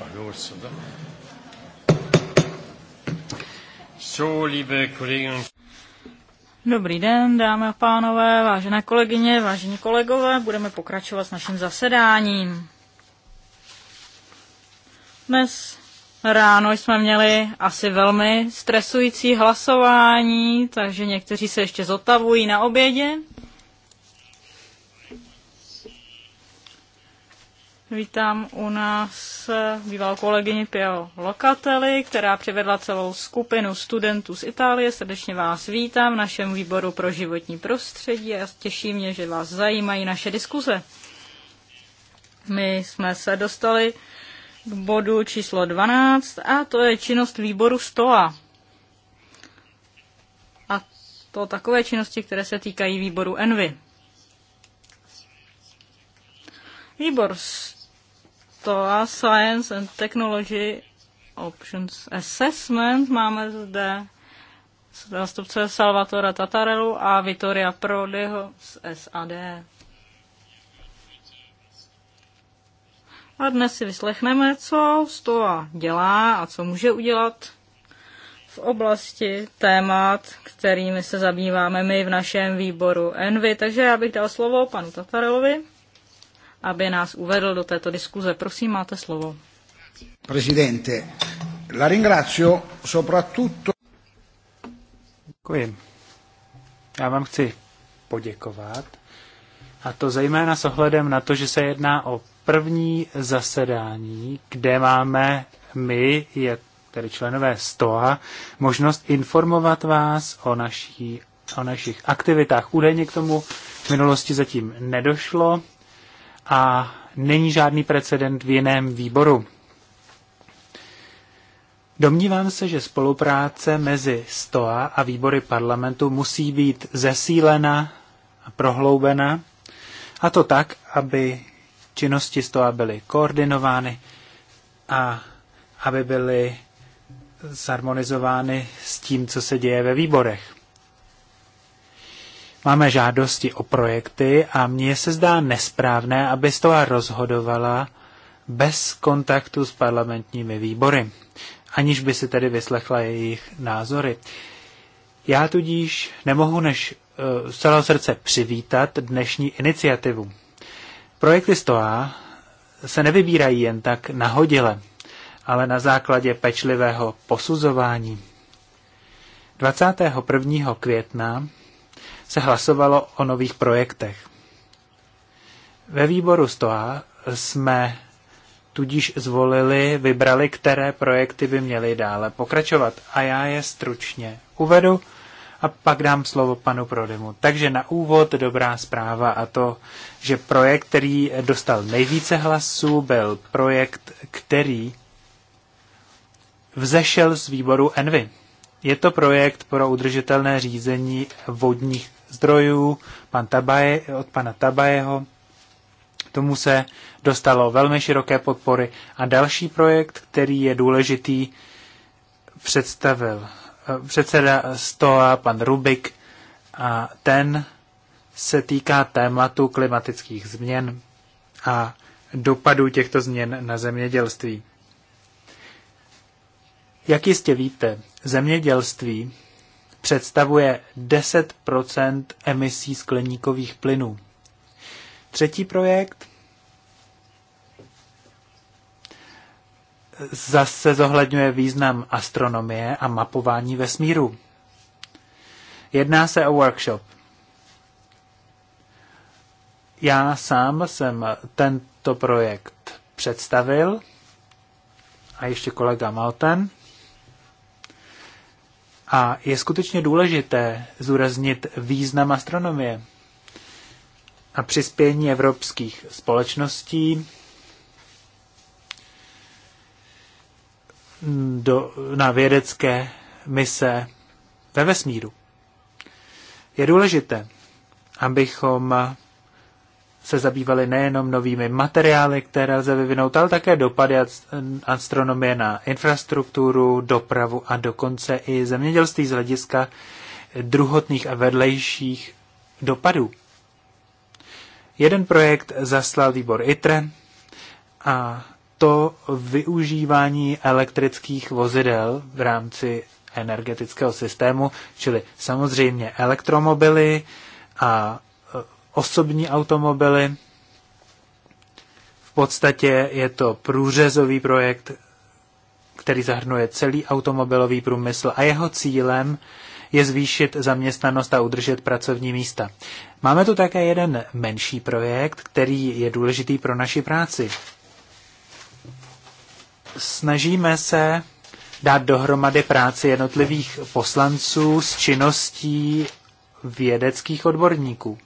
oder? So, liebe Kolleginnen Dobrý den, dámy a pánové, vážené kolegyně, vážení kolegové, budeme pokračovat s naším zasedáním. Dnes ráno jsme měli asi velmi stresující hlasování, takže někteří se ještě zotavují na obědě. Vítám u nás bývalou kolegyni Pio Lokateli, která přivedla celou skupinu studentů z Itálie. Srdečně vás vítám v našem výboru pro životní prostředí a těší mě, že vás zajímají naše diskuze. My jsme se dostali k bodu číslo 12 a to je činnost výboru STOA. A to takové činnosti, které se týkají výboru ENVY. Výbor a Science and Technology Options Assessment. Máme zde zástupce Salvatora Tatarelu a Vittoria Prodyho z SAD. A dnes si vyslechneme, co STOA dělá a co může udělat v oblasti témat, kterými se zabýváme my v našem výboru Envy. Takže já bych dal slovo panu Tatarelovi aby nás uvedl do této diskuze. Prosím, máte slovo. Prezidente, la ringrazio soprattutto... Děkuji. Já vám chci poděkovat. A to zejména s ohledem na to, že se jedná o první zasedání, kde máme my, je tedy členové STOA, možnost informovat vás o, naší, o našich aktivitách. Údajně k tomu v minulosti zatím nedošlo a není žádný precedent v jiném výboru. Domnívám se, že spolupráce mezi STOA a výbory parlamentu musí být zesílena a prohloubena, a to tak, aby činnosti STOA byly koordinovány a aby byly zharmonizovány s tím, co se děje ve výborech. Máme žádosti o projekty a mně se zdá nesprávné, aby z toho rozhodovala bez kontaktu s parlamentními výbory, aniž by si tedy vyslechla jejich názory. Já tudíž nemohu než eh, z celého srdce přivítat dnešní iniciativu. Projekty STOA se nevybírají jen tak nahodile, ale na základě pečlivého posuzování. 21. května se hlasovalo o nových projektech. Ve výboru STOA jsme tudíž zvolili, vybrali, které projekty by měly dále pokračovat. A já je stručně uvedu a pak dám slovo panu Prodemu. Takže na úvod dobrá zpráva a to, že projekt, který dostal nejvíce hlasů, byl projekt, který vzešel z výboru Envy. Je to projekt pro udržitelné řízení vodních zdrojů pan Tabaje, od pana Tabajeho. Tomu se dostalo velmi široké podpory. A další projekt, který je důležitý, představil eh, předseda STOA, pan Rubik, a ten se týká tématu klimatických změn a dopadů těchto změn na zemědělství. Jak jistě víte, zemědělství představuje 10 emisí skleníkových plynů. Třetí projekt zase zohledňuje význam astronomie a mapování vesmíru. Jedná se o workshop. Já sám jsem tento projekt představil a ještě kolega Malten. A je skutečně důležité zúraznit význam astronomie a přispění evropských společností do, na vědecké mise ve vesmíru. Je důležité, abychom se zabývali nejenom novými materiály, které lze vyvinout, ale také dopady astronomie na infrastrukturu, dopravu a dokonce i zemědělství z hlediska druhotných a vedlejších dopadů. Jeden projekt zaslal výbor ITRE a to využívání elektrických vozidel v rámci energetického systému, čili samozřejmě elektromobily a osobní automobily. V podstatě je to průřezový projekt, který zahrnuje celý automobilový průmysl a jeho cílem je zvýšit zaměstnanost a udržet pracovní místa. Máme tu také jeden menší projekt, který je důležitý pro naši práci. Snažíme se dát dohromady práci jednotlivých poslanců s činností vědeckých odborníků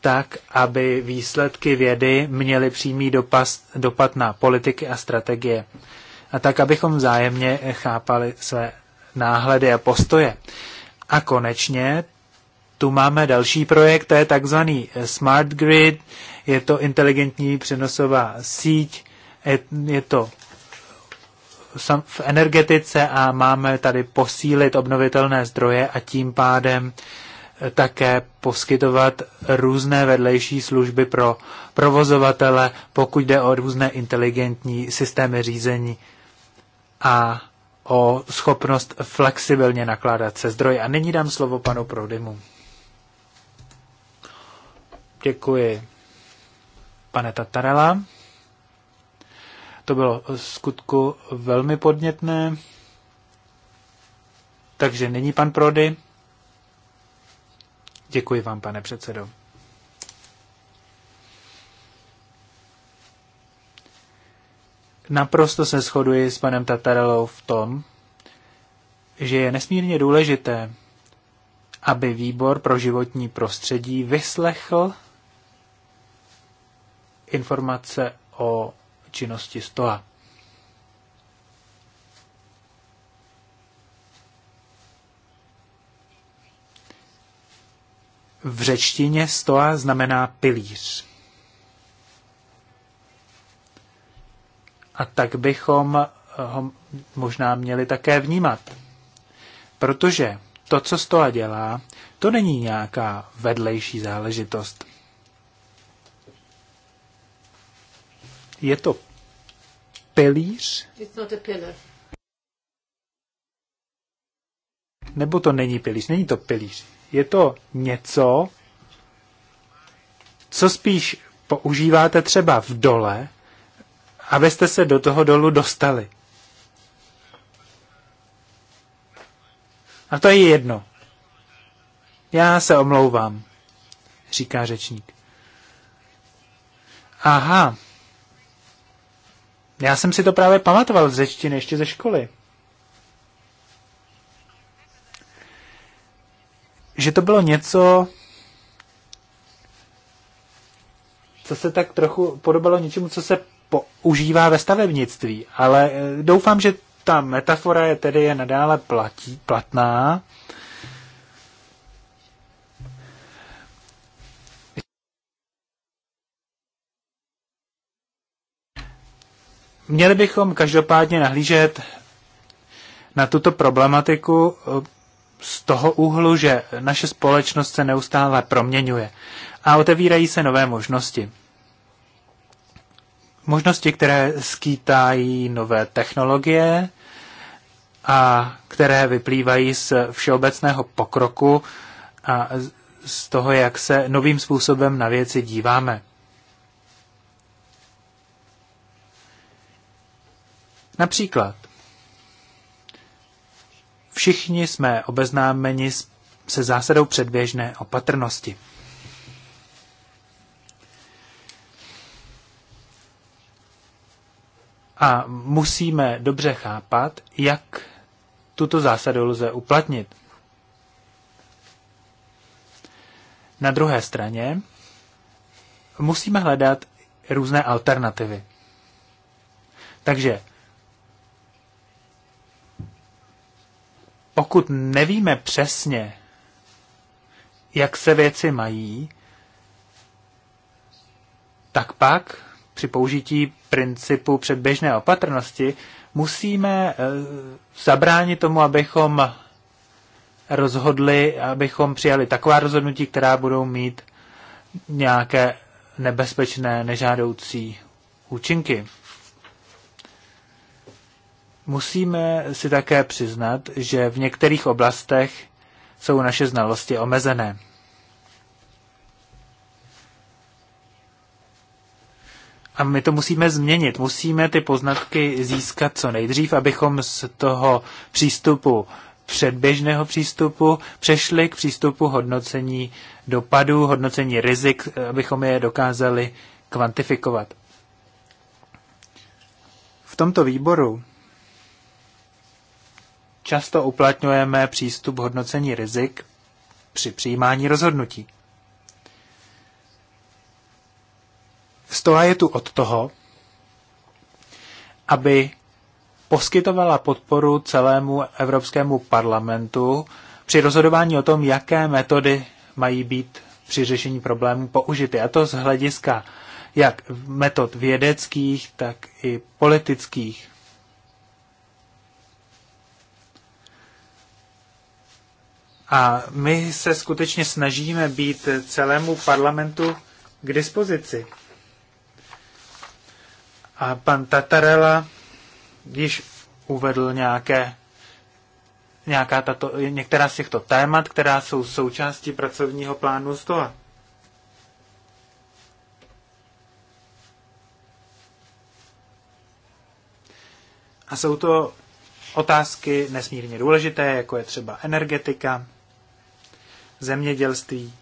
tak, aby výsledky vědy měly přímý dopas, dopad na politiky a strategie. A tak, abychom vzájemně chápali své náhledy a postoje. A konečně tu máme další projekt, to je takzvaný Smart Grid, je to inteligentní přenosová síť, je, je to v energetice a máme tady posílit obnovitelné zdroje a tím pádem také poskytovat různé vedlejší služby pro provozovatele, pokud jde o různé inteligentní systémy řízení a o schopnost flexibilně nakládat se zdroji. A nyní dám slovo panu Prodymu. Děkuji, pane Tatarela. To bylo skutku velmi podnětné. Takže není pan Prody. Děkuji vám, pane předsedo. Naprosto se shoduji s panem Tatarelou v tom, že je nesmírně důležité, aby výbor pro životní prostředí vyslechl informace o činnosti stola. V řečtině stoa znamená pilíř. A tak bychom eh, ho možná měli také vnímat. Protože to, co stoa dělá, to není nějaká vedlejší záležitost. Je to pilíř? Nebo to není pilíř? Není to pilíř je to něco, co spíš používáte třeba v dole, abyste se do toho dolu dostali. A to je jedno. Já se omlouvám, říká řečník. Aha. Já jsem si to právě pamatoval z řečtiny ještě ze školy. že to bylo něco, co se tak trochu podobalo něčemu, co se používá ve stavebnictví. Ale eh, doufám, že ta metafora je tedy je nadále platí, platná. Měli bychom každopádně nahlížet na tuto problematiku eh, z toho úhlu, že naše společnost se neustále proměňuje a otevírají se nové možnosti. Možnosti, které skýtají nové technologie a které vyplývají z všeobecného pokroku a z toho, jak se novým způsobem na věci díváme. Například Všichni jsme obeznámeni se zásadou předběžné opatrnosti. A musíme dobře chápat, jak tuto zásadu lze uplatnit. Na druhé straně musíme hledat různé alternativy. Takže pokud nevíme přesně, jak se věci mají, tak pak při použití principu předběžné opatrnosti musíme eh, zabránit tomu, abychom rozhodli, abychom přijali taková rozhodnutí, která budou mít nějaké nebezpečné, nežádoucí účinky musíme si také přiznat, že v některých oblastech jsou naše znalosti omezené. A my to musíme změnit. Musíme ty poznatky získat co nejdřív, abychom z toho přístupu předběžného přístupu přešli k přístupu hodnocení dopadů, hodnocení rizik, abychom je dokázali kvantifikovat. V tomto výboru Často uplatňujeme přístup hodnocení rizik při přijímání rozhodnutí. Stoa je tu od toho, aby poskytovala podporu celému Evropskému parlamentu při rozhodování o tom, jaké metody mají být při řešení problémů použity. A to z hlediska jak metod vědeckých, tak i politických. A my se skutečně snažíme být celému parlamentu k dispozici. A pan Tatarela již uvedl nějaké, nějaká tato, některá z těchto témat, která jsou součástí pracovního plánu stola, A jsou to otázky nesmírně důležité, jako je třeba energetika, zemědělství.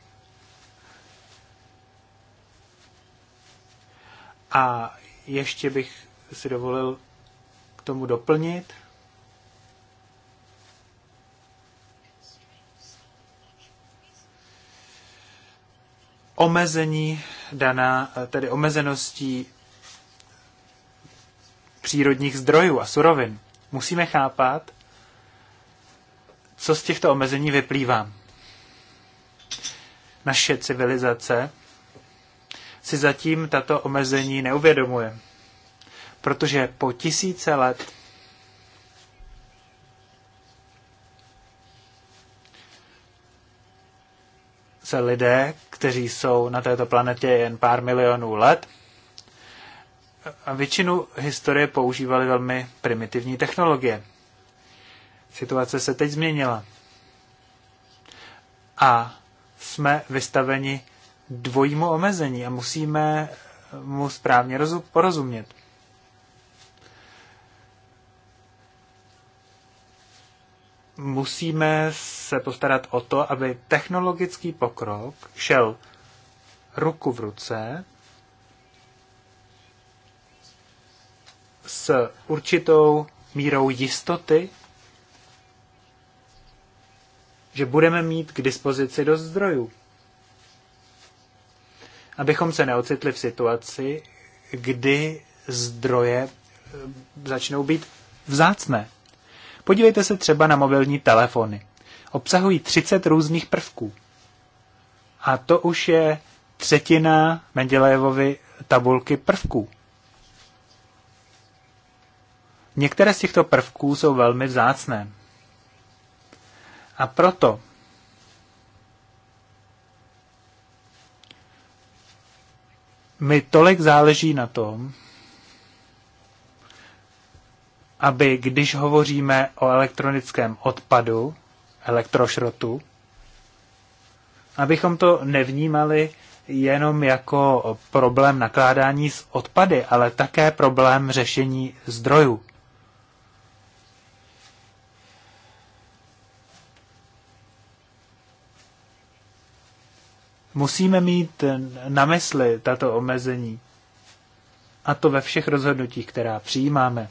A ještě bych si dovolil k tomu doplnit, omezení daná, tedy omezeností přírodních zdrojů a surovin. Musíme chápat, co z těchto omezení vyplývá naše civilizace si zatím tato omezení neuvědomuje. Protože po tisíce let se lidé, kteří jsou na této planetě jen pár milionů let, a většinu historie používali velmi primitivní technologie. Situace se teď změnila. A jsme vystaveni dvojímu omezení a musíme mu správně porozumět. Musíme se postarat o to, aby technologický pokrok šel ruku v ruce s určitou mírou jistoty že budeme mít k dispozici dost zdrojů. Abychom se neocitli v situaci, kdy zdroje eh, začnou být vzácné. Podívejte se třeba na mobilní telefony. Obsahují 30 různých prvků. A to už je třetina Mendelejevovy tabulky prvků. Některé z těchto prvků jsou velmi vzácné. A proto mi tolik záleží na tom, aby když hovoříme o elektronickém odpadu, elektrošrotu, abychom to nevnímali jenom jako problém nakládání s odpady, ale také problém řešení zdrojů. Musíme mít na mysli tato omezení. A to ve všech rozhodnutích, která přijímáme.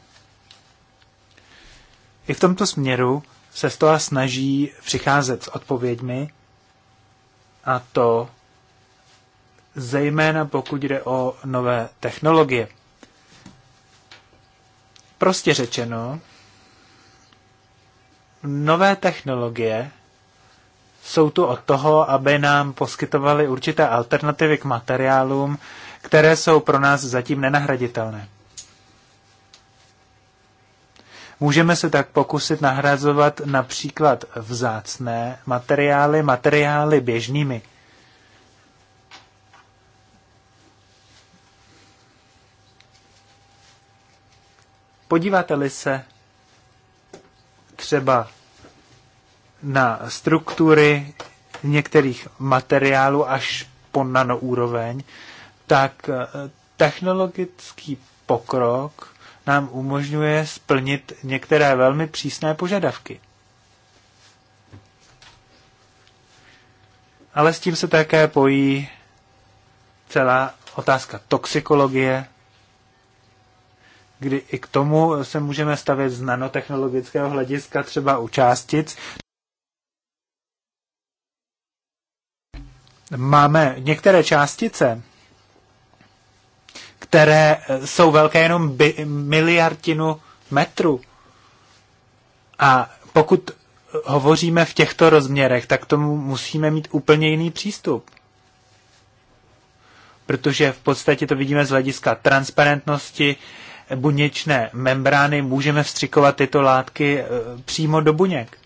I v tomto směru se toho snaží přicházet s odpověďmi, a to zejména pokud jde o nové technologie. Prostě řečeno, nové technologie jsou tu od toho, aby nám poskytovali určité alternativy k materiálům, které jsou pro nás zatím nenahraditelné. Můžeme se tak pokusit nahrazovat například vzácné materiály materiály běžnými. Podíváte-li se třeba na struktury některých materiálů až po nanoúroveň, tak eh, technologický pokrok nám umožňuje splnit některé velmi přísné požadavky. Ale s tím se také pojí celá otázka toxikologie, kdy i k tomu se můžeme stavět z nanotechnologického hlediska třeba u částic, máme některé částice, které eh, jsou velké jenom miliardinu metru. A pokud hovoříme v těchto rozměrech, tak tomu musíme mít úplně jiný přístup. Protože v podstatě to vidíme z hlediska transparentnosti, buněčné membrány můžeme vstřikovat tyto látky eh, přímo do buněk.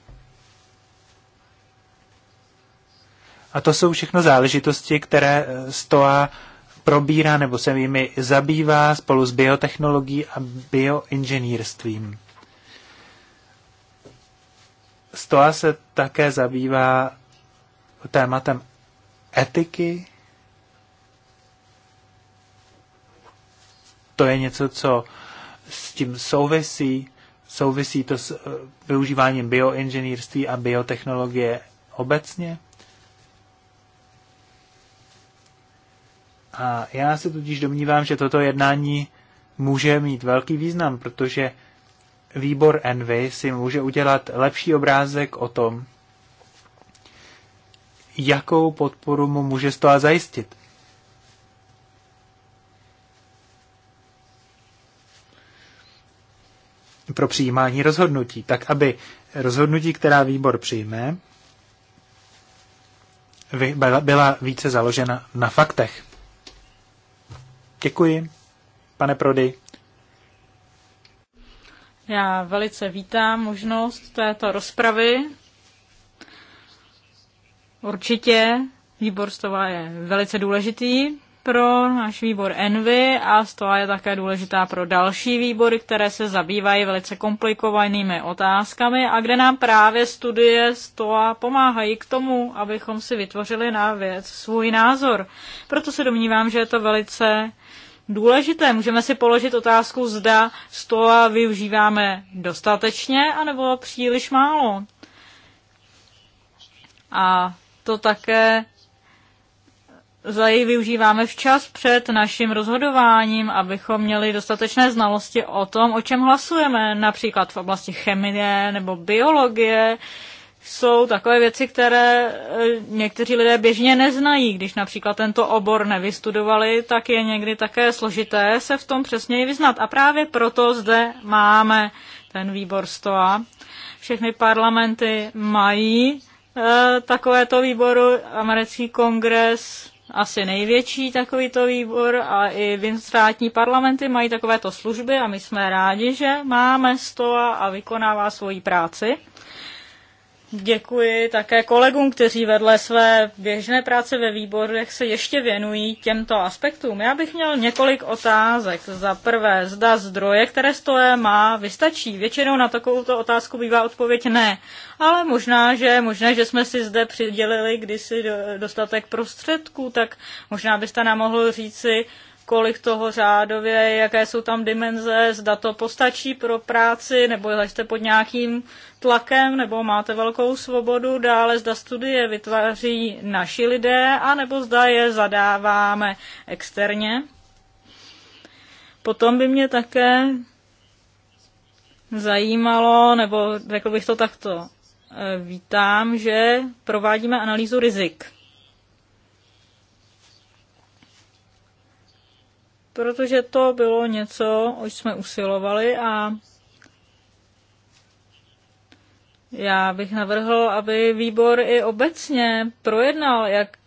A to jsou všechno záležitosti, které eh, stoa probírá nebo se jimi zabývá spolu s biotechnologií a bioinženýrstvím. Stoa se také zabývá tématem etiky. To je něco, co s tím souvisí. Souvisí to s eh, využíváním bioinženýrství a biotechnologie obecně. A já se tudíž domnívám, že toto jednání může mít velký význam, protože výbor Envy si může udělat lepší obrázek o tom, jakou podporu mu může stoa zajistit. pro přijímání rozhodnutí, tak aby rozhodnutí, která výbor přijme, byla více založena na faktech. Děkuji, pane Prody. Já velice vítám možnost této rozpravy. Určitě výbor Stova je velice důležitý pro náš výbor Envy a Stova je také důležitá pro další výbory, které se zabývají velice komplikovanými otázkami a kde nám právě studie Stova pomáhají k tomu, abychom si vytvořili na věc svůj názor. Proto se domnívám, že je to velice důležité. Můžeme si položit otázku, zda stola využíváme dostatečně anebo příliš málo. A to také za jej využíváme včas před naším rozhodováním, abychom měli dostatečné znalosti o tom, o čem hlasujeme, například v oblasti chemie nebo biologie, jsou takové věci, které eh, někteří lidé běžně neznají. Když například tento obor nevystudovali, tak je někdy také složité se v tom přesněji vyznat. A právě proto zde máme ten výbor STOA. Všechny parlamenty mají e, takovéto výboru. Americký kongres asi největší takovýto výbor a i vinstrátní parlamenty mají takovéto služby a my jsme rádi, že máme STOA a vykonává svoji práci. Děkuji také kolegům, kteří vedle své běžné práce ve výborech se ještě věnují těmto aspektům. Já bych měl několik otázek. Za prvé, zda zdroje, které stoje má, vystačí. Většinou na takovouto otázku bývá odpověď ne. Ale možná, že možná, že jsme si zde přidělili kdysi dostatek prostředků, tak možná byste nám mohl říci, kolik toho řádově, jaké jsou tam dimenze, zda to postačí pro práci, nebo jste pod nějakým tlakem, nebo máte velkou svobodu dále, zda studie vytváří naši lidé, anebo zda je zadáváme externě. Potom by mě také zajímalo, nebo řekl bych to takto, eh, vítám, že provádíme analýzu rizik protože to bylo něco, o jsme usilovali a já bych navrhl, aby výbor i obecně projednal, jak,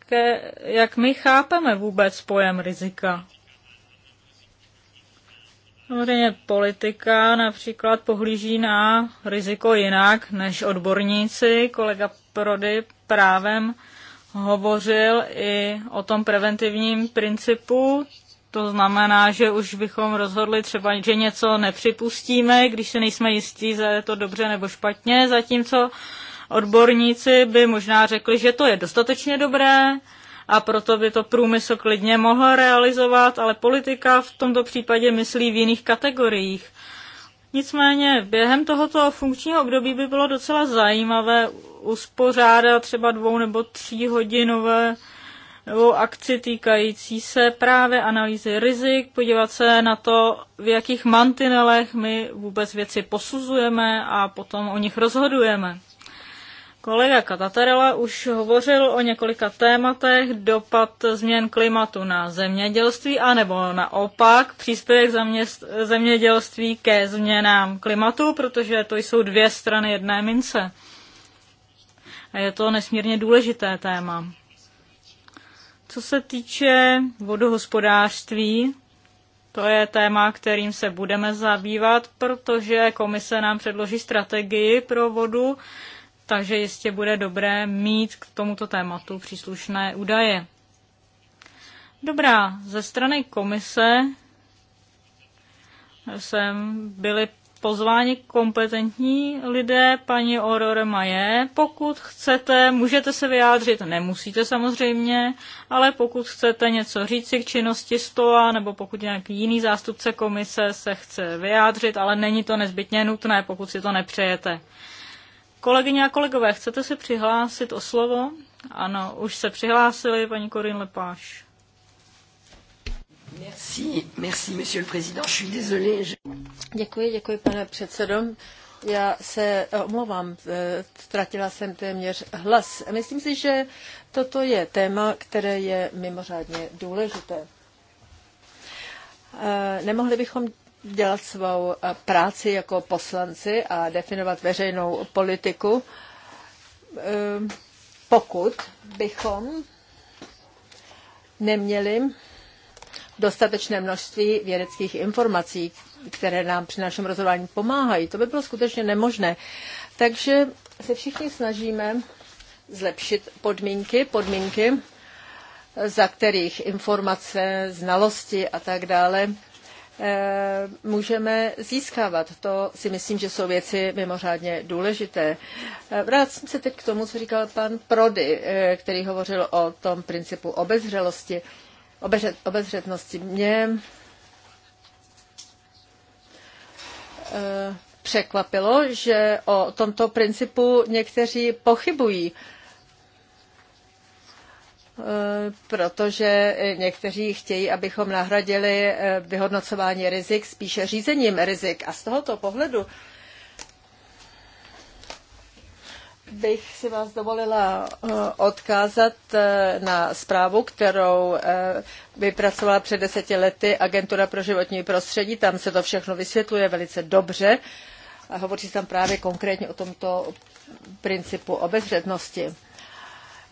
jak my chápeme vůbec pojem rizika. Samozřejmě politika například pohlíží na riziko jinak než odborníci. Kolega Prody právem hovořil i o tom preventivním principu, to znamená, že už bychom rozhodli třeba, že něco nepřipustíme, když se nejsme jistí, že je to dobře nebo špatně, zatímco odborníci by možná řekli, že to je dostatečně dobré a proto by to průmysl klidně mohl realizovat, ale politika v tomto případě myslí v jiných kategoriích. Nicméně během tohoto funkčního období by bylo docela zajímavé uspořádat třeba dvou nebo tří hodinové novou akci týkající se právě analýzy rizik, podívat se na to, v jakých mantinelech my vůbec věci posuzujeme a potom o nich rozhodujeme. Kolega Kataterela už hovořil o několika tématech dopad změn klimatu na zemědělství, a nebo naopak příspěvek zemědělství ke změnám klimatu, protože to jsou dvě strany jedné mince. A je to nesmírně důležité téma. Co se týče vodohospodářství, to je téma, kterým se budeme zabývat, protože komise nám předloží strategii pro vodu, takže jistě bude dobré mít k tomuto tématu příslušné údaje. Dobrá, ze strany komise jsem byly pozváni kompetentní lidé, paní Aurore Maje. Pokud chcete, můžete se vyjádřit, nemusíte samozřejmě, ale pokud chcete něco říci k činnosti STOA, nebo pokud nějaký jiný zástupce komise se chce vyjádřit, ale není to nezbytně nutné, pokud si to nepřejete. Kolegyně a kolegové, chcete se přihlásit o slovo? Ano, už se přihlásili, paní Korin Lepáš. Merci, merci, monsieur le président. Je suis désolée. Je... Děkuji, děkuji, pane předsedo. Já se omlouvám, eh, ztratila jsem téměř hlas. Myslím si, že toto je téma, které je mimořádně důležité. Eh, nemohli bychom dělat svou eh, práci jako poslanci a definovat veřejnou politiku, pokud bychom neměli dostatečné množství vědeckých informací, které nám při našem rozhodování pomáhají. To by bylo skutečně nemožné. Takže se všichni snažíme zlepšit podmínky, podmínky, za kterých informace, znalosti a tak dále eh, můžeme získávat. To si myslím, že jsou věci mimořádně důležité. Eh, vrátím se teď k tomu, co říkal pan Prody, eh, který hovořil o tom principu obezřelosti obezřetnosti. Mě eh, překvapilo, že o tomto principu někteří pochybují, eh, protože někteří chtějí, abychom nahradili eh, vyhodnocování rizik spíše řízením rizik. A z tohoto pohledu bych si vás dovolila eh, odkázat eh, na zprávu, kterou eh, vypracovala před deseti lety Agentura pro životní prostředí. Tam se to všechno vysvětluje velice dobře a hovoří se tam právě konkrétně o tomto principu obezřetnosti.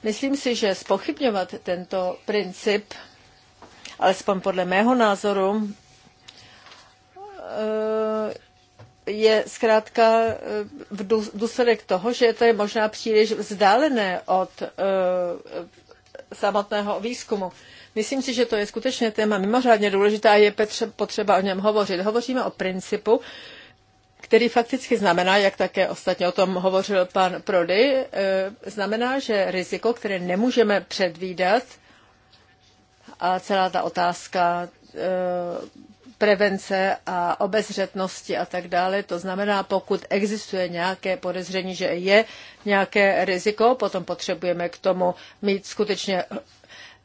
Myslím si, že spochybňovat tento princip, alespoň podle mého názoru, e je zkrátka eh, v důsledek toho, že to je možná příliš vzdálené od eh, samotného výzkumu. Myslím si, že to je skutečně téma mimořádně důležité a je potřeba o něm hovořit. Hovoříme o principu, který fakticky znamená, jak také ostatně o tom hovořil pan Prody, eh, znamená, že riziko, které nemůžeme předvídat, a celá ta otázka prevence a obezřetnosti a tak dále. To znamená, pokud existuje nějaké podezření, že je nějaké riziko, potom potřebujeme k tomu mít skutečně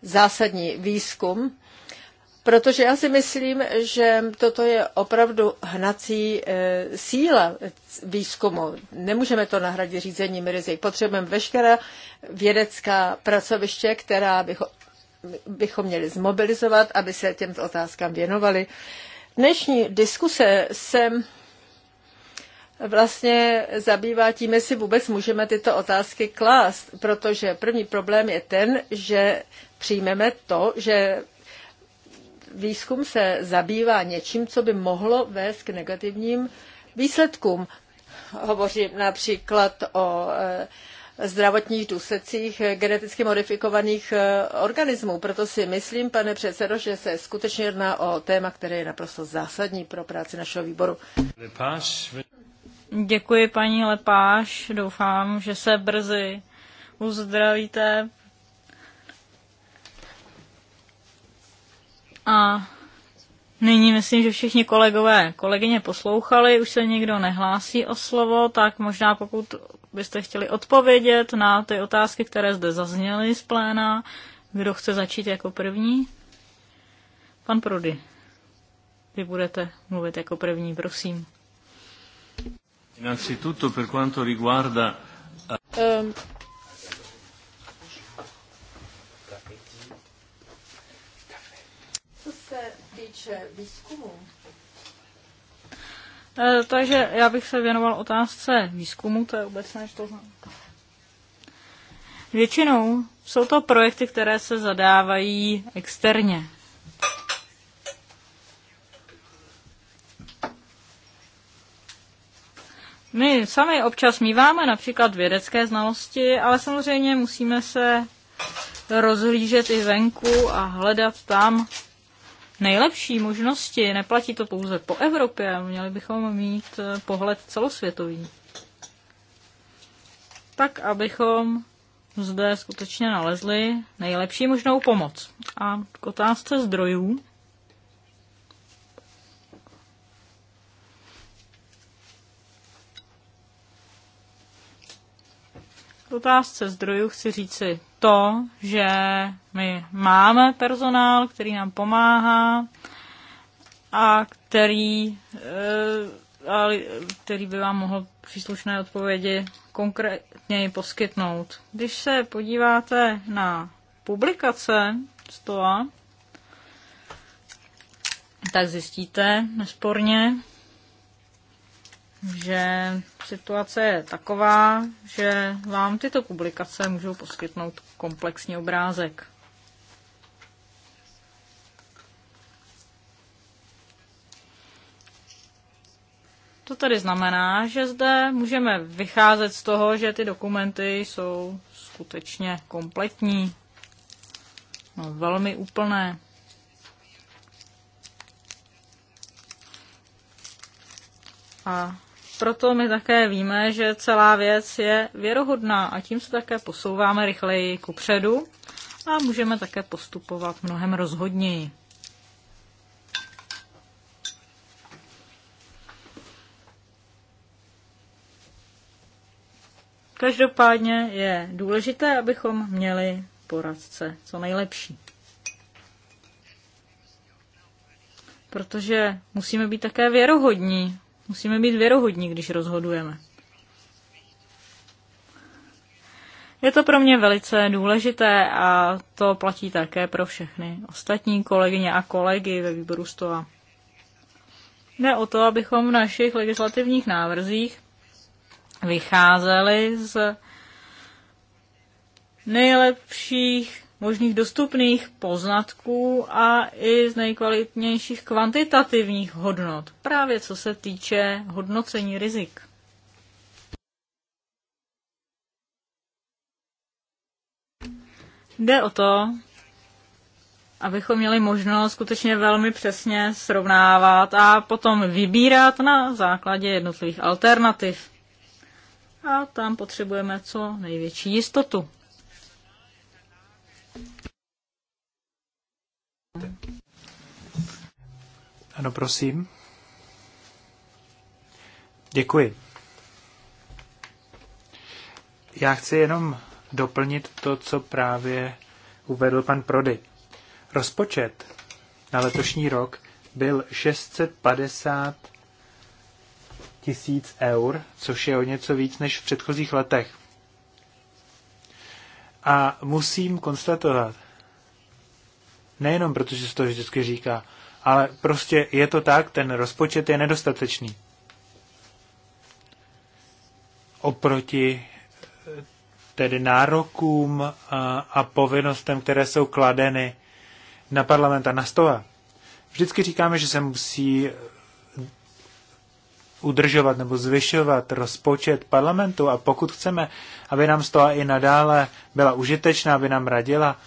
zásadní výzkum, protože já si myslím, že toto je opravdu hnací e, síla výzkumu. Nemůžeme to nahradit řízením rizik. Potřebujeme veškerá vědecká pracoviště, která by bychom měli zmobilizovat, aby se těmto otázkám věnovali. Dnešní diskuse se vlastně zabývá tím, jestli vůbec můžeme tyto otázky klást, protože první problém je ten, že přijmeme to, že výzkum se zabývá něčím, co by mohlo vést k negativním výsledkům. Hovořím například o eh, zdravotních důsledcích geneticky modifikovaných eh, organismů. Proto si myslím, pane předsedo, že se skutečně jedná o téma, které je naprosto zásadní pro práci našeho výboru. Děkuji, paní Lepáš. Doufám, že se brzy uzdravíte. A nyní myslím, že všichni kolegové, kolegyně poslouchali, už se nikdo nehlásí o slovo, tak možná pokud byste chtěli odpovědět na ty otázky, které zde zazněly z pléna. Kdo chce začít jako první? Pan Prody, vy budete mluvit jako první, prosím. Innanzitutto per quanto riguarda... Um. Co se týče výzkumu, E, takže já bych se věnoval otázce výzkumu, to je obecné, že to znám. Většinou jsou to projekty, které se zadávají externě. My sami občas míváme například vědecké znalosti, ale samozřejmě musíme se rozhlížet i venku a hledat tam nejlepší možnosti. Neplatí to pouze po Evropě, měli bychom mít eh, pohled celosvětový. Tak, abychom zde skutečně nalezli nejlepší možnou pomoc. A k otázce zdrojů. K otázce zdrojů chci říci to, že my máme personál, který nám pomáhá a který, eh, který by vám mohl příslušné odpovědi konkrétněji poskytnout. Když se podíváte na publikace toho, tak zjistíte nesporně, že situace je taková, že vám tyto publikace můžou poskytnout komplexní obrázek. To tedy znamená, že zde můžeme vycházet z toho, že ty dokumenty jsou skutečně kompletní, no, velmi úplné. A proto my také víme, že celá věc je věrohodná a tím se také posouváme rychleji ku předu a můžeme také postupovat mnohem rozhodněji. Každopádně je důležité, abychom měli poradce co nejlepší. Protože musíme být také věrohodní Musíme být věrohodní, když rozhodujeme. Je to pro mě velice důležité a to platí také pro všechny ostatní kolegyně a kolegy ve výboru STOA. Jde o to, abychom v našich legislativních návrzích vycházeli z nejlepších možných dostupných poznatků a i z nejkvalitnějších kvantitativních hodnot, právě co se týče hodnocení rizik. Jde o to, abychom měli možnost skutečně velmi přesně srovnávat a potom vybírat na základě jednotlivých alternativ. A tam potřebujeme co největší jistotu. Ano, prosím. Děkuji. Já chci jenom doplnit to, co právě uvedl pan Prody. Rozpočet na letošní rok byl 650 tisíc eur, což je o něco víc než v předchozích letech. A musím konstatovat, Nejenom protože se to vždycky říká, ale prostě je to tak, ten rozpočet je nedostatečný. Oproti eh, tedy nárokům a, eh, a povinnostem, které jsou kladeny na parlament a na stole. Vždycky říkáme, že se musí eh, udržovat nebo zvyšovat rozpočet parlamentu a pokud chceme, aby nám stola i nadále byla užitečná, aby nám radila,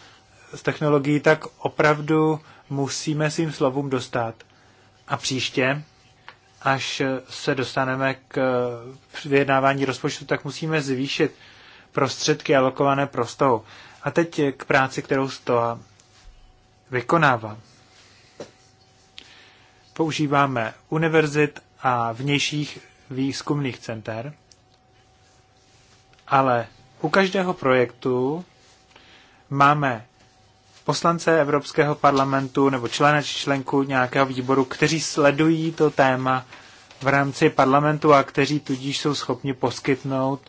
s technologií, tak opravdu musíme svým slovům dostat. A příště, až se dostaneme k vyjednávání rozpočtu, tak musíme zvýšit prostředky alokované prostou. A teď k práci, kterou stoa vykonává. Používáme univerzit a vnějších výzkumných center, ale u každého projektu máme poslance Evropského parlamentu nebo člena či členku nějakého výboru, kteří sledují to téma v rámci parlamentu a kteří tudíž jsou schopni poskytnout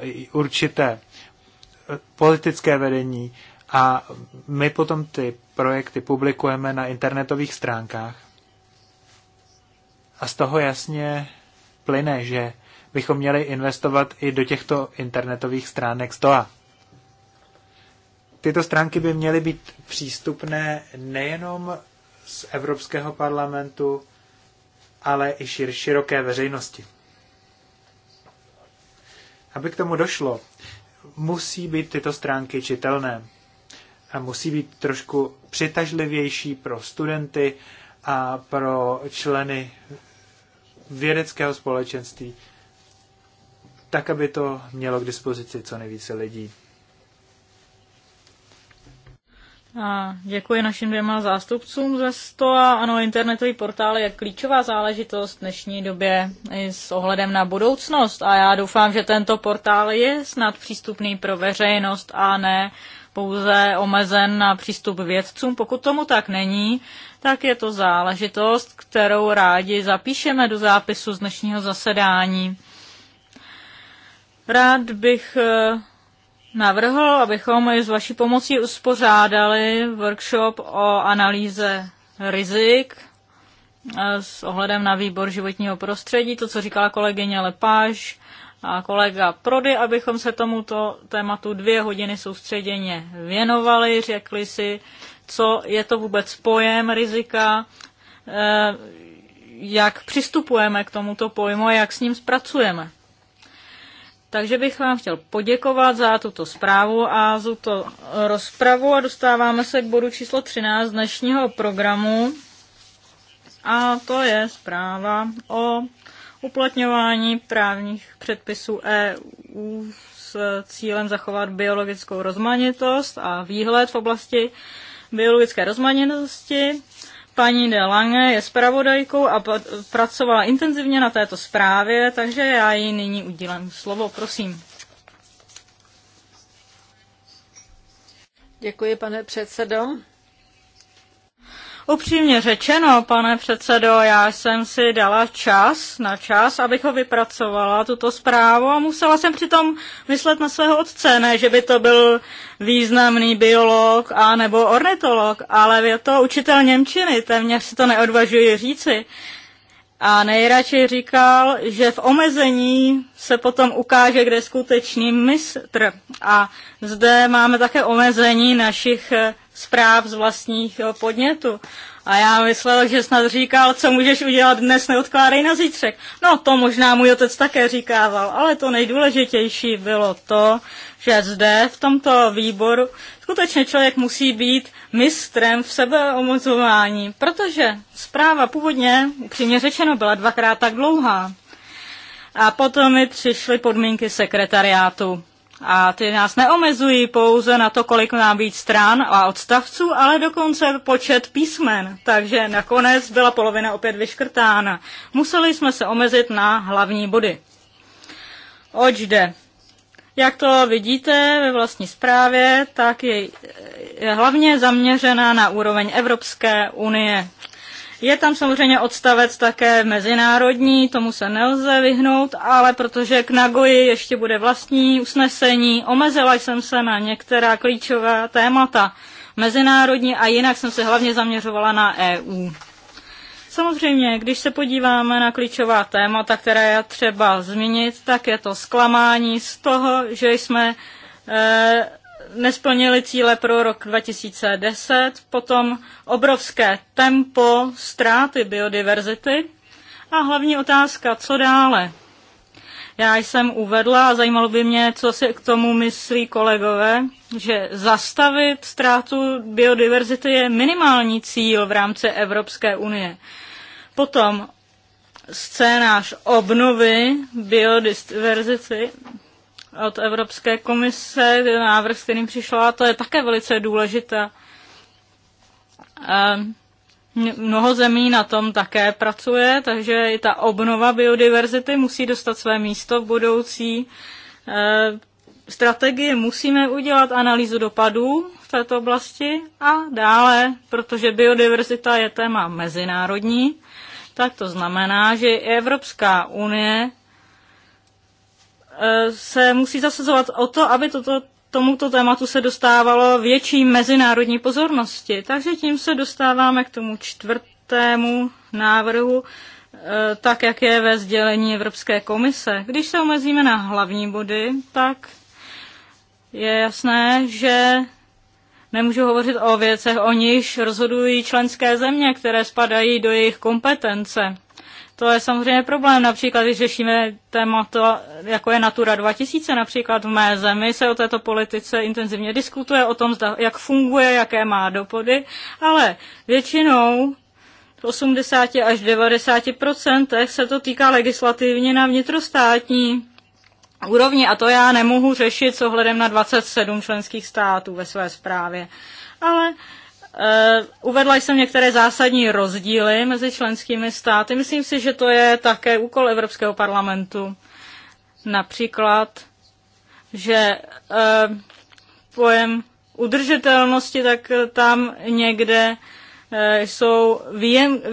eh, určité eh, politické vedení a my potom ty projekty publikujeme na internetových stránkách. A z toho jasně plyne, že bychom měli investovat i do těchto internetových stránek STOA tyto stránky by měly být přístupné nejenom z Evropského parlamentu, ale i šir, široké veřejnosti. Aby k tomu došlo, musí být tyto stránky čitelné a musí být trošku přitažlivější pro studenty a pro členy vědeckého společenství, tak aby to mělo k dispozici co nejvíce lidí. A děkuji našim dvěma zástupcům ze STOA. Ano, internetový portál je klíčová záležitost v dnešní době i s ohledem na budoucnost a já doufám, že tento portál je snad přístupný pro veřejnost a ne pouze omezen na přístup vědcům. Pokud tomu tak není, tak je to záležitost, kterou rádi zapíšeme do zápisu z dnešního zasedání. Rád bych eh, navrhl, abychom s vaší pomocí uspořádali workshop o analýze rizik eh, s ohledem na výbor životního prostředí, to, co říkala kolegyně Lepáš a kolega Prody, abychom se tomuto tématu dvě hodiny soustředěně věnovali, řekli si, co je to vůbec pojem rizika, eh, jak přistupujeme k tomuto pojmu a jak s ním zpracujeme. Takže bych vám chtěl poděkovat za tuto zprávu a za tuto rozpravu a dostáváme se k bodu číslo 13 dnešního programu. A to je zpráva o uplatňování právních předpisů EU s cílem zachovat biologickou rozmanitost a výhled v oblasti biologické rozmanitosti. Paní de Lange je zpravodajkou a pracovala intenzivně na této zprávě, takže já jí nyní udělám slovo, prosím. Děkuji, pane předsedo. Upřímně řečeno, pane předsedo, já jsem si dala čas na čas, abych ho vypracovala, tuto zprávu, a musela jsem přitom myslet na svého otce, ne, že by to byl významný biolog a nebo ornitolog, ale je to učitel Němčiny, téměř si to neodvažuji říci. A nejradši říkal, že v omezení se potom ukáže, kde je skutečný mistr. A zde máme také omezení našich eh, zpráv z vlastních eh, podnětů. A já myslel, že snad říkal, co můžeš udělat dnes, neodkládej na zítřek. No to možná můj otec také říkával, ale to nejdůležitější bylo to, že zde v tomto výboru skutečně člověk musí být mistrem v sebeomozování, protože zpráva původně, upřímně řečeno, byla dvakrát tak dlouhá. A potom mi přišly podmínky sekretariátu. A ty nás neomezují pouze na to, kolik má být stran a odstavců, ale dokonce počet písmen. Takže nakonec byla polovina opět vyškrtána. Museli jsme se omezit na hlavní body. Oč jde? Jak to vidíte ve vlastní zprávě, tak je, je hlavně zaměřena na úroveň Evropské unie. Je tam samozřejmě odstavec také mezinárodní, tomu se nelze vyhnout, ale protože k Nagoji ještě bude vlastní usnesení, omezila jsem se na některá klíčová témata mezinárodní a jinak jsem se hlavně zaměřovala na EU. Samozřejmě, když se podíváme na klíčová témata, která je třeba zmínit, tak je to zklamání z toho, že jsme eh, nesplnili cíle pro rok 2010, potom obrovské tempo ztráty biodiverzity a hlavní otázka, co dále. Já jsem uvedla a zajímalo by mě, co si k tomu myslí kolegové, že zastavit ztrátu biodiverzity je minimální cíl v rámci Evropské unie. Potom scénář obnovy biodiverzity od Evropské komise, návrh, s kterým přišla, to je také velice důležité. Ehm, mnoho zemí na tom také pracuje, takže i ta obnova biodiverzity musí dostat své místo v budoucí ehm, strategii. Musíme udělat analýzu dopadů v této oblasti a dále, protože biodiverzita je téma mezinárodní, tak to znamená, že Evropská unie se musí zasazovat o to, aby toto, tomuto tématu se dostávalo větší mezinárodní pozornosti. Takže tím se dostáváme k tomu čtvrtému návrhu, e, tak jak je ve sdělení Evropské komise. Když se omezíme na hlavní body, tak je jasné, že nemůžu hovořit o věcech, o nichž rozhodují členské země, které spadají do jejich kompetence. To je samozřejmě problém. Například, když řešíme téma to, jako je Natura 2000, například v mé zemi se o této politice intenzivně diskutuje, o tom, jak funguje, jaké má dopady, ale většinou 80 až 90 se to týká legislativně na vnitrostátní úrovni a to já nemohu řešit s ohledem na 27 členských států ve své zprávě. Ale Eh, uvedla jsem některé zásadní rozdíly mezi členskými státy. Myslím si, že to je také úkol Evropského parlamentu. Například, že eh, pojem udržitelnosti, tak tam někde eh, jsou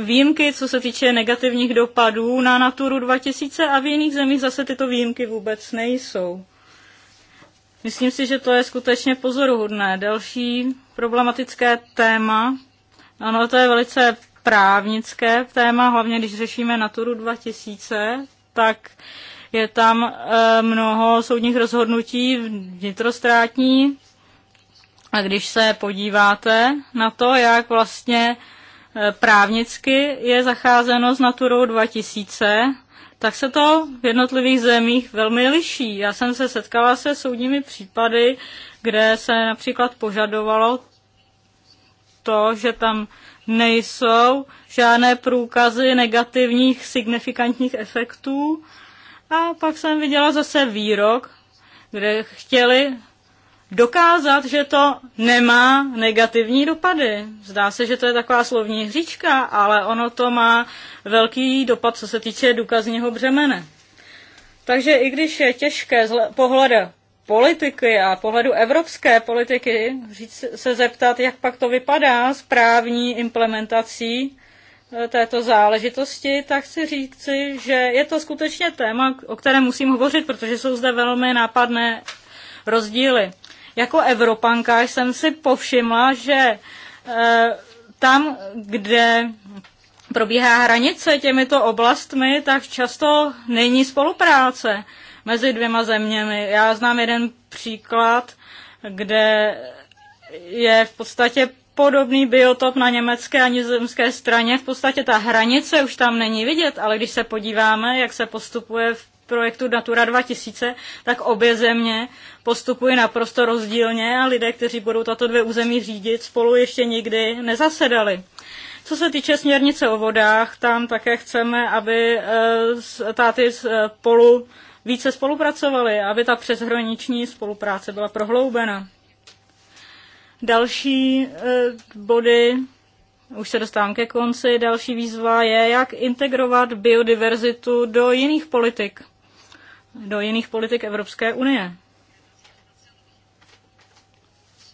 výjimky, co se týče negativních dopadů na Naturu 2000 a v jiných zemích zase tyto výjimky vůbec nejsou. Myslím si, že to je skutečně pozoruhodné. Další problematické téma, ano, to je velice právnické téma, hlavně když řešíme Naturu 2000, tak je tam eh, mnoho soudních rozhodnutí vnitrostátní. A když se podíváte na to, jak vlastně eh, právnicky je zacházeno s Naturou 2000, tak se to v jednotlivých zemích velmi liší. Já jsem se setkala se soudními případy, kde se například požadovalo to, že tam nejsou žádné průkazy negativních signifikantních efektů. A pak jsem viděla zase výrok, kde chtěli dokázat, že to nemá negativní dopady. Zdá se, že to je taková slovní hříčka, ale ono to má velký dopad, co se týče důkazního břemene. Takže i když je těžké z pohledu politiky a pohledu evropské politiky říct, se zeptat, jak pak to vypadá s právní implementací eh, této záležitosti, tak chci říci, že je to skutečně téma, o kterém musím hovořit, protože jsou zde velmi nápadné rozdíly. Jako Evropanka jsem si povšimla, že eh, tam, kde probíhá hranice těmito oblastmi, tak často není spolupráce mezi dvěma zeměmi. Já znám jeden příklad, kde je v podstatě podobný biotop na německé a nizozemské straně. V podstatě ta hranice už tam není vidět, ale když se podíváme, jak se postupuje v projektu Natura 2000, tak obě země postupují naprosto rozdílně a lidé, kteří budou tato dvě území řídit, spolu ještě nikdy nezasedali. Co se týče směrnice o vodách, tam také chceme, aby eh, státy eh, spolu více spolupracovaly, aby ta přeshraniční spolupráce byla prohloubena. Další eh, body, už se dostávám ke konci, další výzva je, jak integrovat biodiverzitu do jiných politik do jiných politik Evropské unie.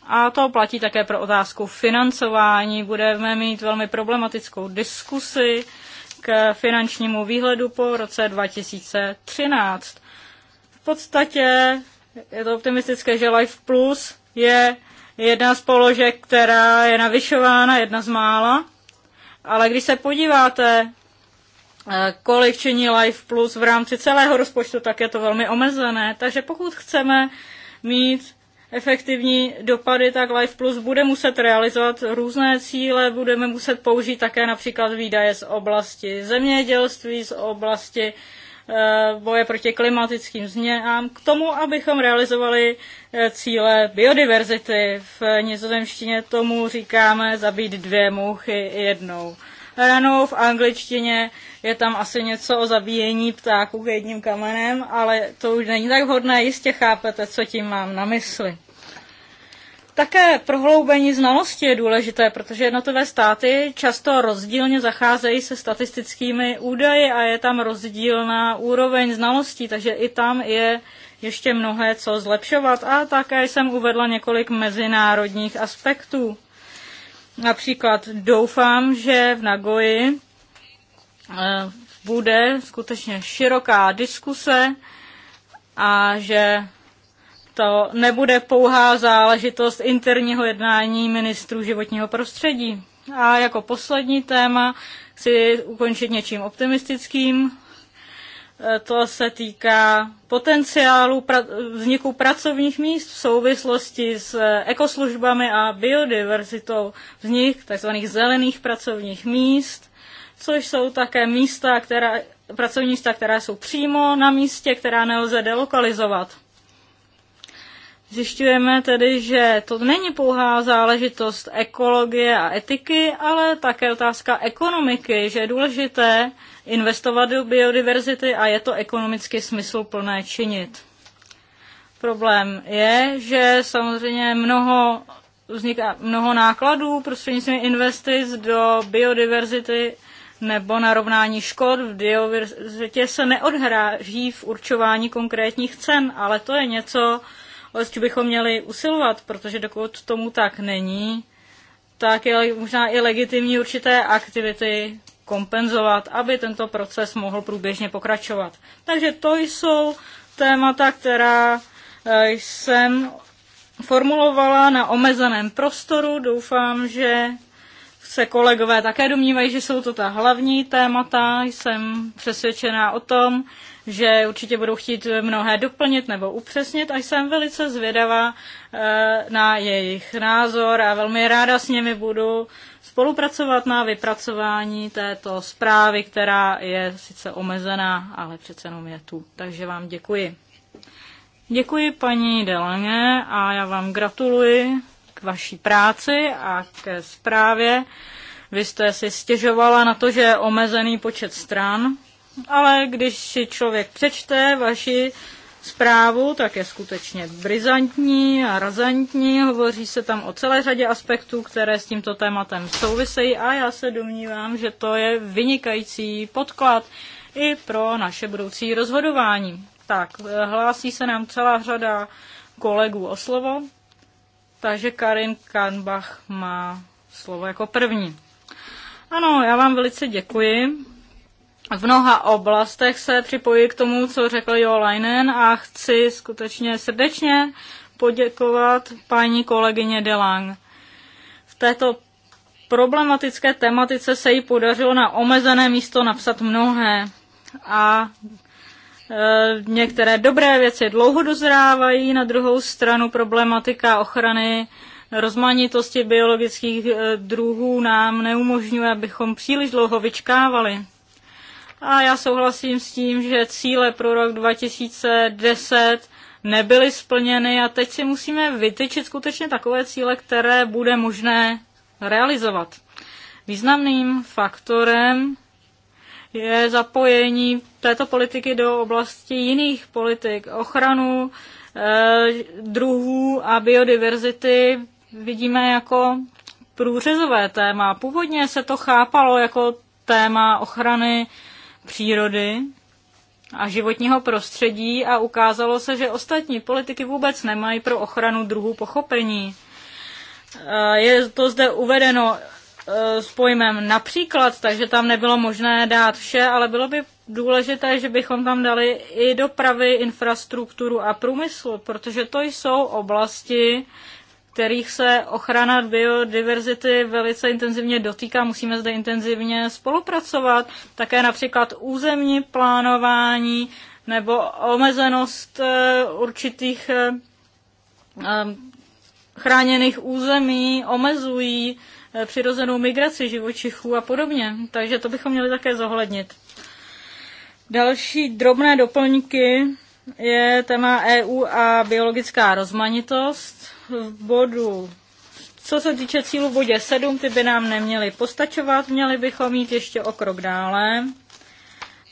A to platí také pro otázku financování. Budeme mít velmi problematickou diskusi k finančnímu výhledu po roce 2013. V podstatě je to optimistické, že Life Plus je jedna z položek, která je navyšována, jedna z mála. Ale když se podíváte kolik činí Life Plus v rámci celého rozpočtu, tak je to velmi omezené. Takže pokud chceme mít efektivní dopady, tak Life Plus bude muset realizovat různé cíle, budeme muset použít také například výdaje z oblasti zemědělství, z oblasti eh, boje proti klimatickým změnám, k tomu, abychom realizovali eh, cíle biodiverzity. V nizozemštině tomu říkáme zabít dvě mouchy jednou hranou v angličtině, je tam asi něco o zabíjení ptáků jedním kamenem, ale to už není tak vhodné, jistě chápete, co tím mám na mysli. Také prohloubení znalosti je důležité, protože jednotlivé státy často rozdílně zacházejí se statistickými údaji a je tam rozdílná úroveň znalostí, takže i tam je ještě mnohé co zlepšovat a také jsem uvedla několik mezinárodních aspektů. Například doufám, že v Nagoji eh, bude skutečně široká diskuse a že to nebude pouhá záležitost interního jednání ministrů životního prostředí. A jako poslední téma chci ukončit něčím optimistickým. Eh, to se týká potenciálu pra- vzniku pracovních míst v souvislosti s eh, ekoslužbami a biodiverzitou, vznik tzv. zelených pracovních míst, což jsou také místa, která, pracovní místa, která jsou přímo na místě, která nelze delokalizovat. Zjišťujeme tedy, že to není pouhá záležitost ekologie a etiky, ale také otázka ekonomiky, že je důležité investovat do biodiverzity a je to ekonomicky smysluplné činit. Problém je, že samozřejmě mnoho, vzniká mnoho nákladů prostřednictvím investic do biodiverzity nebo narovnání škod v biodiverzitě se neodhráží v určování konkrétních cen, ale to je něco, o prostě co bychom měli usilovat, protože dokud tomu tak není, tak je možná i legitimní určité aktivity kompenzovat, aby tento proces mohl průběžně pokračovat. Takže to jsou témata, která eh, jsem formulovala na omezeném prostoru. Doufám, že se kolegové také domnívají, že jsou to ta hlavní témata. Jsem přesvědčená o tom, že určitě budou chtít mnohé doplnit nebo upřesnit a jsem velice zvědavá eh, na jejich názor a velmi ráda s nimi budu spolupracovat na vypracování této zprávy, která je sice omezená, ale přece jenom je tu. Takže vám děkuji. Děkuji paní Delange a já vám gratuluji k vaší práci a ke zprávě. Vy jste si stěžovala na to, že je omezený počet stran ale když si člověk přečte vaši zprávu, tak je skutečně brizantní a razantní. Hovoří se tam o celé řadě aspektů, které s tímto tématem souvisejí a já se domnívám, že to je vynikající podklad i pro naše budoucí rozhodování. Tak, hlásí se nám celá řada kolegů o slovo, takže Karin Kanbach má slovo jako první. Ano, já vám velice děkuji v mnoha oblastech se připojí k tomu, co řekl Jo Leinen a chci skutečně srdečně poděkovat paní kolegyně Delang. V této problematické tematice se jí podařilo na omezené místo napsat mnohé a e, některé dobré věci dlouho dozrávají, na druhou stranu problematika ochrany rozmanitosti biologických e, druhů nám neumožňuje, abychom příliš dlouho vyčkávali. A já souhlasím s tím, že cíle pro rok 2010 nebyly splněny a teď si musíme vytyčit skutečně takové cíle, které bude možné realizovat. Významným faktorem je zapojení této politiky do oblasti jiných politik, ochranu e, druhů a biodiverzity vidíme jako průřezové téma. Původně se to chápalo jako téma ochrany přírody a životního prostředí a ukázalo se, že ostatní politiky vůbec nemají pro ochranu druhů pochopení. Eh, je to zde uvedeno eh, s pojmem například, takže tam nebylo možné dát vše, ale bylo by důležité, že bychom tam dali i dopravy, infrastrukturu a průmysl, protože to jsou oblasti, kterých se ochrana biodiverzity velice intenzivně dotýká. Musíme zde intenzivně spolupracovat. Také například územní plánování nebo omezenost eh, určitých eh, eh, chráněných území omezují přirozenou migraci živočichů a podobně. Takže to bychom měli také zohlednit. Další drobné doplňky je téma EU a biologická rozmanitost bodu co se týče cílu v bodě 7, ty by nám neměly postačovat, měli bychom jít ještě o krok dále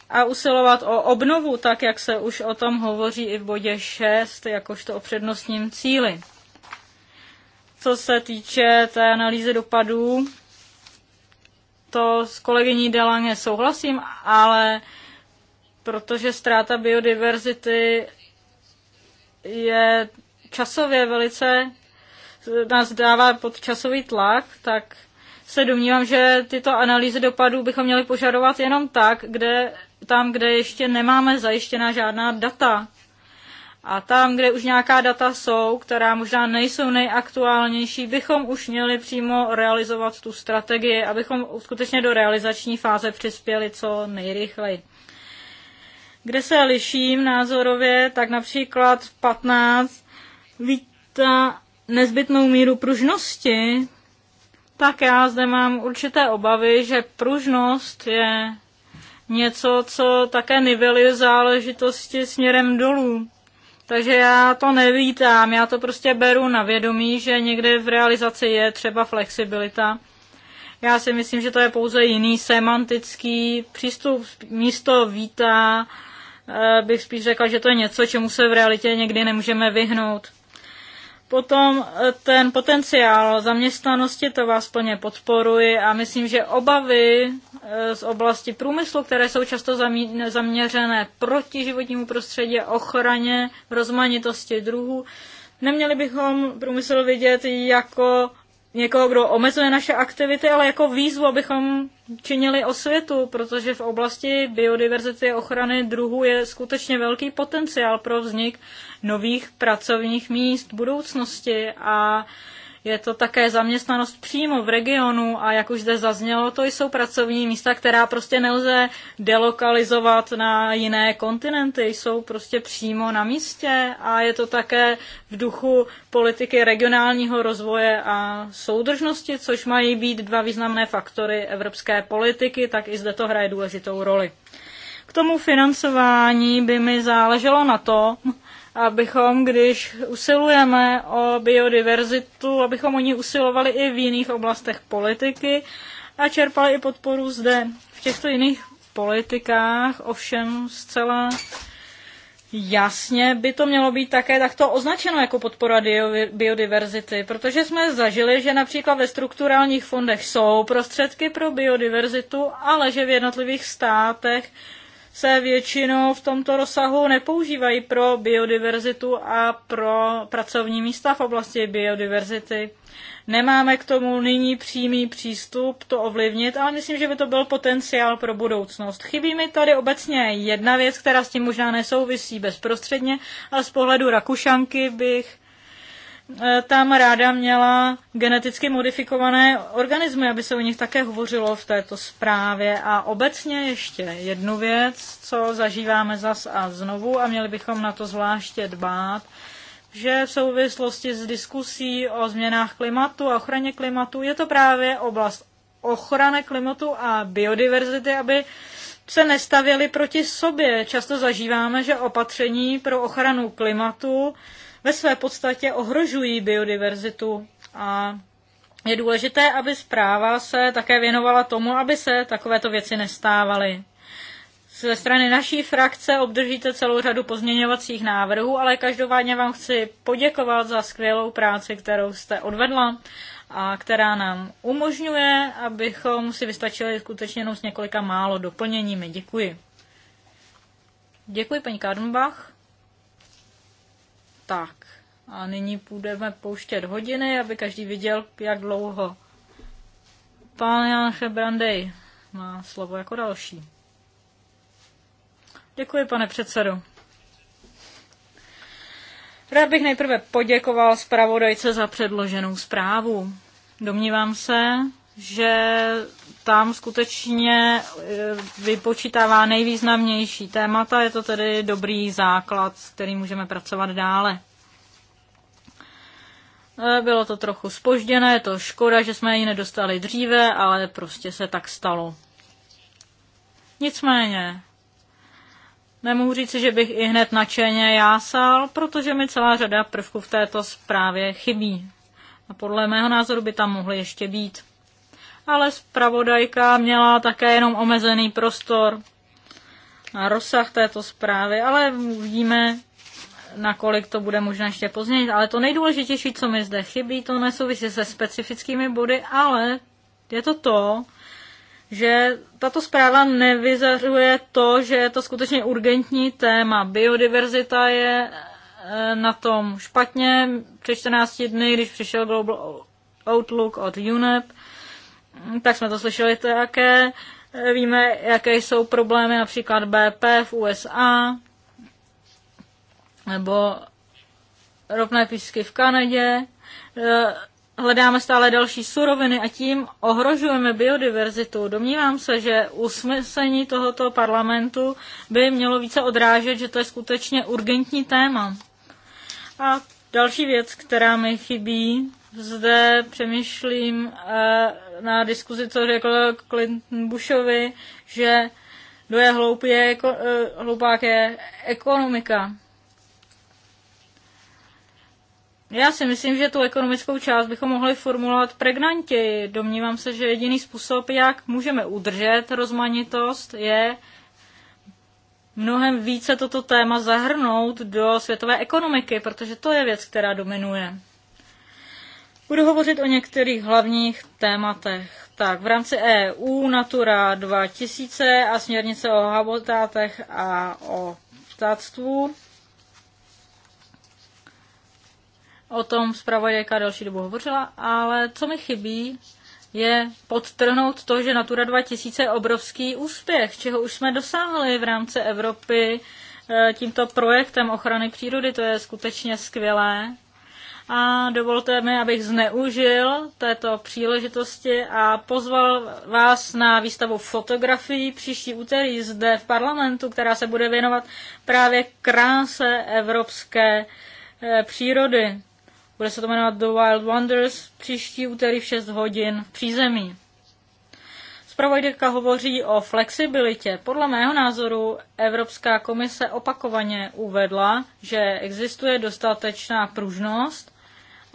a usilovat o obnovu, tak jak se už o tom hovoří i v bodě 6, jakožto o přednostním cíli. Co se týče té analýzy dopadů, to s kolegyní Delange souhlasím, ale protože ztráta biodiverzity je časově velice nás dává pod časový tlak, tak se domnívám, že tyto analýzy dopadů bychom měli požadovat jenom tak, kde, tam, kde ještě nemáme zajištěná žádná data. A tam, kde už nějaká data jsou, která možná nejsou nejaktuálnější, bychom už měli přímo realizovat tu strategii, abychom skutečně do realizační fáze přispěli co nejrychleji. Kde se liším názorově, tak například 15 vítá nezbytnou míru pružnosti, tak já zde mám určité obavy, že pružnost je něco, co také niveluje záležitosti směrem dolů. Takže já to nevítám, já to prostě beru na vědomí, že někde v realizaci je třeba flexibilita. Já si myslím, že to je pouze jiný semantický přístup. Místo vítá eh, bych spíš řekla, že to je něco, čemu se v realitě někdy nemůžeme vyhnout. Potom eh, ten potenciál zaměstnanosti, to vás plně podporuji a myslím, že obavy eh, z oblasti průmyslu, které jsou často zaměřené proti životnímu prostředí, ochraně, rozmanitosti druhů, neměli bychom průmysl vidět jako někoho, kdo omezuje naše aktivity, ale jako výzvu, abychom činili osvětu, protože v oblasti biodiverzity a ochrany druhů je skutečně velký potenciál pro vznik nových pracovních míst v budoucnosti a je to také zaměstnanost přímo v regionu a jak už zde zaznělo, to jsou pracovní místa, která prostě nelze delokalizovat na jiné kontinenty, jsou prostě přímo na místě a je to také v duchu politiky regionálního rozvoje a soudržnosti, což mají být dva významné faktory evropské politiky, tak i zde to hraje důležitou roli. K tomu financování by mi záleželo na tom, abychom, když usilujeme o biodiverzitu, abychom o ní usilovali i v jiných oblastech politiky a čerpali i podporu zde. V těchto jiných politikách ovšem zcela Jasně, by to mělo být také takto označeno jako podpora biodiverzity, protože jsme zažili, že například ve strukturálních fondech jsou prostředky pro biodiverzitu, ale že v jednotlivých státech se většinou v tomto rozsahu nepoužívají pro biodiverzitu a pro pracovní místa v oblasti biodiverzity. Nemáme k tomu nyní přímý přístup to ovlivnit, ale myslím, že by to byl potenciál pro budoucnost. Chybí mi tady obecně jedna věc, která s tím možná nesouvisí bezprostředně, ale z pohledu Rakušanky bych E, tam ráda měla geneticky modifikované organismy, aby se o nich také hovořilo v této zprávě. A obecně ještě jednu věc, co zažíváme zas a znovu a měli bychom na to zvláště dbát, že v souvislosti s diskusí o změnách klimatu a ochraně klimatu je to právě oblast ochrany klimatu a biodiverzity, aby se nestavěly proti sobě. Často zažíváme, že opatření pro ochranu klimatu ve své podstatě ohrožují biodiverzitu a je důležité, aby zpráva se také věnovala tomu, aby se takovéto věci nestávaly. Ze strany naší frakce obdržíte celou řadu pozměňovacích návrhů, ale každopádně vám chci poděkovat za skvělou práci, kterou jste odvedla a která nám umožňuje, abychom si vystačili skutečně jenom s několika málo doplněními. Děkuji. Děkuji, paní Karnbach. Tak. A nyní půjdeme pouštět hodiny, aby každý viděl, jak dlouho. Pán Jan Hebrandej má slovo jako další. Děkuji, pane předsedo. Rád bych nejprve poděkoval zpravodajce za předloženou zprávu. Domnívám se, že tam skutečně eh, vypočítává nejvýznamnější témata. Je to tedy dobrý základ, s kterým můžeme pracovat dále. Eh, bylo to trochu spožděné, je to škoda, že jsme ji nedostali dříve, ale prostě se tak stalo. Nicméně, nemůžu říct, že bych i hned nadšeně jásal, protože mi celá řada prvků v této zprávě chybí. A podle mého názoru by tam mohly ještě být ale zpravodajka měla také jenom omezený prostor na rozsah této zprávy, ale uvidíme, nakolik to bude možné ještě pozměnit. Ale to nejdůležitější, co mi zde chybí, to nesouvisí se specifickými body, ale je to to, že tato zpráva nevyzařuje to, že je to skutečně urgentní téma. Biodiverzita je e, na tom špatně. Před 14 dny, když přišel Global Outlook od UNEP, Hm, tak jsme to slyšeli také. Eh, víme, jaké jsou problémy například BP v USA nebo ropné písky v Kanadě. Eh, hledáme stále další suroviny a tím ohrožujeme biodiverzitu. Domnívám se, že usmyslení tohoto parlamentu by mělo více odrážet, že to je skutečně urgentní téma. A další věc, která mi chybí, zde přemýšlím eh, na diskuzi, co řekl Clinton Bushovi, že kdo je hloupý, je, eh, hloupák je ekonomika. Já si myslím, že tu ekonomickou část bychom mohli formulovat pregnantěji. Domnívám se, že jediný způsob, jak můžeme udržet rozmanitost, je mnohem více toto téma zahrnout do světové ekonomiky, protože to je věc, která dominuje. Budu hovořit o některých hlavních tématech. Tak, v rámci EU Natura 2000 a směrnice o habitatech a o ptáctvu. O tom zpravodajka další dobu hovořila, ale co mi chybí, je podtrhnout to, že Natura 2000 je obrovský úspěch, čeho už jsme dosáhli v rámci Evropy e, tímto projektem ochrany přírody. To je skutečně skvělé a dovolte mi, abych zneužil této příležitosti a pozval vás na výstavu fotografií příští úterý zde v parlamentu, která se bude věnovat právě kráse evropské eh, přírody. Bude se to jmenovat The Wild Wonders příští úterý v 6 hodin v přízemí. Zpravodajka hovoří o flexibilitě. Podle mého názoru Evropská komise opakovaně uvedla, že existuje dostatečná pružnost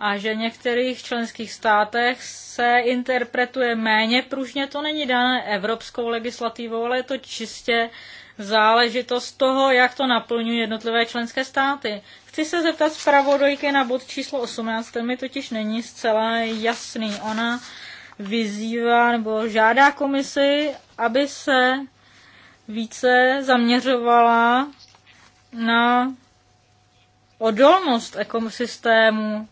a že v některých členských státech se interpretuje méně pružně, to není dané evropskou legislativou, ale je to čistě záležitost toho, jak to naplňují jednotlivé členské státy. Chci se zeptat zpravodajky na bod číslo 18, ten mi totiž není zcela jasný. Ona vyzývá nebo žádá komisi, aby se více zaměřovala na odolnost ekosystému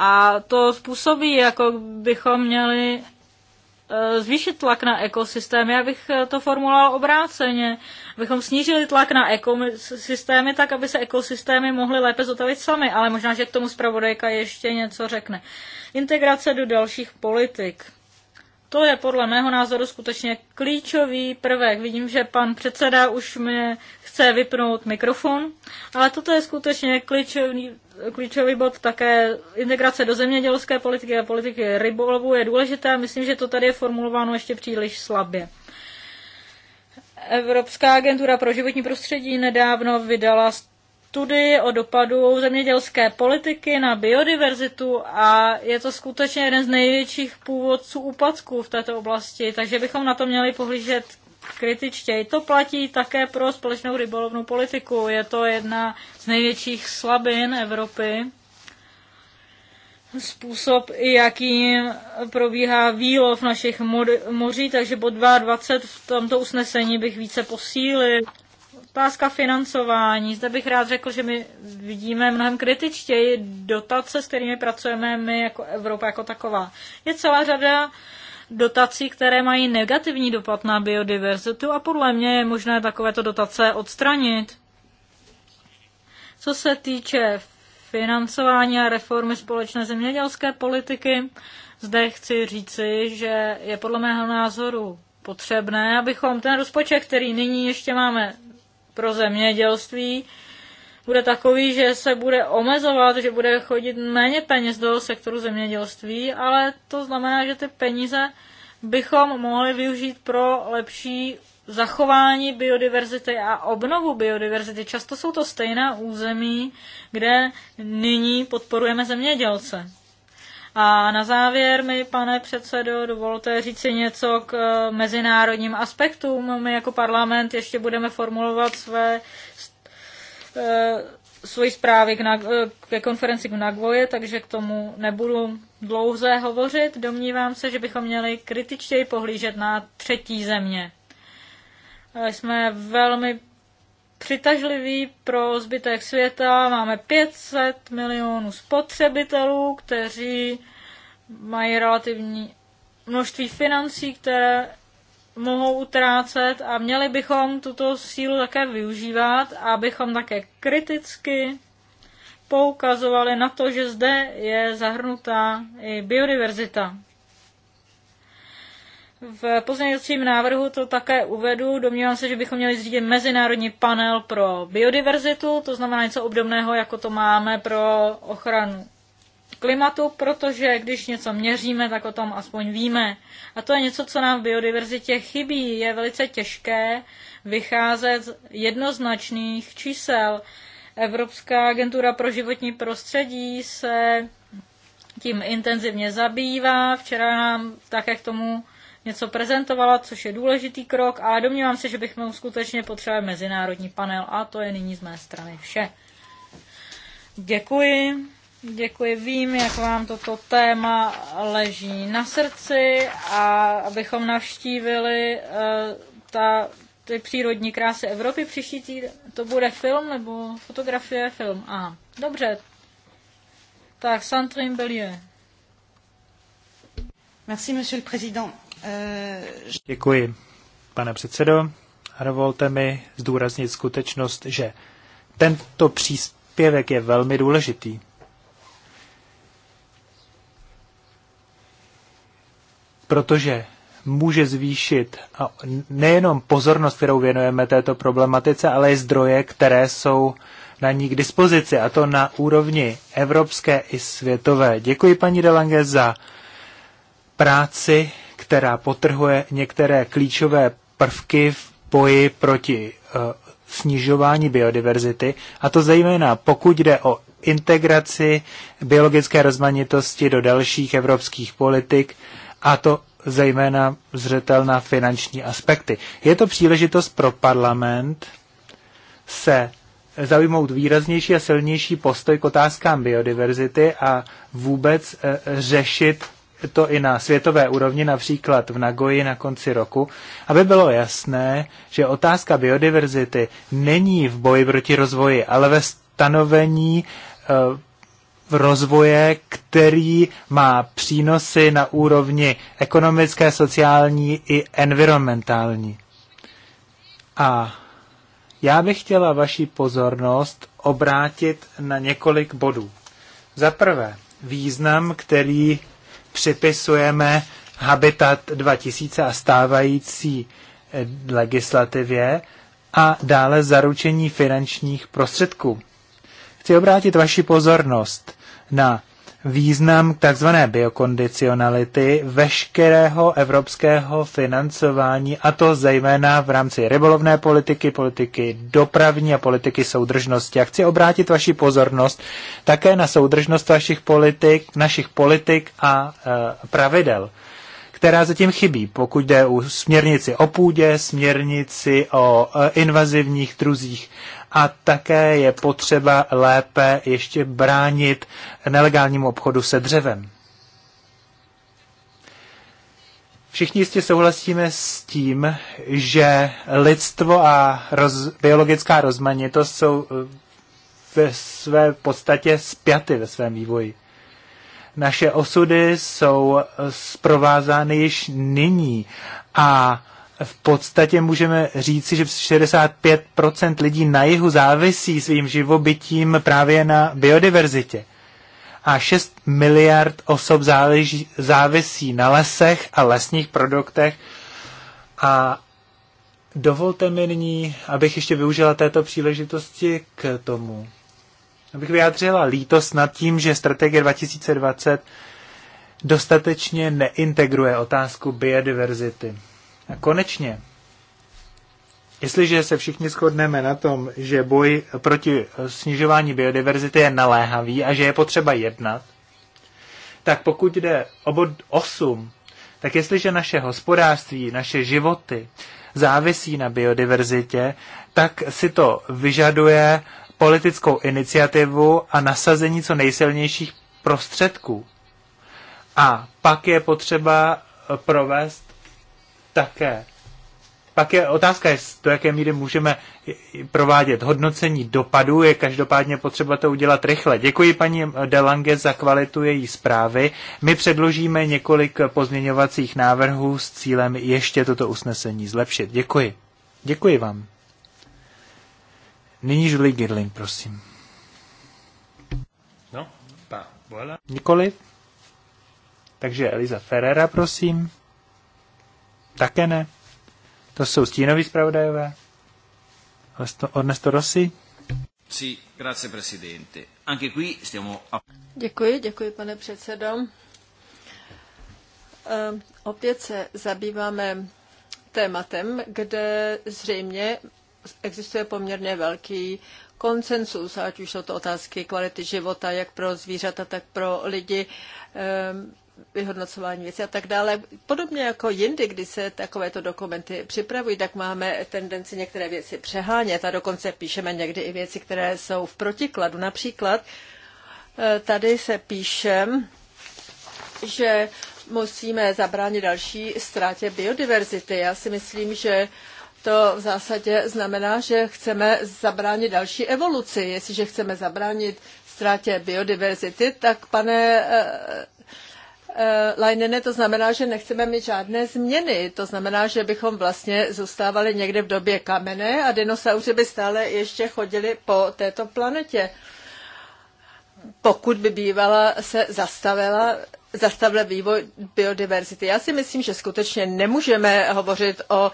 a to způsobí, jako bychom měli eh, zvýšit tlak na ekosystémy. Já bych eh, to formuloval obráceně. Abychom snížili tlak na ekosystémy, tak aby se ekosystémy mohly lépe zotavit sami. Ale možná, že k tomu zpravodajka ještě něco řekne. Integrace do dalších politik. To je podle mého názoru skutečně klíčový prvek. Vidím, že pan předseda už mi chce vypnout mikrofon, ale toto je skutečně klíčový, klíčový bod také integrace do zemědělské politiky a politiky rybolovu je důležité. Myslím, že to tady je formulováno ještě příliš slabě. Evropská agentura pro životní prostředí nedávno vydala studii o dopadu zemědělské politiky na biodiverzitu a je to skutečně jeden z největších původců úpadků v této oblasti, takže bychom na to měli pohlížet kritičtěji. To platí také pro společnou rybolovnou politiku. Je to jedna z největších slabin Evropy. Způsob, jakým probíhá výlov našich moří, takže bod 22 v tomto usnesení bych více posílil. Otázka financování. Zde bych rád řekl, že my vidíme mnohem kritičtěji dotace, s kterými pracujeme my jako Evropa jako taková. Je celá řada dotací, které mají negativní dopad na biodiverzitu a podle mě je možné takovéto dotace odstranit. Co se týče financování a reformy společné zemědělské politiky, zde chci říci, že je podle mého názoru potřebné, abychom ten rozpočet, který nyní ještě máme pro zemědělství bude takový, že se bude omezovat, že bude chodit méně peněz do sektoru zemědělství, ale to znamená, že ty peníze bychom mohli využít pro lepší zachování biodiverzity a obnovu biodiverzity. Často jsou to stejná území, kde nyní podporujeme zemědělce. A na závěr mi, pane předsedo, dovolte říci něco k eh, mezinárodním aspektům. My jako parlament ještě budeme formulovat své eh, svoji zprávy k, eh, ke konferenci k Nagvoje, takže k tomu nebudu dlouze hovořit. Domnívám se, že bychom měli kritičtěji pohlížet na třetí země. Jsme velmi přitažlivý pro zbytek světa. Máme 500 milionů spotřebitelů, kteří mají relativní množství financí, které mohou utrácet a měli bychom tuto sílu také využívat, abychom také kriticky poukazovali na to, že zde je zahrnutá i biodiverzita. V pozměňovacím návrhu to také uvedu. Domnívám se, že bychom měli zřídit mezinárodní panel pro biodiverzitu, to znamená něco obdobného, jako to máme pro ochranu klimatu, protože když něco měříme, tak o tom aspoň víme. A to je něco, co nám v biodiverzitě chybí. Je velice těžké vycházet z jednoznačných čísel. Evropská agentura pro životní prostředí se tím intenzivně zabývá. Včera nám také k tomu něco prezentovala, což je důležitý krok a domnívám se, že bychom skutečně potřebovali mezinárodní panel a to je nyní z mé strany vše. Děkuji. Děkuji, vím, jak vám toto téma leží na srdci a abychom navštívili eh, ta, ty přírodní krásy Evropy příští týden. To bude film nebo fotografie film? A dobře. Tak, Santrin Bellier. Merci, monsieur le président. Eh, Děkuji, pane předsedo. A dovolte mi zdůraznit skutečnost, že tento příspěvek je velmi důležitý. Protože může zvýšit nejenom pozornost, kterou věnujeme této problematice, ale i zdroje, které jsou na ní k dispozici, a to na úrovni evropské i světové. Děkuji paní Delange za práci která potrhuje některé klíčové prvky v boji proti eh, snižování biodiverzity, a to zejména pokud jde o integraci biologické rozmanitosti do dalších evropských politik, a to zejména zřetel na finanční aspekty. Je to příležitost pro parlament se zaujmout výraznější a silnější postoj k otázkám biodiverzity a vůbec eh, řešit to i na světové úrovni, například v Nagoji na konci roku, aby bylo jasné, že otázka biodiverzity není v boji proti rozvoji, ale ve stanovení v eh, rozvoje, který má přínosy na úrovni ekonomické, sociální i environmentální. A já bych chtěla vaši pozornost obrátit na několik bodů. Za prvé, význam, který připisujeme Habitat 2000 a stávající eh, legislativě a dále zaručení finančních prostředků. Chci obrátit vaši pozornost na význam takzvané biokondicionality veškerého evropského financování, a to zejména v rámci rybolovné politiky, politiky dopravní a politiky soudržnosti. A chci obrátit vaši pozornost také na soudržnost vašich politik, našich politik a e, pravidel která zatím chybí, pokud jde o směrnici o půdě, směrnici o e, invazivních druzích a také je potřeba lépe ještě bránit nelegálnímu obchodu se dřevem. Všichni jistě souhlasíme s tím, že lidstvo a roz, biologická rozmanitost jsou eh, ve své podstatě spjaty ve svém vývoji. Naše osudy jsou eh, zprovázány již nyní a v podstatě můžeme říci, že 65% lidí na jihu závisí svým živobytím právě na biodiverzitě. A 6 miliard osob záleží, závisí na lesech a lesních produktech. A dovolte mi nyní, abych ještě využila této příležitosti k tomu, abych vyjádřila lítost nad tím, že strategie 2020 dostatečně neintegruje otázku biodiverzity. A konečně, jestliže se všichni shodneme na tom, že boj proti snižování biodiverzity je naléhavý a že je potřeba jednat, tak pokud jde o bod 8, tak jestliže naše hospodářství, naše životy závisí na biodiverzitě, tak si to vyžaduje politickou iniciativu a nasazení co nejsilnějších prostředků. A pak je potřeba provést také. Pak je otázka, do jaké míry můžeme provádět hodnocení dopadů. Je každopádně potřeba to udělat rychle. Děkuji paní Delange za kvalitu její zprávy. My předložíme několik pozměňovacích návrhů s cílem ještě toto usnesení zlepšit. Děkuji. Děkuji vám. Nyní Julie Girling, prosím. No, pa, voilà. Nikoliv. Takže Eliza Ferrera, prosím. Také ne. To jsou stínoví zpravodajové. Ernesto Rossi. Sí, grazie presidente. Anche qui stiamo... Děkuji, děkuji pane předsedo. Ehm, opět se zabýváme tématem, kde zřejmě existuje poměrně velký konsensus, ať už jsou to otázky kvality života, jak pro zvířata, tak pro lidi. Ehm, vyhodnocování věcí a tak dále. Podobně jako jindy, kdy se takovéto dokumenty připravují, tak máme tendenci některé věci přehánět a dokonce píšeme někdy i věci, které jsou v protikladu. Například eh, tady se píše, že musíme zabránit další ztrátě biodiverzity. Já si myslím, že to v zásadě znamená, že chceme zabránit další evoluci. Jestliže chceme zabránit ztrátě biodiverzity, tak pane eh, Eh, Leinene, to znamená, že nechceme mít žádné změny. To znamená, že bychom vlastně zůstávali někde v době kamene a dinosauři by stále ještě chodili po této planetě. Pokud by bývala se zastavila zastavil vývoj biodiverzity. Já si myslím, že skutečně nemůžeme hovořit o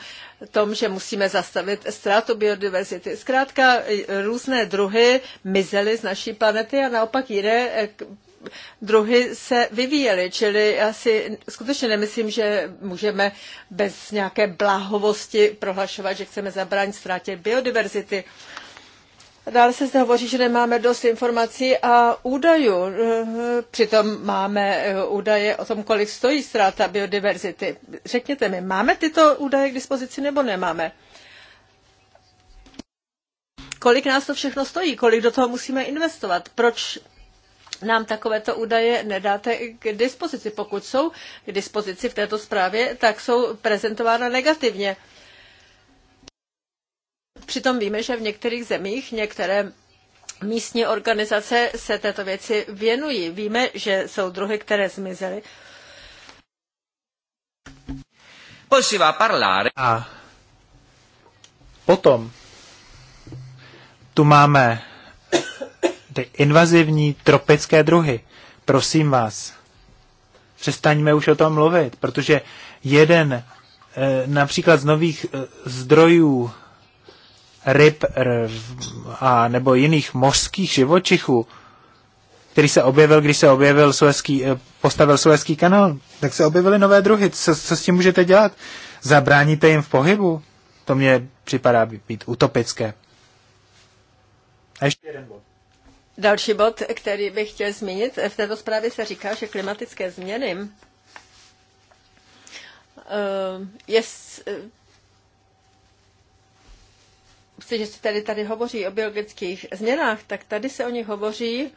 tom, že musíme zastavit ztrátu biodiverzity. Zkrátka různé druhy mizely z naší planety a naopak jiné druhy se vyvíjely, čili já si skutečně nemyslím, že můžeme bez nějaké bláhovosti prohlašovat, že chceme zabránit ztrátě biodiverzity. Dále se zde hovoří, že nemáme dost informací a údajů. Přitom máme eh, údaje o tom, kolik stojí ztráta biodiverzity. Řekněte mi, máme tyto údaje k dispozici nebo nemáme? Kolik nás to všechno stojí? Kolik do toho musíme investovat? Proč nám takovéto údaje nedáte k dispozici. Pokud jsou k dispozici v této zprávě, tak jsou prezentována negativně. Přitom víme, že v některých zemích některé místní organizace se této věci věnují. Víme, že jsou druhy, které zmizely. A potom tu máme ty invazivní tropické druhy. Prosím vás, přestaňme už o tom mluvit, protože jeden eh, například z nových eh, zdrojů ryb a nebo jiných mořských živočichů, který se objevil, když se objevil Suezký, eh, postavil Suezký kanál, tak se objevily nové druhy. Co, co s tím můžete dělat? Zabráníte jim v pohybu? To mně připadá být utopické. A ještě jeden bod. Další bod, který bych chtěl zmínit, v této zprávě se říká, že klimatické změny eh, je, eh, že se tady, tady hovoří o biologických změnách, tak tady se o nich hovoří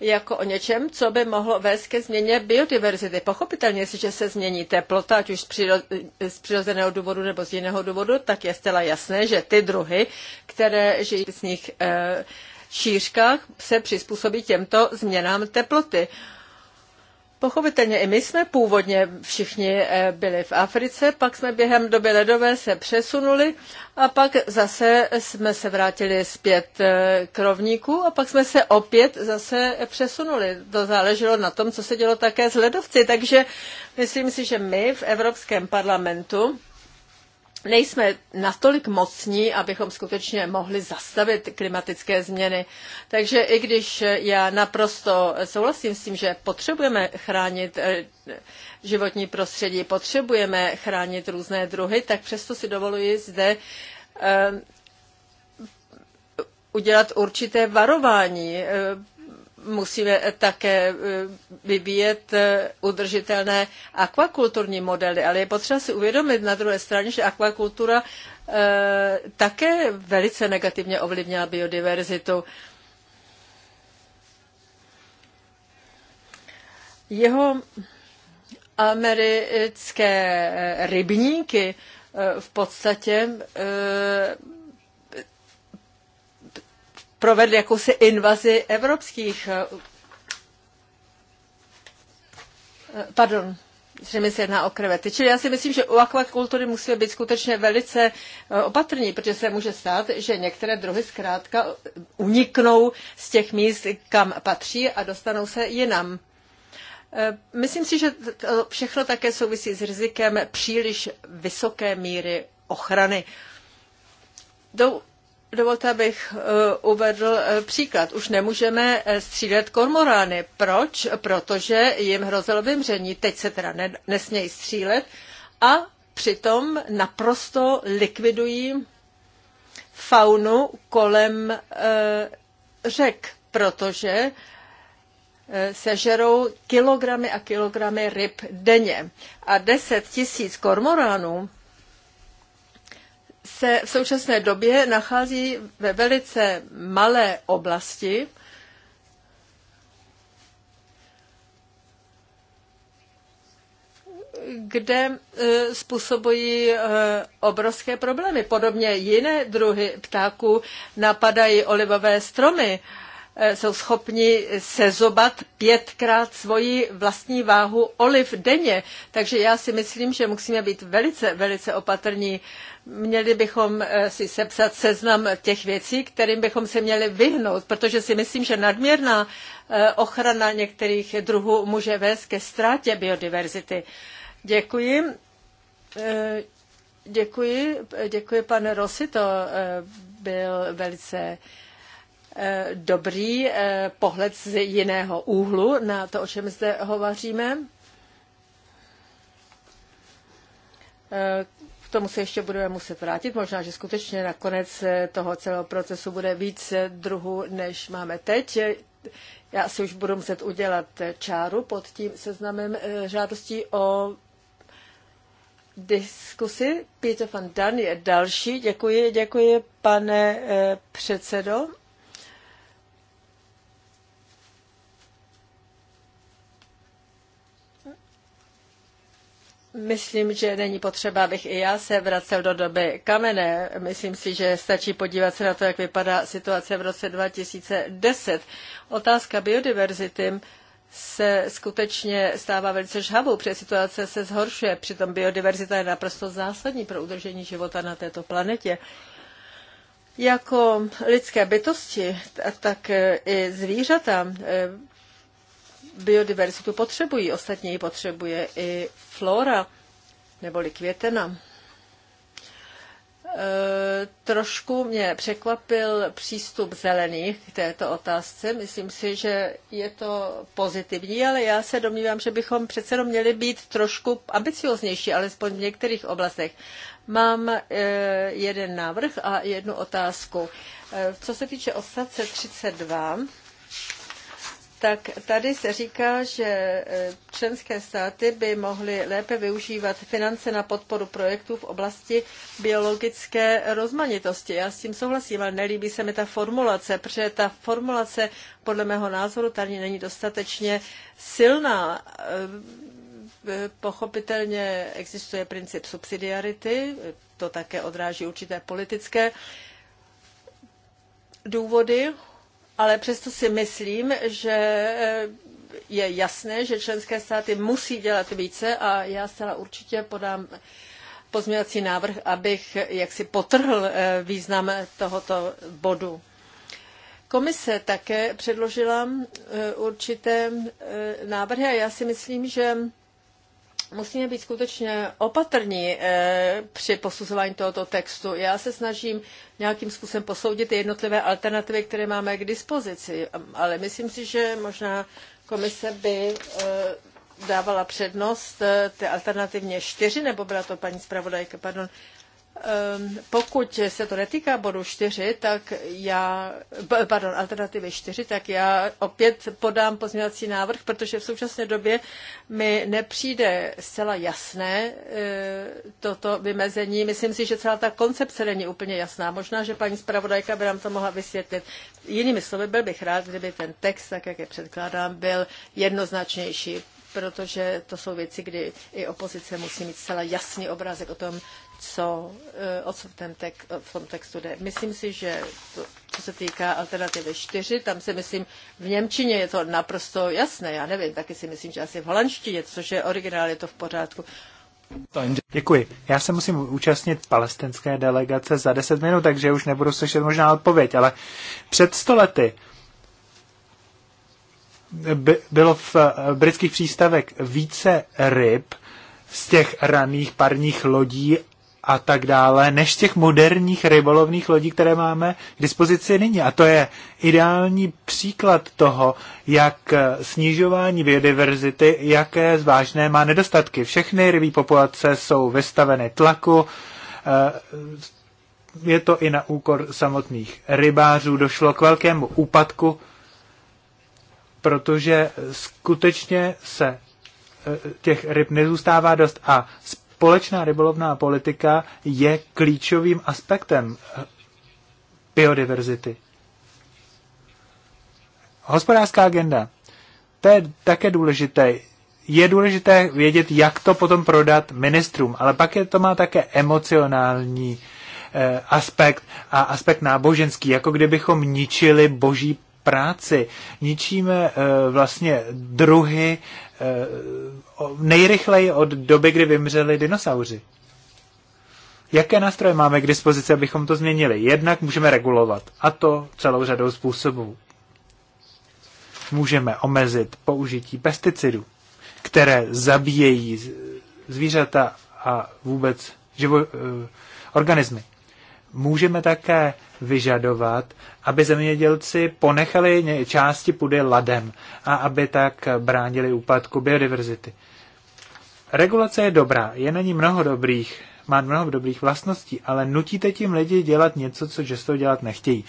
jako o něčem, co by mohlo vést ke změně biodiverzity. Pochopitelně, jestliže se změní teplota, ať už z, přiro, z přirozeného důvodu nebo z jiného důvodu, tak je zcela jasné, že ty druhy, které žijí z nich, eh, šířka se přizpůsobí těmto změnám teploty. Pochopitelně i my jsme původně všichni eh, byli v Africe, pak jsme během doby ledové se přesunuli a pak zase jsme se vrátili zpět eh, k rovníku a pak jsme se opět zase přesunuli. To záleželo na tom, co se dělo také s ledovci, takže myslím si, že my v Evropském parlamentu nejsme natolik mocní, abychom skutečně mohli zastavit klimatické změny. Takže i když já naprosto souhlasím s tím, že potřebujeme chránit eh, životní prostředí, potřebujeme chránit různé druhy, tak přesto si dovoluji zde eh, udělat určité varování. Eh, musíme také eh, vyvíjet eh, udržitelné akvakulturní modely, ale je potřeba si uvědomit na druhé straně, že akvakultura eh, také velice negativně ovlivnila biodiverzitu. Jeho americké rybníky v podstatě Provedl jakousi invazi evropských. Eh, eh, pardon, zřejmě se jedná o krevety. Čili já si myslím, že u akvakultury musíme být skutečně velice eh, opatrní, protože se může stát, že některé druhy zkrátka uniknou z těch míst, kam patří a dostanou se jinam. Myslím si, že to všechno také souvisí s rizikem příliš vysoké míry ochrany. Do Dovolte, abych eh, uvedl eh, příklad. Už nemůžeme eh, střílet kormorány. Proč? Protože jim hrozilo vymření. Teď se teda nesmějí střílet a přitom naprosto likvidují faunu kolem řek, protože sežerou kilogramy a kilogramy ryb denně. A 10 tisíc kormoránů se v současné době nachází ve velice malé oblasti. kde e, způsobují e, obrovské problémy. Podobně jiné druhy ptáků napadají olivové stromy. Eh, jsou schopni sezobat pětkrát svoji vlastní váhu oliv denně. Takže já si myslím, že musíme být velice, velice opatrní. Měli bychom eh, si sepsat seznam těch věcí, kterým bychom se měli vyhnout, protože si myslím, že nadměrná eh, ochrana některých druhů může vést ke ztrátě biodiverzity. Děkuji. Děkuji, děkuji pane Rossi, to byl velice Eh, dobrý eh, pohled z jiného úhlu na to, o čem zde hovoříme. Eh, k tomu se ještě budeme muset vrátit. Možná, že skutečně nakonec toho celého procesu bude víc druhů, než máme teď. Já si už budu muset udělat čáru pod tím seznamem žádostí o diskusi. Peter van Dan je další. Děkuji, děkuji, pane předsedo. Myslím, že není potřeba, abych i já se vracel do doby kamene. Myslím si, že stačí podívat se na to, jak vypadá situace v roce 2010. Otázka biodiverzity se skutečně stává velice žhavou, protože situace se zhoršuje. Přitom biodiverzita je naprosto zásadní pro udržení života na této planetě. Jako lidské bytosti, tak i zvířata biodiverzitu potřebují. Ostatně ji potřebuje i flora, neboli květena. E, trošku mě překvapil přístup zelených k této otázce. Myslím si, že je to pozitivní, ale já se domnívám, že bychom přece jenom měli být trošku ambicioznější, alespoň v některých oblastech. Mám e, jeden návrh a jednu otázku. E, co se týče ostatce 32, tak tady se říká, že e, členské státy by mohly lépe využívat finance na podporu projektů v oblasti biologické rozmanitosti. Já s tím souhlasím, ale nelíbí se mi ta formulace, protože ta formulace podle mého názoru tady není dostatečně silná. E, e, pochopitelně existuje princip subsidiarity, to také odráží určité politické důvody, ale přesto si myslím, že eh, je jasné, že členské státy musí dělat více a já zcela určitě podám pozměňovací návrh, abych jaksi potrhl eh, význam tohoto bodu. Komise také předložila eh, určité návrhy a já si myslím, že musíme být skutečně opatrní eh, při posuzování tohoto textu. Já se snažím nějakým způsobem posoudit jednotlivé alternativy, které máme k dispozici, ale myslím si, že možná komise by eh, dávala přednost eh, ty alternativně čtyři, nebo byla to paní zpravodajka, pardon, Ehm, pokud se to netýká bodu 4, tak já, pardon, alternativy 4, tak já opět podám pozměňovací návrh, protože v současné době mi nepřijde zcela jasné eh, toto vymezení. Myslím si, že celá ta koncepce není úplně jasná. Možná, že paní zpravodajka by nám to mohla vysvětlit. Jinými slovy, byl bych rád, kdyby ten text, tak jak je předkládám, byl jednoznačnější protože to jsou věci, kdy i opozice musí mít zcela jasný obrázek o tom, co, eh, o co v, ten tek, v tom textu jde. Myslím si, že to, co se týká alternativy 4, tam si myslím, v Němčině je to naprosto jasné, já nevím, taky si myslím, že asi v holandštině, což je originál, je to v pořádku. Děkuji. Já se musím účastnit palestinské delegace za 10 minut, takže už nebudu slyšet možná odpověď, ale před stolety by, bylo v eh, britských přístavech více ryb z těch raných parních lodí a tak dále, než těch moderních rybolovných lodí, které máme k dispozici nyní. A to je ideální příklad toho, jak snižování biodiverzity, jaké zvážné má nedostatky. Všechny rybí populace jsou vystaveny tlaku, eh, je to i na úkor samotných rybářů, došlo k velkému úpadku, protože skutečně se eh, těch ryb nezůstává dost a společná rybolovná politika je klíčovým aspektem eh, biodiverzity. Hospodářská agenda. To je také důležité. Je důležité vědět, jak to potom prodat ministrům, ale pak je, to má také emocionální eh, aspekt a aspekt náboženský, jako kdybychom ničili boží práci, ničíme eh, vlastně druhy eh, nejrychleji od doby, kdy vymřeli dinosauři. Jaké nástroje máme k dispozici, abychom to změnili? Jednak můžeme regulovat, a to celou řadou způsobů. Můžeme omezit použití pesticidů, které zabíjejí zvířata a vůbec živo, eh, organismy můžeme také vyžadovat, aby zemědělci ponechali části půdy ladem a aby tak bránili úpadku biodiverzity. Regulace je dobrá, je na ní mnoho dobrých, má mnoho dobrých vlastností, ale nutíte tím lidi dělat něco, co často dělat nechtějí.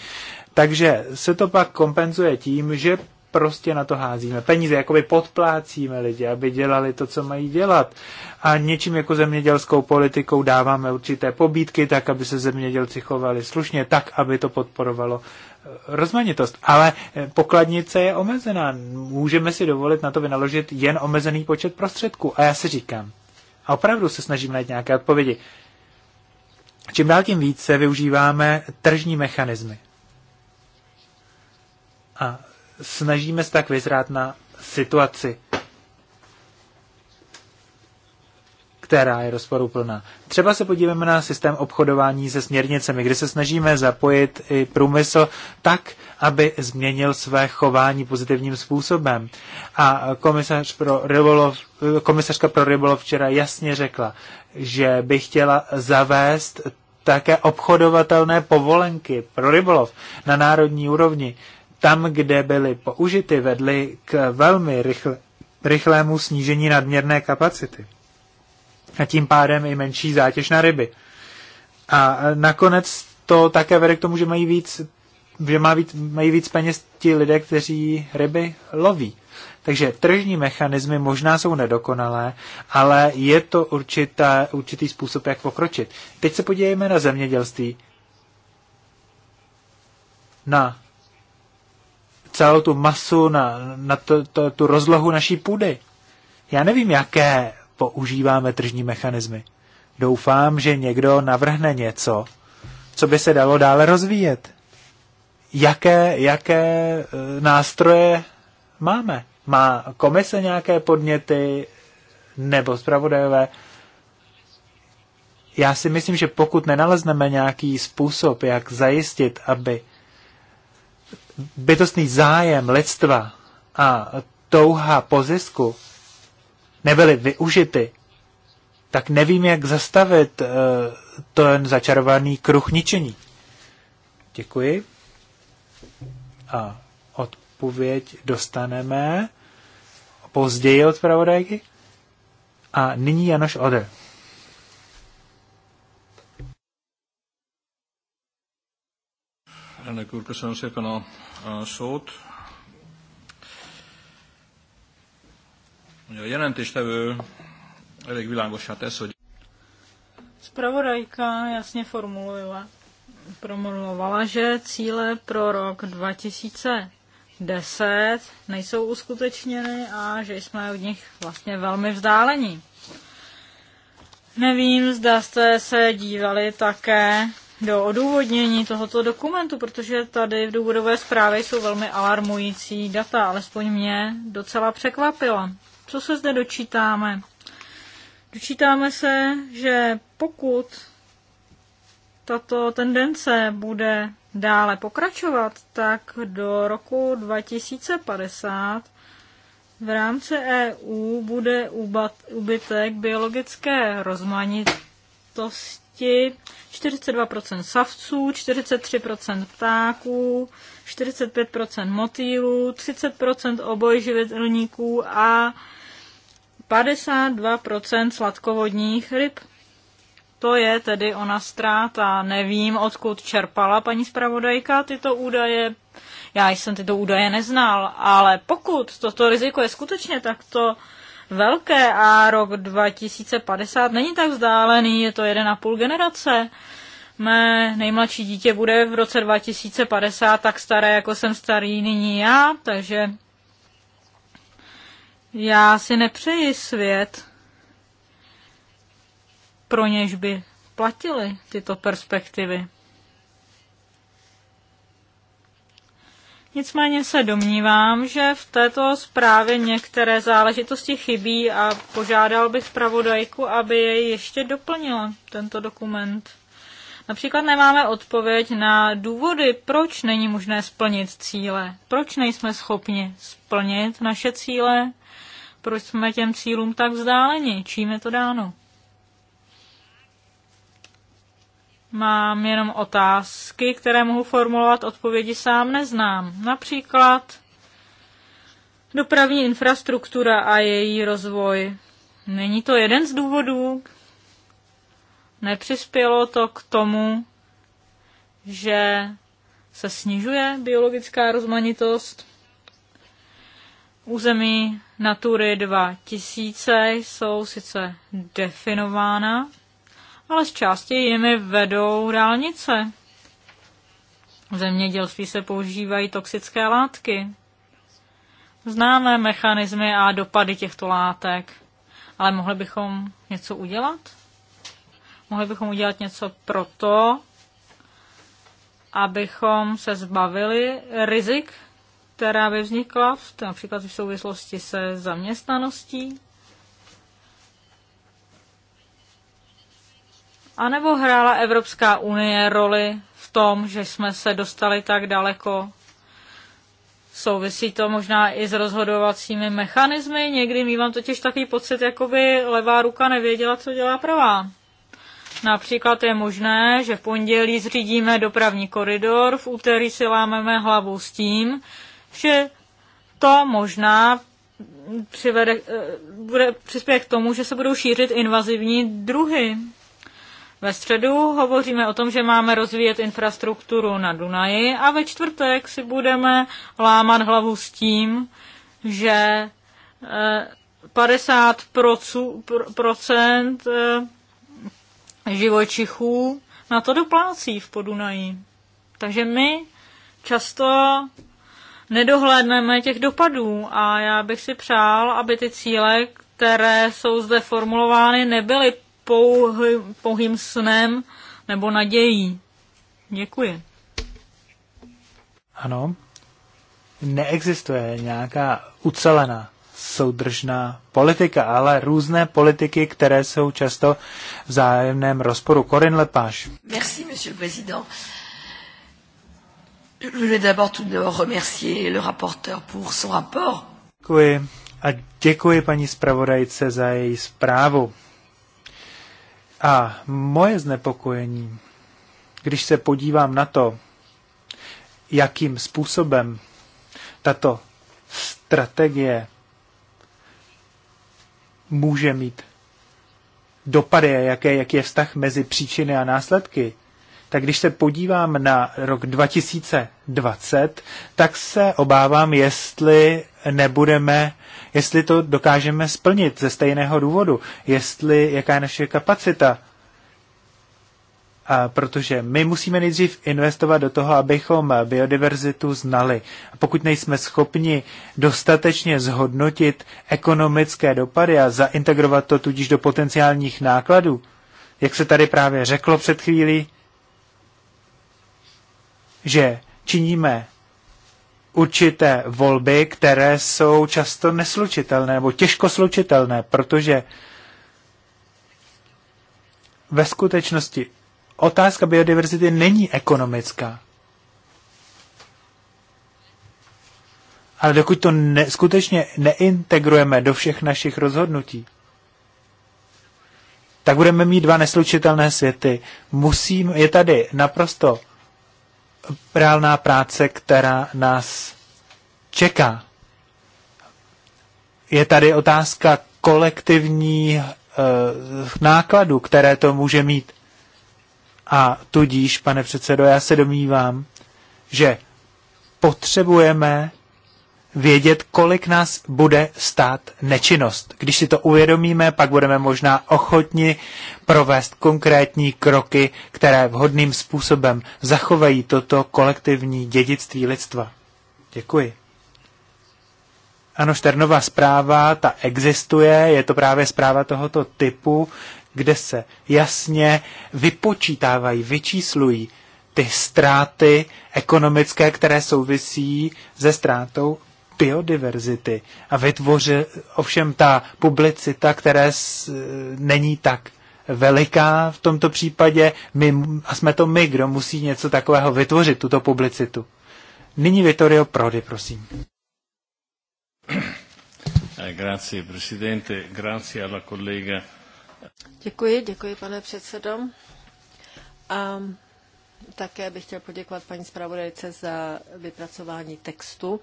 Takže se to pak kompenzuje tím, že prostě na to házíme peníze, jakoby podplácíme lidi, aby dělali to, co mají dělat. A něčím jako zemědělskou politikou dáváme určité pobídky, tak, aby se zemědělci chovali slušně, tak, aby to podporovalo eh, rozmanitost. Ale eh, pokladnice je omezená. Můžeme si dovolit na to vynaložit jen omezený počet prostředků. A já si říkám, a opravdu se snažím najít nějaké odpovědi. Čím dál tím více využíváme tržní mechanismy. A snažíme se tak vyzrát na situaci, která je rozporuplná. Třeba se podíváme na systém obchodování se směrnicemi, kde se snažíme zapojit i průmysl tak, aby změnil své chování pozitivním způsobem. A komisař pro rybolov, komisařka pro rybolov včera jasně řekla, že by chtěla zavést také obchodovatelné povolenky pro rybolov na národní úrovni, tam, kde byly použity, vedly k velmi rychl, rychlému snížení nadměrné kapacity. A tím pádem i menší zátěž na ryby. A nakonec to také vede k tomu, že mají víc, že má víc, mají víc peněz ti lidé, kteří ryby loví. Takže tržní mechanismy možná jsou nedokonalé, ale je to určitá, určitý způsob, jak pokročit. Teď se podívejme na zemědělství. Na celou tu masu, na, na to, to, tu rozlohu naší půdy. Já nevím, jaké používáme tržní mechanismy. Doufám, že někdo navrhne něco, co by se dalo dále rozvíjet. Jaké, jaké eh, nástroje máme? Má komise nějaké podněty nebo zpravodajové? Já si myslím, že pokud nenalezneme nějaký způsob, jak zajistit, aby bytostný zájem lidstva a touha po zisku nebyly využity, tak nevím, jak zastavit eh, ten začarovaný kruh ničení. Děkuji. A odpověď dostaneme později od pravodajky. A nyní Janoš ode. Ano, úr, köszönöm szépen a szót. A jelentéstevő elég világosá tesz, hogy... Spravodajka jasně formulovala, promulovala, že cíle pro rok 2010 nejsou uskutečněny a že jsme od nich vlastně velmi vzdálení. Nevím, zda jste se dívali také do odůvodnění tohoto dokumentu, protože tady v důvodové zprávě jsou velmi alarmující data, alespoň mě docela překvapila. Co se zde dočítáme? Dočítáme se, že pokud tato tendence bude dále pokračovat, tak do roku 2050 v rámci EU bude ubytek biologické rozmanitosti děti, 42% savců, 43% ptáků, 45% motýlů, 30% obojživelníků a 52% sladkovodních ryb. To je tedy ona ztráta. Nevím, odkud čerpala paní zpravodajka tyto údaje. Já jsem tyto údaje neznal, ale pokud toto riziko je skutečně takto velké a rok 2050 není tak vzdálený, je to 1,5 generace. Mé nejmladší dítě bude v roce 2050 tak staré, jako jsem starý nyní já, takže já si nepřeji svět, pro něž by platily tyto perspektivy. Nicméně se domnívám, že v této zprávě některé záležitosti chybí a požádal bych zpravodajku, aby jej ještě doplnila tento dokument. Například nemáme odpověď na důvody, proč není možné splnit cíle, proč nejsme schopni splnit naše cíle, proč jsme těm cílům tak vzdáleni, čím je to dáno. Mám jenom otázky, které mohu formulovat, odpovědi sám neznám. Například dopravní infrastruktura a její rozvoj. Není to jeden z důvodů? Nepřispělo to k tomu, že se snižuje biologická rozmanitost? Území Natury 2000 jsou sice definována, ale z části jimi vedou dálnice. V zemědělství se používají toxické látky. Známe mechanismy a dopady těchto látek, ale mohli bychom něco udělat? Mohli bychom udělat něco proto, abychom se zbavili rizik, která by vznikla v, například v souvislosti se zaměstnaností? A nebo hrála Evropská unie roli v tom, že jsme se dostali tak daleko? Souvisí to možná i s rozhodovacími mechanismy. Někdy mývám totiž takový pocit, jako by levá ruka nevěděla, co dělá pravá. Například je možné, že v pondělí zřídíme dopravní koridor, v úterý si lámeme hlavu s tím, že to možná přivede, eh, bude přispět k tomu, že se budou šířit invazivní druhy. Ve středu hovoříme o tom, že máme rozvíjet infrastrukturu na Dunaji a ve čtvrtek si budeme lámat hlavu s tím, že 50 eh, procent eh, živočichů na to doplácí v Podunají. Takže my často nedohlédneme těch dopadů a já bych si přál, aby ty cíle, které jsou zde formulovány, nebyly pouhý, pouhým snem nebo nadějí. Děkuji. Ano. Neexistuje nějaká ucelená soudržná politika, ale různé politiky, které jsou často v zájemném rozporu. Corinne Lepage. Merci, monsieur le président. Je voulais d'abord tout d'abord remercier le rapporteur pour son rapport. Děkuji. A děkuji paní zpravodajce za její zprávu. A moje znepokojení, když se podívám na to, jakým způsobem tato strategie může mít dopady, jaké, jaký je vztah mezi příčiny a následky, tak když se podívám na rok 2020, tak se obávám, jestli nebudeme, jestli to dokážeme splnit ze stejného důvodu, jestli, jaká je naše kapacita. A protože my musíme nejdřív investovat do toho, abychom biodiverzitu znali. A pokud nejsme schopni dostatečně zhodnotit ekonomické dopady a zaintegrovat to tudíž do potenciálních nákladů, jak se tady právě řeklo před chvílí, že činíme určité volby, které jsou často neslučitelné nebo těžko slučitelné, protože ve skutečnosti otázka biodiverzity není ekonomická. Ale dokud to ne, skutečně neintegrujeme do všech našich rozhodnutí, tak budeme mít dva neslučitelné světy. Musím, je tady naprosto reálná práce, která nás čeká. Je tady otázka kolektivní eh, nákladu, které to může mít. A tudíž, pane předsedo, já se domnívám, že potřebujeme vědět, kolik nás bude stát nečinnost. Když si to uvědomíme, pak budeme možná ochotni provést konkrétní kroky, které vhodným způsobem zachovají toto kolektivní dědictví lidstva. Děkuji. Ano, Šternová zpráva, ta existuje, je to právě zpráva tohoto typu, kde se jasně vypočítávají, vyčíslují ty ztráty ekonomické, které souvisí se ztrátou biodiverzity a vytvoře, ovšem ta publicita, která není tak veliká v tomto případě, my, a jsme to my, kdo musí něco takového vytvořit, tuto publicitu. Nyní Vittorio Prodi, prosím. Eh, grazie, presidente. Grazie alla collega. Děkuji, děkuji, pane předsedo. A také bych chtěl poděkovat paní zpravodajce za vypracování textu.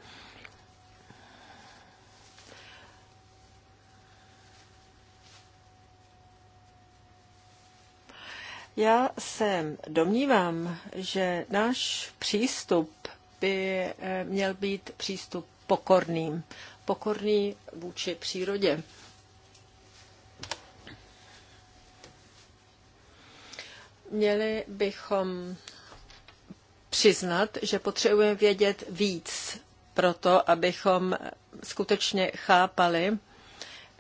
Já se domnívám, že náš přístup by eh, měl být přístup pokorným. Pokorný vůči přírodě. Měli bychom přiznat, že potřebujeme vědět víc pro to, abychom skutečně chápali,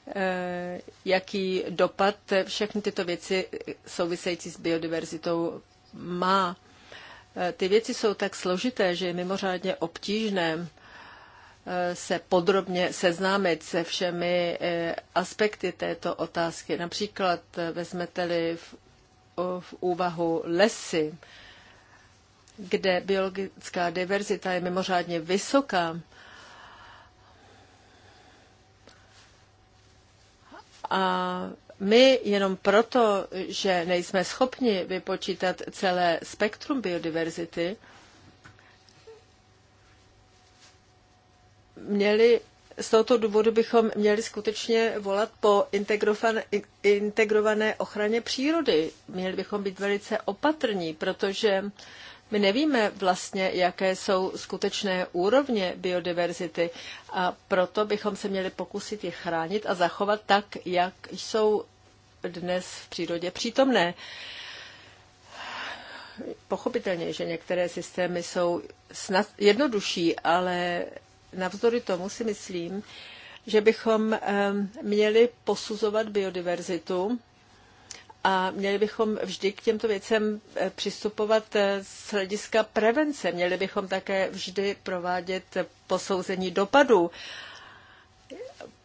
Eh, jaký dopad všechny tyto věci související s biodiverzitou má. Eh, ty věci jsou tak složité, že je mimořádně obtížné eh, se podrobně seznámit se všemi aspekty této otázky. Například vezmete-li v, v úvahu lesy, kde biologická diverzita je mimořádně vysoká, A my jenom proto, že nejsme schopni vypočítat celé spektrum biodiverzity, měli z tohoto důvodu bychom měli skutečně volat po integrované ochraně přírody. Měli bychom být velice opatrní, protože my nevíme vlastně, jaké jsou skutečné úrovně biodiverzity a proto bychom se měli pokusit je chránit a zachovat tak, jak jsou dnes v přírodě přítomné. Pochopitelně, že některé systémy jsou snad jednodušší, ale navzdory tomu si myslím, že bychom eh, měli posuzovat biodiverzitu a měli bychom vždy k těmto věcem eh, přistupovat eh, z hlediska prevence. Měli bychom také vždy provádět posouzení dopadů.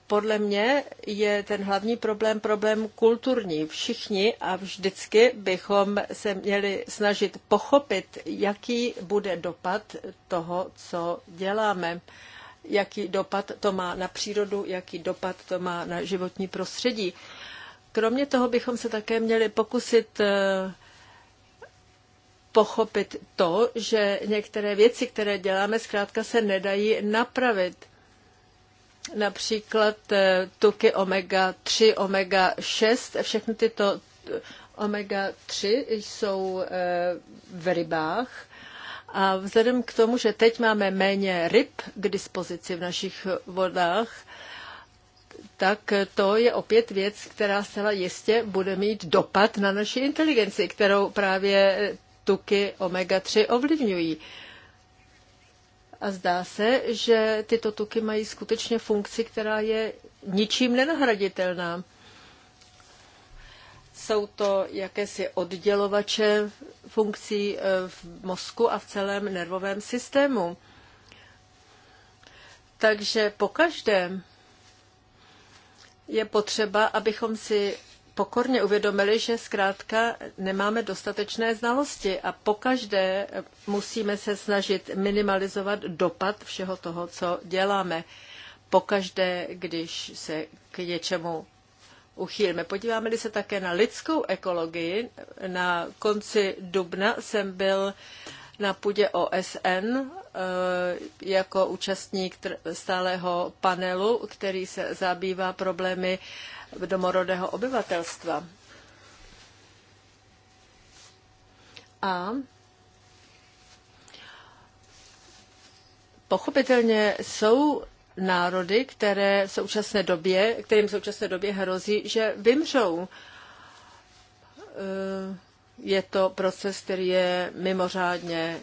Podle mě je ten hlavní problém problém kulturní. Všichni a vždycky bychom se měli snažit pochopit, jaký bude dopad toho, co děláme jaký dopad to má na přírodu, jaký dopad to má na životní prostředí. Kromě toho bychom se také měli pokusit eh, pochopit to, že některé věci, které děláme, zkrátka se nedají napravit. Například eh, tuky omega-3, omega-6, všechny tyto eh, omega-3 jsou v rybách. A vzhledem k tomu, že teď máme méně ryb k dispozici v našich vodách, tak to je opět věc, která zcela jistě bude mít dopad na naši inteligenci, kterou právě tuky omega-3 ovlivňují. A zdá se, že tyto tuky mají skutečně funkci, která je ničím nenahraditelná. Jsou to jakési oddělovače funkcí eh, v mozku a v celém nervovém systému. Takže po každém je potřeba, abychom si pokorně uvědomili, že zkrátka nemáme dostatečné znalosti a pokaždé musíme se snažit minimalizovat dopad všeho toho, co děláme. Pokaždé, když se k něčemu uchýlíme. Podíváme-li se také na lidskou ekologii, na konci dubna jsem byl uh, na půdě OSN eh, jako účastník stálého panelu, který se zabývá problémy domorodého obyvatelstva. A pochopitelně jsou národy, které v současné době, kterým v současné době hrozí, že vymřou. Eh, je to proces, který je mimořádně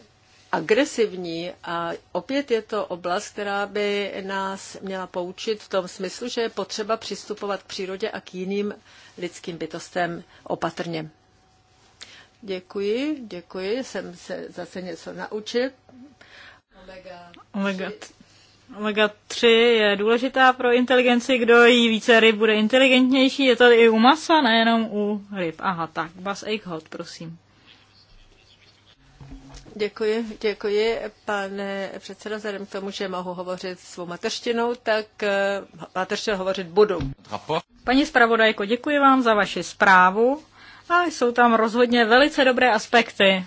agresivní a opět je to oblast, která by nás měla poučit v tom smyslu, že je potřeba přistupovat k přírodě a k jiným lidským bytostem opatrně. Děkuji, děkuji, jsem se zase něco naučil. Omega, Omega 3. Omega 3 je důležitá pro inteligenci, kdo jí více ryb bude inteligentnější, je to i u masa, nejenom u ryb. Aha, tak, Bas Eichholt, prosím. Děkuji, děkuji, pane předsedo, vzhledem k tomu, že mohu hovořit svou mateřštinou, tak eh, mateřštinu hovořit budu. Paní zpravodajko, děkuji vám za vaši zprávu a jsou tam rozhodně velice dobré aspekty.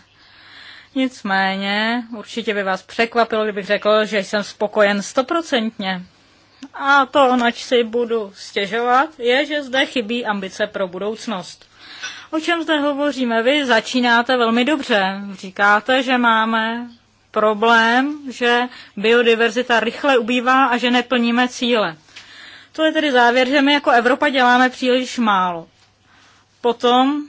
Nicméně určitě by vás překvapilo, kdybych řekl, že jsem spokojen stoprocentně. A to, nač si budu stěžovat, je, že zde chybí ambice pro budoucnost. O čem zde hovoříme? Vy začínáte velmi dobře. Říkáte, že máme problém, že biodiverzita rychle ubývá a že neplníme cíle. To je tedy závěr, že my jako Evropa děláme příliš málo. Potom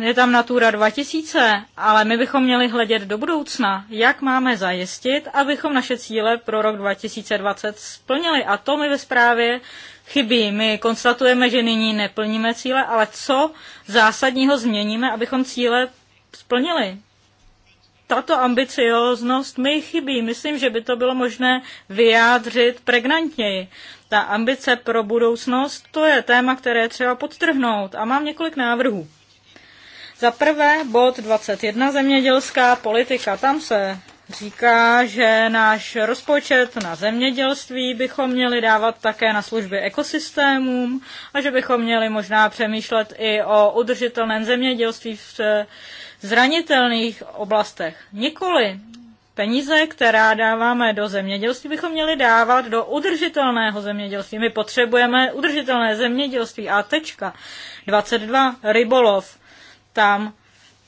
je tam Natura 2000, ale my bychom měli hledět do budoucna, jak máme zajistit, abychom naše cíle pro rok 2020 splnili. A to mi ve zprávě chybí. My konstatujeme, že nyní neplníme cíle, ale co zásadního změníme, abychom cíle splnili? Tato ambicioznost mi chybí. Myslím, že by to bylo možné vyjádřit pregnantněji. Ta ambice pro budoucnost, to je téma, které třeba podtrhnout. A mám několik návrhů. Za prvé bod 21 zemědělská politika. Tam se říká, že náš rozpočet na zemědělství bychom měli dávat také na služby ekosystémům a že bychom měli možná přemýšlet i o udržitelném zemědělství v zranitelných oblastech. Nikoli peníze, která dáváme do zemědělství, bychom měli dávat do udržitelného zemědělství. My potřebujeme udržitelné zemědělství a tečka. 22. Rybolov tam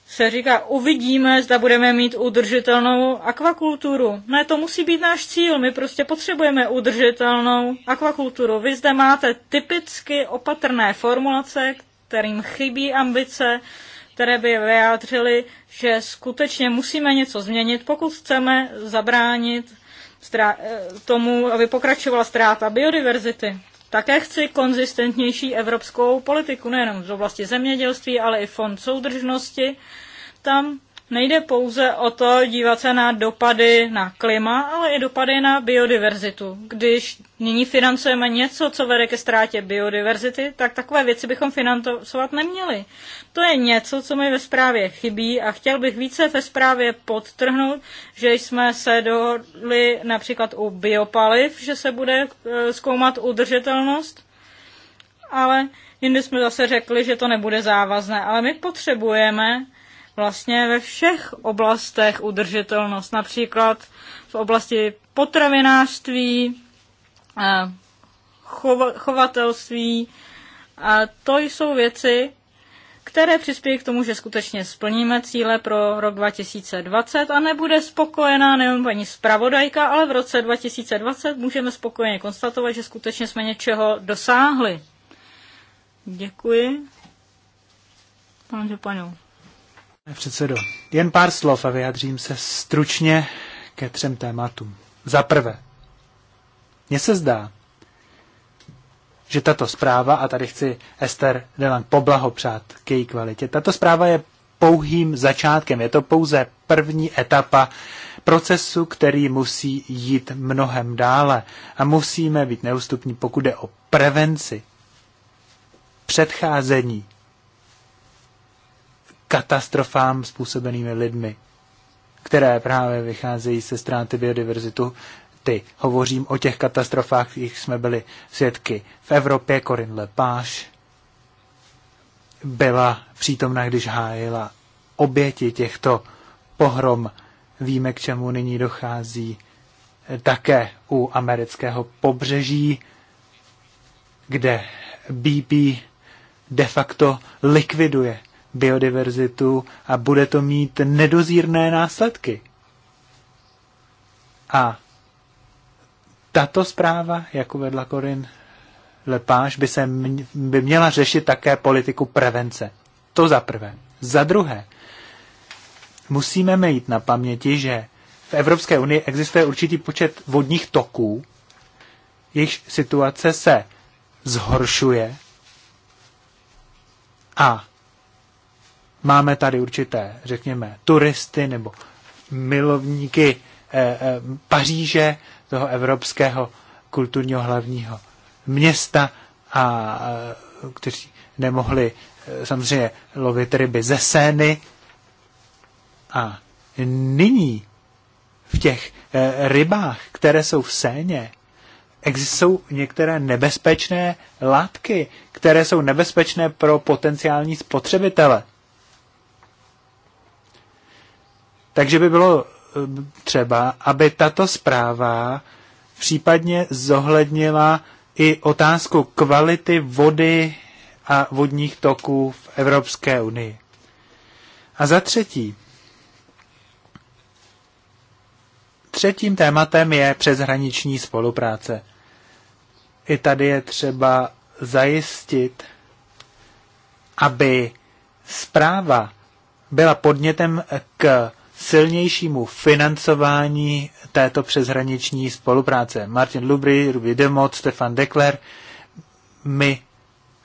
se říká, uvidíme, zda budeme mít udržitelnou akvakulturu. Ne, to musí být náš cíl. My prostě potřebujeme udržitelnou akvakulturu. Vy zde máte typicky opatrné formulace, kterým chybí ambice, které by vyjádřily, že skutečně musíme něco změnit, pokud chceme zabránit eh, tomu, aby pokračovala ztráta biodiverzity. Také chci konzistentnější evropskou politiku, nejenom z oblasti zemědělství, ale i fond soudržnosti. Tam Nejde pouze o to dívat se na dopady na klima, ale i dopady na biodiverzitu. Když nyní financujeme něco, co vede ke ztrátě biodiverzity, tak takové věci bychom financovat neměli. To je něco, co mi ve zprávě chybí a chtěl bych více ve zprávě podtrhnout, že jsme se dohodli například u biopaliv, že se bude eh, zkoumat udržitelnost, ale jindy jsme zase řekli, že to nebude závazné. Ale my potřebujeme vlastně ve všech oblastech udržitelnost, například v oblasti potravinářství, eh, chovatelství. A to jsou věci, které přispějí k tomu, že skutečně splníme cíle pro rok 2020 a nebude spokojená nejen paní zpravodajka, ale v roce 2020 můžeme spokojeně konstatovat, že skutečně jsme něčeho dosáhli. Děkuji. Pane Županu. Pane předsedo, jen pár slov a vyjadřím se stručně ke třem tématům. Za prvé, mně se zdá, že tato zpráva, a tady chci Ester Delan poblahopřát k její kvalitě, tato zpráva je pouhým začátkem. Je to pouze první etapa procesu, který musí jít mnohem dále. A musíme být neustupní, pokud jde o prevenci, předcházení katastrofám způsobenými lidmi, které právě vycházejí ze ztráty biodiverzitu. Ty hovořím o těch katastrofách, jich jsme byli svědky v Evropě. Corinne Lepage byla přítomna, když hájila oběti těchto pohrom. Víme, k čemu nyní dochází také u amerického pobřeží, kde BP de facto likviduje biodiverzitu a bude to mít nedozírné následky. A tato zpráva, jak uvedla Korin Lepáš, by, se by měla řešit také politiku prevence. To za prvé. Za druhé, musíme mít na paměti, že v Evropské unii existuje určitý počet vodních toků, jejich situace se zhoršuje a Máme tady určité, řekněme, turisty nebo milovníky eh, eh, Paříže, toho evropského kulturního hlavního města, a eh, kteří nemohli eh, samozřejmě lovit ryby ze Sény. A nyní v těch eh, rybách, které jsou v Séně, existují některé nebezpečné látky, které jsou nebezpečné pro potenciální spotřebitele. Takže by bylo eh, třeba, aby tato zpráva případně zohlednila i otázku kvality vody a vodních toků v Evropské unii. A za třetí, třetím tématem je přeshraniční spolupráce. I tady je třeba zajistit, aby zpráva byla podnětem k silnějšímu financování této přeshraniční spolupráce. Martin Lubry, Ruby Demot, Stefan Dekler, my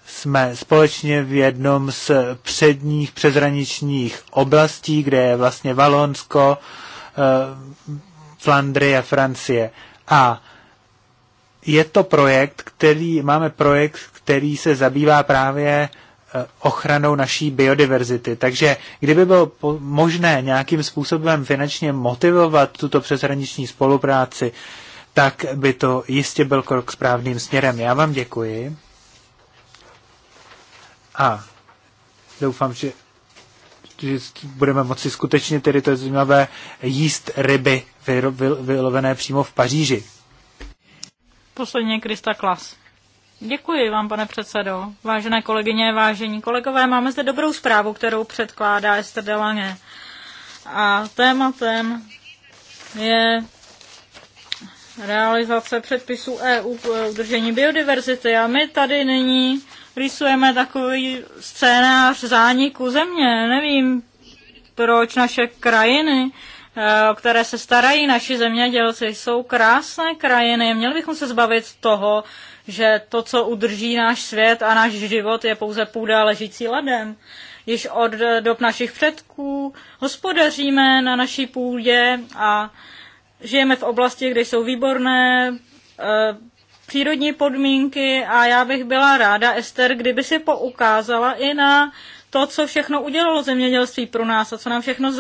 jsme společně v jednom z předních přeshraničních oblastí, kde je vlastně Valonsko, eh, Flandrie, Francie. A je to projekt, který, máme projekt, který se zabývá právě Eh, ochranou naší biodiverzity. Takže kdyby bylo možné nějakým způsobem finančně motivovat tuto přeshraniční spolupráci, tak by to jistě byl krok správným směrem. Já vám děkuji. A doufám, že, že budeme moci skutečně tedy to zajímavé jíst ryby vylovené přímo v Paříži. Posledně Krista Klas. Děkuji vám, pane předsedo. Vážené kolegyně, vážení kolegové, máme zde dobrou zprávu, kterou předkládá Esther Delange. A tématem je realizace předpisů EU k eh, udržení biodiverzity. A my tady nyní rysujeme takový scénář zániku země. Nevím, proč naše krajiny, eh, o které se starají naši zemědělci, jsou krásné krajiny. Měli bychom se zbavit toho, že to, co udrží náš svět a náš život, je pouze půda ležící ladem. Již od dob našich předků hospodaříme na naší půdě a žijeme v oblasti, kde jsou výborné e, přírodní podmínky a já bych byla ráda, Ester, kdyby si poukázala i na to, co všechno udělalo zemědělství pro nás a co nám všechno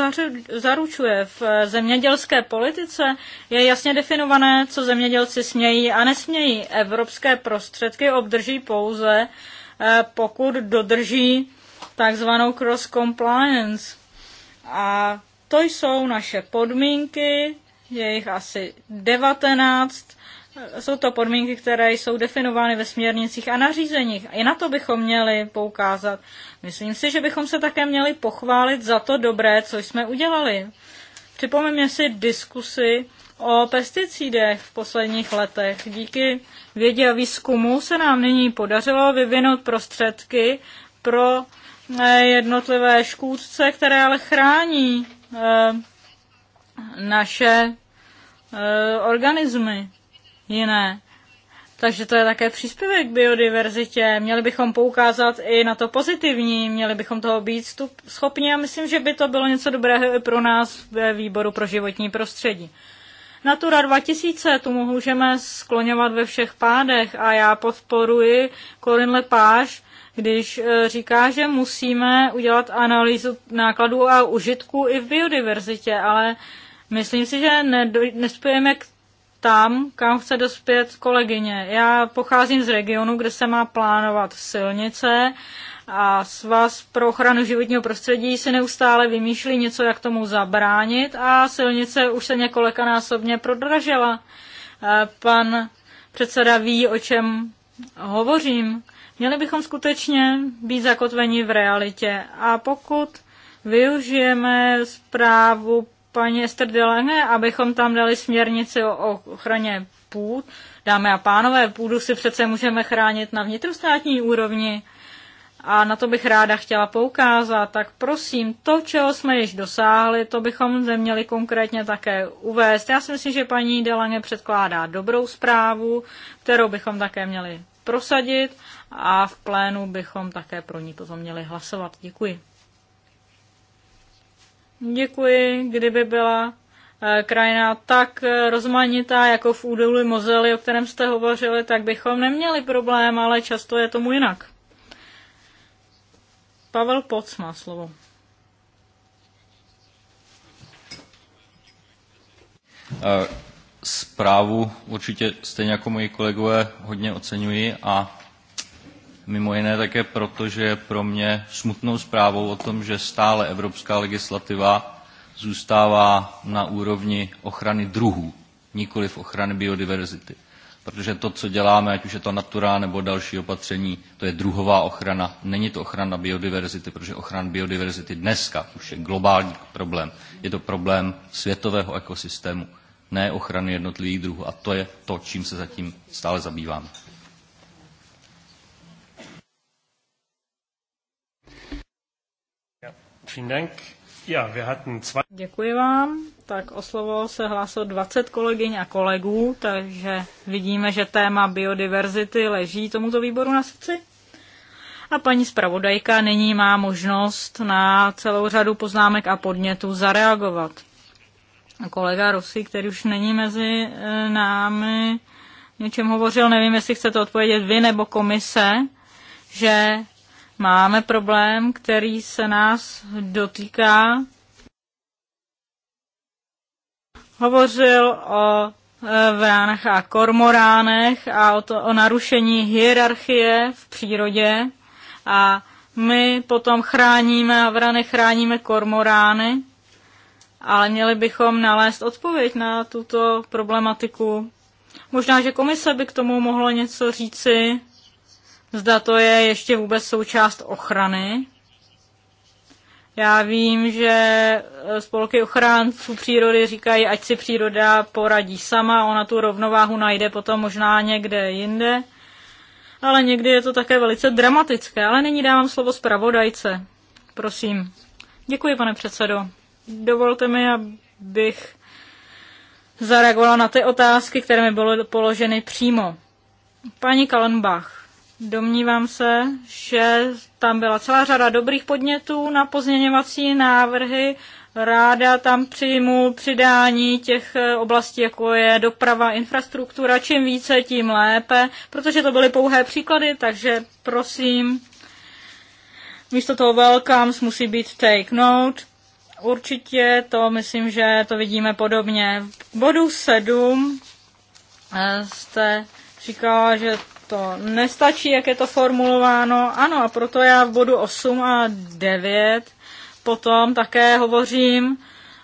zaručuje v eh, zemědělské politice, je jasně definované, co zemědělci smějí a nesmějí. Evropské prostředky obdrží pouze, eh, pokud dodrží takzvanou cross compliance. A to jsou naše podmínky, je jich asi 19. Jsou to podmínky, které jsou definovány ve směrnicích a nařízeních. I na to bychom měli poukázat. Myslím si, že bychom se také měli pochválit za to dobré, co jsme udělali. Připomeňme si diskusy o pesticidech v posledních letech. Díky vědě a výzkumu se nám nyní podařilo vyvinout prostředky pro eh, jednotlivé škůdce, které ale chrání eh, naše eh, organismy jiné. Takže to je také příspěvek k biodiverzitě. Měli bychom poukázat i na to pozitivní, měli bychom toho být schopni a myslím, že by to bylo něco dobrého i pro nás ve výboru pro životní prostředí. Natura 2000, tu můžeme skloňovat ve všech pádech a já podporuji Corin Lepáš, když eh, říká, že musíme udělat analýzu nákladů a užitku i v biodiverzitě, ale myslím si, že nespějeme k tam, kam chce dospět kolegyně. Já pocházím z regionu, kde se má plánovat silnice a Svaz pro ochranu životního prostředí si neustále vymýšlí něco, jak tomu zabránit a silnice už se několikanásobně prodražila. Eh, pan předseda ví, o čem hovořím. Měli bychom skutečně být zakotveni v realitě a pokud využijeme zprávu paní Ester Delange, abychom tam dali směrnici o ochraně půd. Dámy a pánové, půdu si přece můžeme chránit na vnitrostátní úrovni a na to bych ráda chtěla poukázat, tak prosím, to, čeho jsme již dosáhli, to bychom zde měli konkrétně také uvést. Já si myslím, že paní Delange předkládá dobrou zprávu, kterou bychom také měli prosadit a v plénu bychom také pro ní to měli hlasovat. Děkuji. Děkuji, kdyby byla eh, krajina tak eh, rozmanitá, jako v údolí Mozely, o kterém jste hovořili, tak bychom neměli problém, ale často je tomu jinak. Pavel Poc má slovo. Eh, zprávu určitě stejně jako moji kolegové hodně oceňuji a Mimo jiné také proto, že je pro mě smutnou zprávou o tom, že stále evropská legislativa zůstává na úrovni ochrany druhů, nikoli v ochrany biodiverzity. Protože to, co děláme, ať už je to natura nebo další opatření, to je druhová ochrana. Není to ochrana biodiverzity, protože ochrana biodiverzity dneska už je globální problém. Je to problém světového ekosystému, ne ochrany jednotlivých druhů. A to je to, čím se zatím stále zabýváme. Děkuji vám. Tak o slovo se hlásilo 20 kolegyň a kolegů, takže vidíme, že téma biodiverzity leží tomuto výboru na srdci. A paní zpravodajka nyní má možnost na celou řadu poznámek a podnětů zareagovat. Kolega Rosy, který už není mezi e, námi, něčem hovořil, nevím, jestli chcete odpovědět vy nebo komise, že Máme problém, který se nás dotýká. Hovořil o e, vránech a kormoránech a o, to, o narušení hierarchie v přírodě. A my potom chráníme a vrany chráníme kormorány, ale měli bychom nalézt odpověď na tuto problematiku. Možná, že komise by k tomu mohla něco říci zda to je ještě vůbec součást ochrany. Já vím, že eh, spolky ochránců přírody říkají, ať si příroda poradí sama, ona tu rovnováhu najde potom možná někde jinde. Ale někdy je to také velice dramatické. Ale nyní dávám slovo zpravodajce. Prosím. Děkuji, pane předsedo. Dovolte mi, abych zareagovala na ty otázky, které mi byly položeny přímo. Paní Kalenbach, Domnívám se, že tam byla celá řada dobrých podnětů na pozměňovací návrhy. Ráda tam přijmu přidání těch eh, oblastí, jako je doprava, infrastruktura. Čím více, tím lépe, protože to byly pouhé příklady, takže prosím, místo toho welcomes musí být take note. Určitě to myslím, že to vidíme podobně. V bodu 7 eh, jste říkala, že to nestačí, jak je to formulováno. Ano, a proto já v bodu 8 a 9 potom také hovořím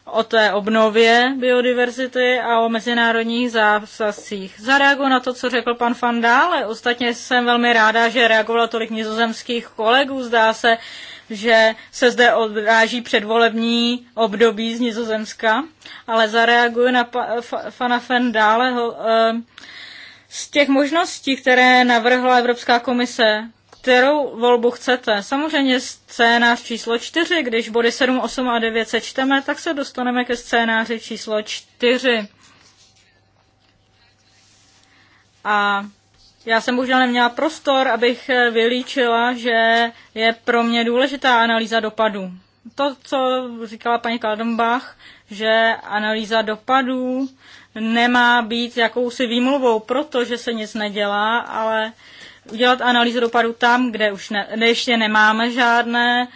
o té obnově biodiverzity a o mezinárodních zásazcích. Zareaguji na to, co řekl pan Fandále. Ostatně jsem velmi ráda, že reagovala tolik nizozemských kolegů. Zdá se, že se zde odráží předvolební období z Nizozemska, ale zareaguji na pana Fandáleho. Z těch možností, které navrhla Evropská komise, kterou volbu chcete. Samozřejmě scénář číslo 4, když body 7, 8 a 9 sečteme, tak se dostaneme ke scénáři číslo 4. A já jsem bohužel neměla prostor, abych vylíčila, že je pro mě důležitá analýza dopadu. To, co říkala paní Kaldenbach, že analýza dopadů nemá být jakousi výmluvou, protože se nic nedělá, ale udělat analýzu dopadu tam, kde už ne, kde ještě nemáme žádné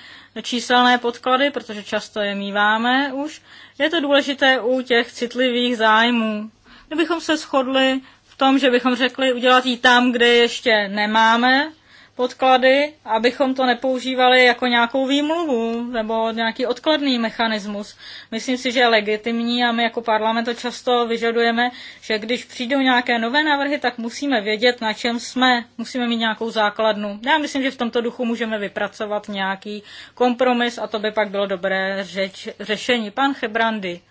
číselné podklady, protože často je míváme už, je to důležité u těch citlivých zájmů. Kdybychom se shodli v tom, že bychom řekli udělat ji tam, kde ještě nemáme podklady, abychom to nepoužívali jako nějakou výmluvu nebo nějaký odkladný mechanismus. Myslím si, že je legitimní a my jako parlament to často vyžadujeme, že když přijdou nějaké nové návrhy, tak musíme vědět, na čem jsme, musíme mít nějakou základnu. Já myslím, že v tomto duchu můžeme vypracovat nějaký kompromis a to by pak bylo dobré řeč, řešení. Pan Hebrandy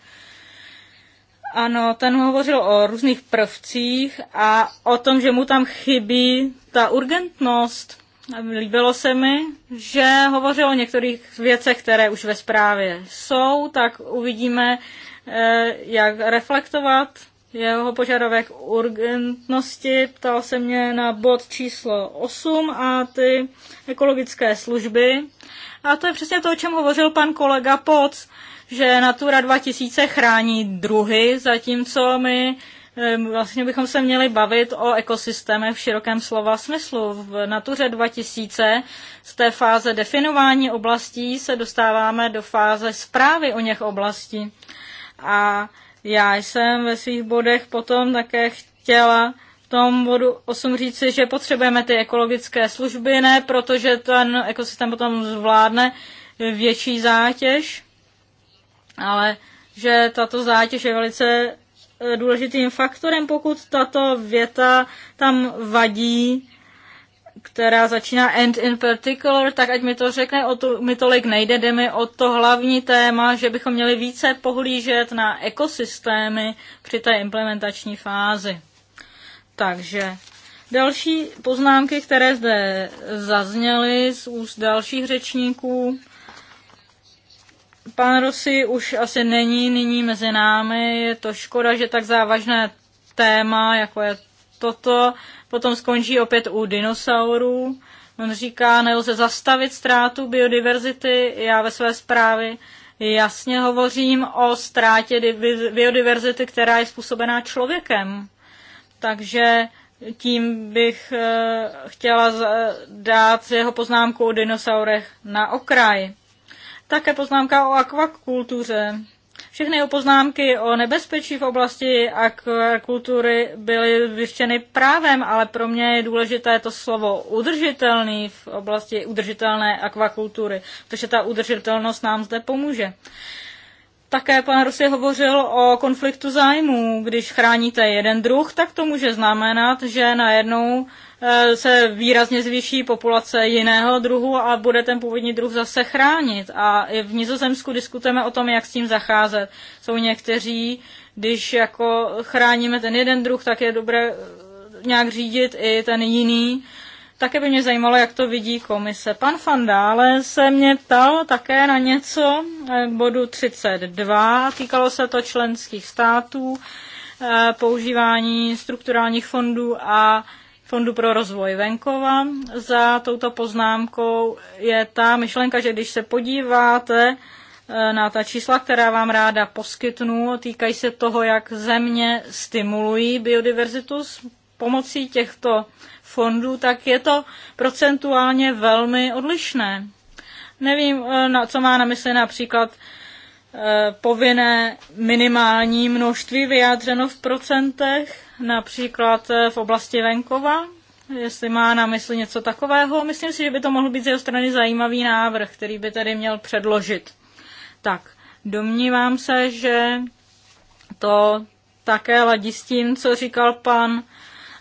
ano, ten hovořil o různých prvcích a o tom, že mu tam chybí ta urgentnost. Líbilo se mi, že hovořil o některých věcech, které už ve zprávě jsou, tak uvidíme, eh, jak reflektovat jeho požadavek urgentnosti. Ptal se mě na bod číslo 8 a ty ekologické služby. A to je přesně to, o čem hovořil pan kolega Poc že Natura 2000 chrání druhy, zatímco my vlastně bychom se měli bavit o ekosystéme v širokém slova smyslu. V Natuře 2000 z té fáze definování oblastí se dostáváme do fáze zprávy o něch oblastí. A já jsem ve svých bodech potom také chtěla v tom bodu 8 říci, že potřebujeme ty ekologické služby, ne protože ten ekosystém potom zvládne větší zátěž, ale že tato zátěž je velice e, důležitým faktorem, pokud tato věta tam vadí, která začíná end in particular, tak ať mi to řekne, o to, mi tolik nejde, jde mi o to hlavní téma, že bychom měli více pohlížet na ekosystémy při té implementační fázi. Takže další poznámky, které zde zazněly z úst dalších řečníků, Pan Rosy už asi není nyní mezi námi, je to škoda, že tak závažné téma, jako je toto, potom skončí opět u dinosaurů. On říká, nelze zastavit ztrátu biodiverzity, já ve své zprávě jasně hovořím o ztrátě biodiverzity, která je způsobená člověkem. Takže tím bych eh, chtěla dát jeho poznámku o dinosaurech na okraj. Také poznámka o akvakultuře. Všechny poznámky o nebezpečí v oblasti akvakultury byly vyštěny právem, ale pro mě je důležité to slovo udržitelný v oblasti udržitelné akvakultury, protože ta udržitelnost nám zde pomůže. Uh, také pan Rusy hovořil o konfliktu zájmů. Když chráníte jeden druh, tak to může znamenat, že najednou eh, se výrazně zvýší populace jiného druhu a bude ten původní druh zase chránit. A i v Nizozemsku diskutujeme o tom, jak s tím zacházet. Jsou někteří, když jako chráníme ten jeden druh, tak je dobré eh, nějak řídit i ten jiný, také by mě zajímalo, jak to vidí komise. Pan Fandále se mě ptal také na něco eh, k bodu 32. Týkalo se to členských států, eh, používání strukturálních fondů a Fondu pro rozvoj venkova. Za touto poznámkou je ta myšlenka, že když se podíváte eh, na ta čísla, která vám ráda poskytnu, týkají se toho, jak země stimulují biodiverzitu s pomocí těchto fondů, tak je to procentuálně velmi odlišné. Nevím, eh, na co má na mysli například eh, povinné minimální množství vyjádřeno v procentech, například eh, v oblasti venkova, jestli má na mysli něco takového. Myslím si, že by to mohl být z jeho strany zajímavý návrh, který by tady měl předložit. Tak, domnívám se, že to také ladí s tím, co říkal pan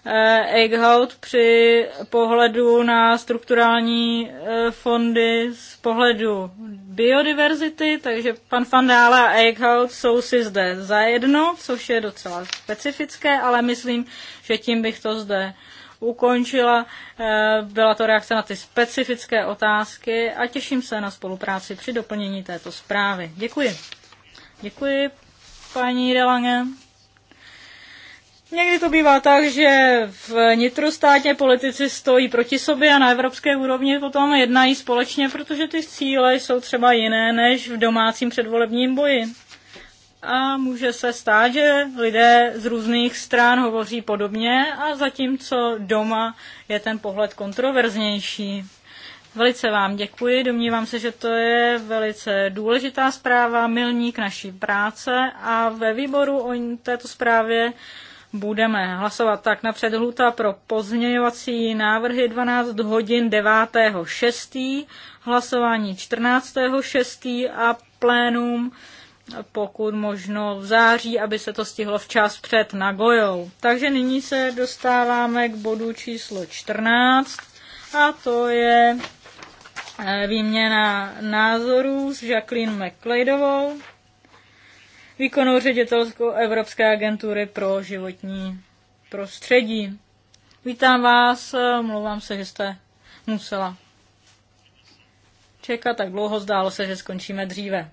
Eh, Eichhout při pohledu na strukturální eh, fondy z pohledu biodiverzity, takže pan Fandála a Eichhout jsou si zde zajedno, což je docela specifické, ale myslím, že tím bych to zde ukončila. Eh, byla to reakce na ty specifické otázky a těším se na spolupráci při doplnění této zprávy. Děkuji. Děkuji, paní Delange. Někdy to bývá tak, že v nitrostátě politici stojí proti sobě a na evropské úrovni potom jednají společně, protože ty cíle jsou třeba jiné než v domácím předvolebním boji. A může se stát, že lidé z různých stran hovoří podobně a zatímco doma je ten pohled kontroverznější. Velice vám děkuji, domnívám se, že to je velice důležitá zpráva, milník naší práce a ve výboru o této zprávě budeme hlasovat. Tak napřed hluta pro pozměňovací návrhy 12 hodin 9.6. Hlasování 14.6. a plénum pokud možno v září, aby se to stihlo včas před Nagojou. Takže nyní se dostáváme k bodu číslo 14 a to je eh, výměna názorů s Jacqueline McLeodovou výkonnou ředitelskou Evropské agentury pro životní prostředí. Vítám vás, mluvám se, že jste musela čekat tak dlouho, zdálo se, že skončíme dříve.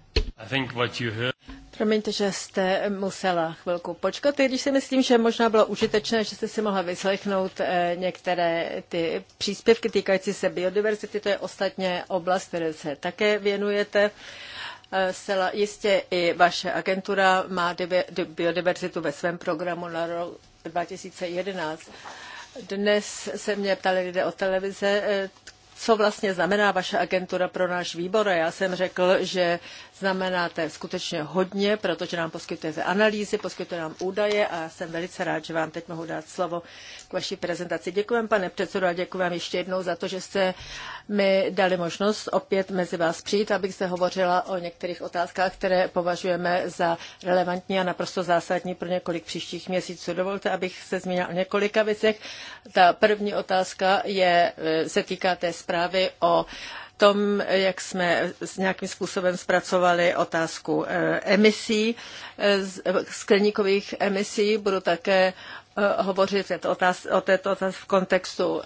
Promiňte, že jste musela chvilku počkat, i když si myslím, že možná bylo užitečné, že jste si mohla vyslechnout eh, některé ty příspěvky týkající se biodiverzity. To je ostatně oblast, které se také věnujete. Zcela jistě i vaše agentura má biodiverzitu ve svém programu na rok 2011. Dnes se mě ptali lidé o televize, eh, co vlastně znamená vaše agentura pro náš výbor. A já jsem řekl, že znamenáte skutečně hodně, protože nám poskytujete analýzy, poskytujete nám údaje a jsem velice rád, že vám teď mohu dát slovo k vaší prezentaci. Děkuji, pane předsedo, a děkuji vám ještě jednou za to, že jste mi dali možnost opět mezi vás přijít, abych se hovořila o některých otázkách, které považujeme za relevantní a naprosto zásadní pro několik příštích měsíců. Dovolte, abych se zmínila o několika věcech. Ta první otázka je, se týká té zprávy o tom, jak jsme s nějakým způsobem zpracovali otázku eh, emisí, eh, eh, skleníkových emisí. Budu také hovořit o této otázce v kontextu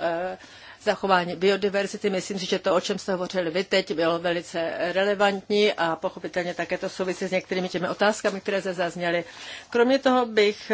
zachování biodiverzity. Myslím si, že to, o čem jste hovořili vy teď, bylo velice relevantní a pochopitelně také to souvisí s některými těmi otázkami, které se zazněly. Kromě toho bych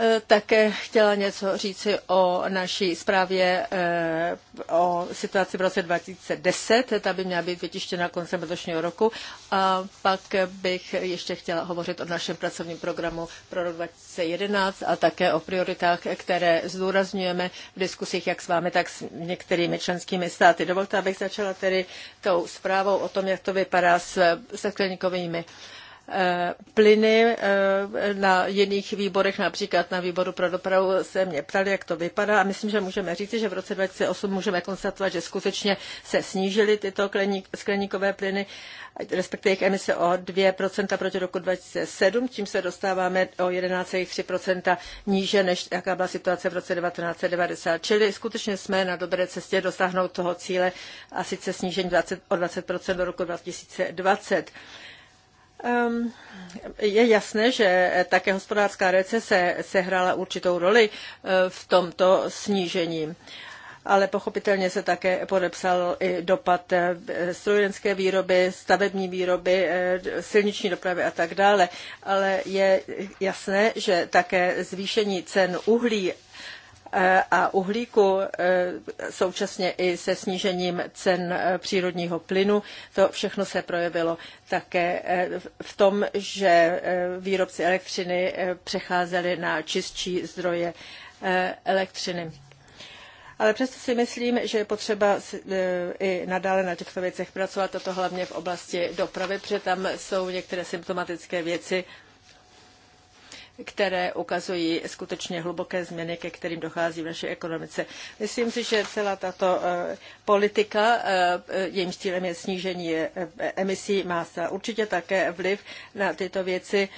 Eh, také chtěla něco říci o naší zprávě eh, o situaci v roce 2010. Ta by měla být vytištěna koncem letošního roku. A pak bych ještě chtěla hovořit o našem pracovním programu pro rok 2011 a také o prioritách, které zdůrazňujeme v diskusích jak s vámi, tak s některými členskými státy. Dovolte, abych začala tedy tou zprávou o tom, jak to vypadá s se skleníkovými uh, Eh, plyny. Eh, na jiných výborech, například na výboru pro dopravu, se mě ptali, jak to vypadá a myslím, že můžeme říct, že v roce 2008 můžeme konstatovat, že skutečně se snížily tyto skleníkové plyny, respektive jejich emise o 2% proti roku 2007, tím se dostáváme o 11,3% níže, než jaká byla situace v roce 1990. Čili skutečně jsme na dobré cestě dosáhnout toho cíle a sice snížení 20, o 20% do roku 2020. Je jasné, že také hospodářská recese sehrála určitou roli eh, v tomto snížení ale pochopitelně se také podepsal i dopad eh, strojenské výroby, stavební výroby, eh, silniční dopravy a tak dále. Ale je jasné, že také zvýšení cen uhlí Eh, a uhlíku, eh, současně i se snížením cen eh, přírodního plynu. To všechno se projevilo také v tom, že výrobci elektřiny přecházeli na čistší zdroje elektřiny. Ale přesto si myslím, že je potřeba i nadále na těchto věcech pracovat, a to hlavně v oblasti dopravy, protože tam jsou některé symptomatické věci, které ukazují skutečně hluboké změny, ke kterým dochází v naší ekonomice. Myslím si, že celá tato eh, politika, eh, jejím cílem je snížení eh, emisí, má se určitě také vliv na tyto věci.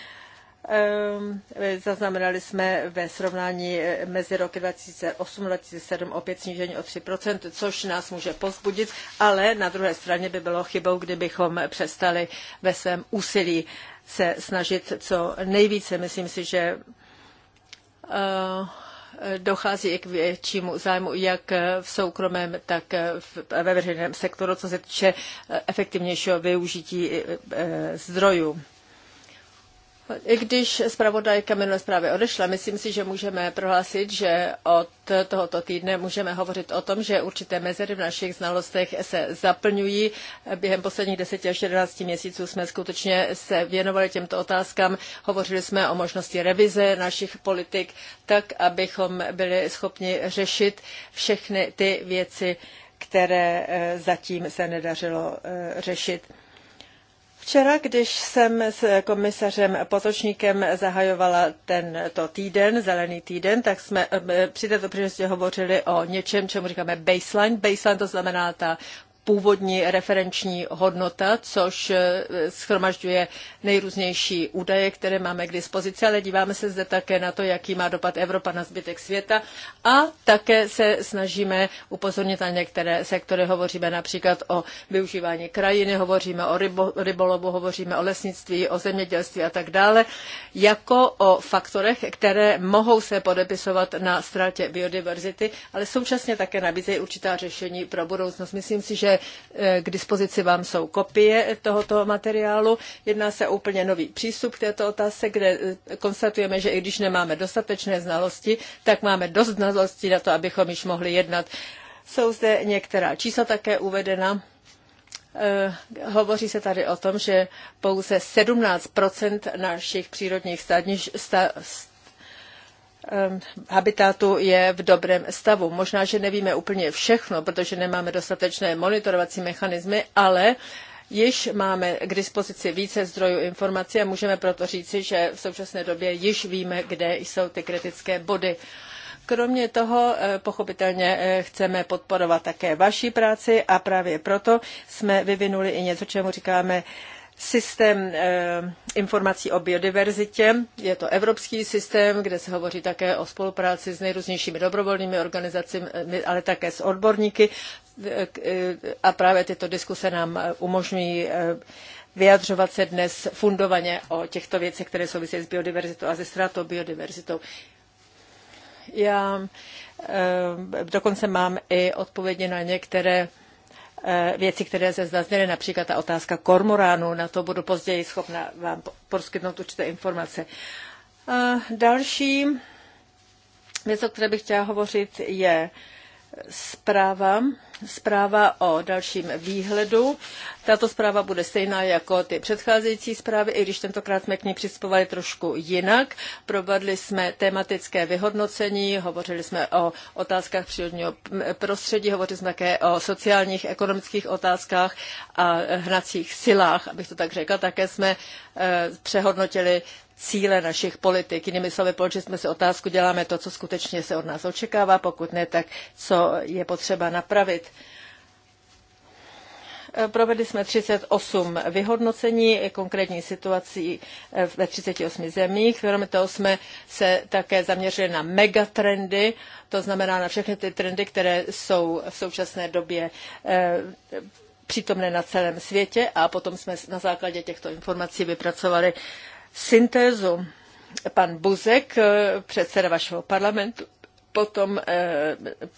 Ehm, zaznamenali jsme ve srovnání eh, mezi roky 2008 a 2007 opět snížení o 3%, což nás může pozbudit, ale na druhé straně by bylo chybou, kdybychom přestali ve svém úsilí se snažit co nejvíce. Myslím si, že eh, dochází i k většímu zájmu jak v soukromém, tak ve veřejném sektoru, co se týče eh, efektivnějšího využití zdrojů. I když zpravodajka minulé zprávy odešla, myslím si, že můžeme prohlásit, že od tohoto týdne můžeme hovořit o tom, že určité mezery v našich znalostech se zaplňují. Během posledních 10 až 11 měsíců jsme skutečně se věnovali těmto otázkám. Hovořili jsme o možnosti revize našich politik, tak abychom byli schopni řešit všechny ty věci, které eh, zatím se nedařilo eh, řešit. Včera, když jsem s komisařem Potočníkem zahajovala tento týden, zelený týden, tak jsme eh, při této příležitosti hovořili o něčem, čemu říkáme baseline. Baseline to znamená ta původní referenční hodnota, což eh, schromažďuje nejrůznější údaje, které máme k dispozici, ale díváme se zde také na to, jaký má dopad Evropa na zbytek světa a také se snažíme upozornit na některé sektory. Hovoříme například o využívání krajiny, hovoříme o rybo, rybolovu, hovoříme o lesnictví, o zemědělství a tak dále, jako o faktorech, které mohou se podepisovat na ztrátě biodiverzity, ale současně také nabízejí určitá řešení pro budoucnost. Myslím si, že že eh, k dispozici vám jsou kopie tohoto materiálu. Jedná se o úplně nový přístup k této otázce, kde eh, konstatujeme, že i když nemáme dostatečné znalosti, tak máme dost znalostí na to, abychom již mohli jednat. Jsou zde některá čísla také uvedena. Eh, hovoří se tady o tom, že pouze 17 našich přírodních stanišť, Ehm, habitátu je v dobrém stavu. Možná, že nevíme úplně všechno, protože nemáme dostatečné monitorovací mechanismy, ale již máme k dispozici více zdrojů informací a můžeme proto říci, že v současné době již víme, kde jsou ty kritické body. Kromě toho eh, pochopitelně eh, chceme podporovat také vaší práci a právě proto jsme vyvinuli i něco, čemu říkáme systém eh, informací o biodiverzitě. Je to evropský systém, kde se hovoří také o spolupráci s nejrůznějšími dobrovolnými organizacemi, ale také s odborníky. Eh, a právě tyto diskuse nám eh, umožňují vyjadřovat se dnes fundovaně o těchto věcech, které souvisí s biodiverzitou a se ztrátou biodiverzitou. Já dokonce mám i odpovědi na některé Eh, věci, které se zazněly, například ta otázka kormoránů, na to budu později schopna vám poskytnout určité informace. další věc, o které bych chtěla hovořit, je zpráva, zpráva o dalším výhledu tato zpráva bude stejná jako ty předcházející zprávy, i když tentokrát jsme k ní přispovali trošku jinak. Provedli jsme tematické vyhodnocení, hovořili jsme o otázkách přírodního prostředí, hovořili jsme také o sociálních, ekonomických otázkách a hnacích silách, abych to tak řekla. Také jsme eh, přehodnotili cíle našich politik. Jinými slovy, položili jsme si otázku, děláme to, co skutečně se od nás očekává, pokud ne, tak co je potřeba napravit. Eh, provedli jsme 38 vyhodnocení konkrétní situací eh, ve 38 zemích. Kromě toho jsme se také zaměřili na megatrendy, to znamená na všechny ty trendy, které jsou v současné době eh, přítomné na celém světě a potom jsme na základě těchto informací vypracovali syntézu. Pan Buzek, předseda vašeho parlamentu, potom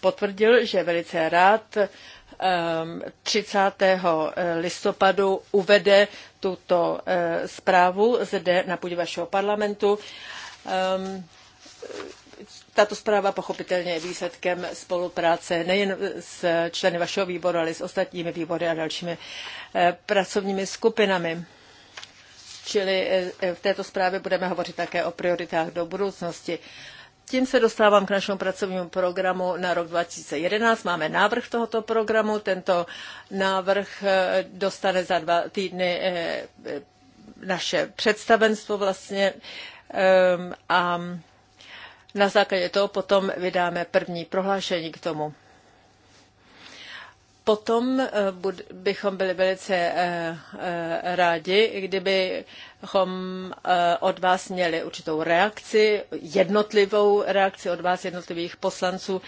potvrdil, že velice rád 30. Ehm, eh, listopadu uvede tuto eh, zprávu zde na půdě vašeho parlamentu. Ehm, tato zpráva pochopitelně je výsledkem spolupráce nejen s členy vašeho výboru, ale i s ostatními výbory a dalšími eh, pracovními skupinami. Čili v této zprávě budeme hovořit také o prioritách do budoucnosti tím se dostávám k našemu pracovnímu programu na rok 2011. Máme návrh tohoto programu. Tento návrh eh, dostane za dva týdny eh, naše představenstvo vlastně ehm, a na základě toho potom vydáme první prohlášení k tomu potom eh, bychom byli velice eh, eh, rádi, kdybychom od vás měli určitou reakci, jednotlivou reakci od vás, jednotlivých poslanců.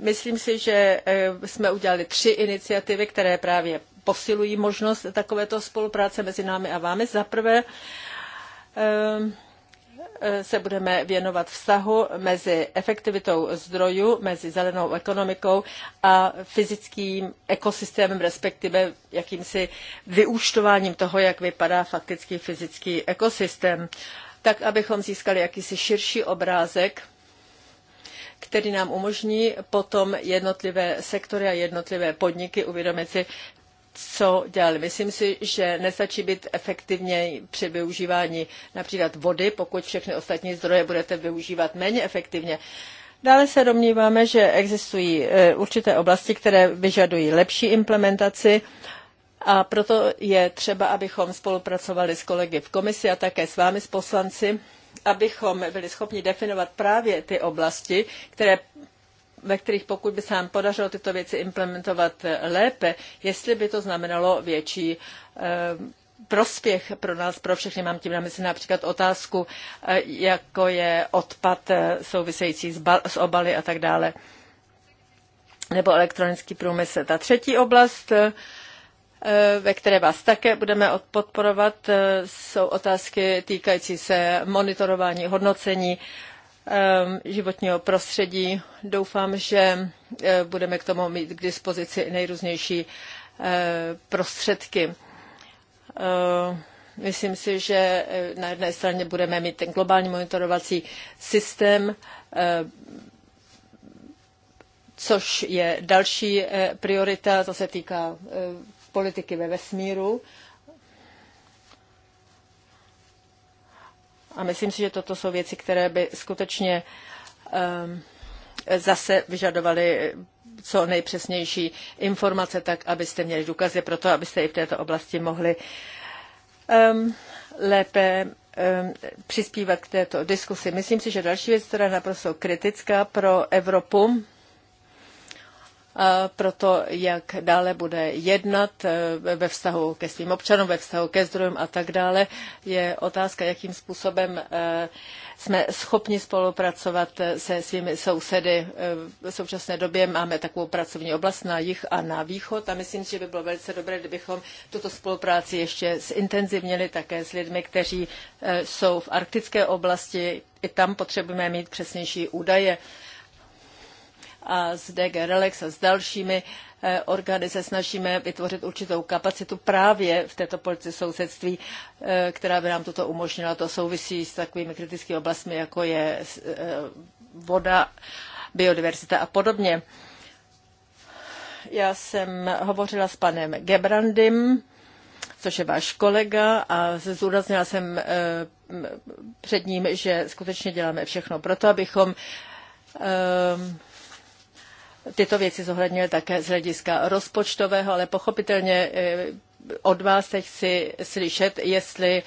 Myslím si, že jsme udělali tři iniciativy, které právě posilují možnost takovéto spolupráce mezi námi a vámi. Za prvé, Eh, se budeme věnovat vztahu mezi efektivitou zdrojů, mezi zelenou ekonomikou a fyzickým ekosystémem, respektive jakýmsi vyúčtováním toho, jak vypadá fakticky fyzický ekosystém, tak abychom získali jakýsi širší obrázek který nám umožní potom jednotlivé sektory a jednotlivé podniky uvědomit si, co dělali. Myslím si, že nestačí být efektivně při využívání například vody, pokud všechny ostatní zdroje budete využívat méně efektivně. Dále se domníváme, že existují eh, určité oblasti, které vyžadují lepší implementaci a proto je třeba, abychom spolupracovali s kolegy v komisi a také s vámi, s poslanci, abychom byli schopni definovat právě ty oblasti, které ve kterých pokud by se nám podařilo tyto věci implementovat lépe, jestli by to znamenalo větší eh, prospěch pro nás, pro všechny. Mám tím na mysli například otázku, eh, jako je odpad eh, související s obaly a tak dále, nebo elektronický průmysl. Ta třetí oblast, ve které vás také budeme podporovat, jsou otázky týkající se monitorování, hodnocení Ehm, životního prostředí. Doufám, že eh, budeme k tomu mít k dispozici nejrůznější eh, prostředky. Ehm, myslím si, že eh, na jedné straně budeme mít ten globální monitorovací systém, ehm, což je další priorita, co se týká politiky ve vesmíru. A myslím si, že toto jsou věci, které by skutečně ehm, zase vyžadovaly co nejpřesnější informace, tak abyste měli důkazy pro to, abyste i v této oblasti mohli um, lépe um, přispívat k této diskusi. Myslím si, že další věc, která je naprosto kritická pro Evropu, pro to, jak dále bude jednat e, ve vztahu ke svým občanům, ve vztahu ke zdrojům a tak dále. Je otázka, jakým způsobem e, jsme schopni spolupracovat se svými sousedy. E, v současné době máme takovou pracovní oblast na jih a na východ a myslím, že by bylo velice dobré, kdybychom tuto spolupráci ještě zintenzivnili také s lidmi, kteří jsou v arktické oblasti. I tam potřebujeme mít přesnější údaje a s DG Relax a s dalšími eh, orgány se snažíme vytvořit určitou kapacitu právě v této politice sousedství, eh, která by nám toto umožnila. To souvisí s takovými kritickými oblastmi, jako je eh, voda, biodiverzita a podobně. Já jsem hovořila s panem Gebrandym, což je váš kolega, a zúraznila jsem před ním, že skutečně děláme všechno pro to, abychom tyto věci zohledňuje také z hlediska rozpočtového, ale pochopitelně eh, od vás se chci slyšet, jestli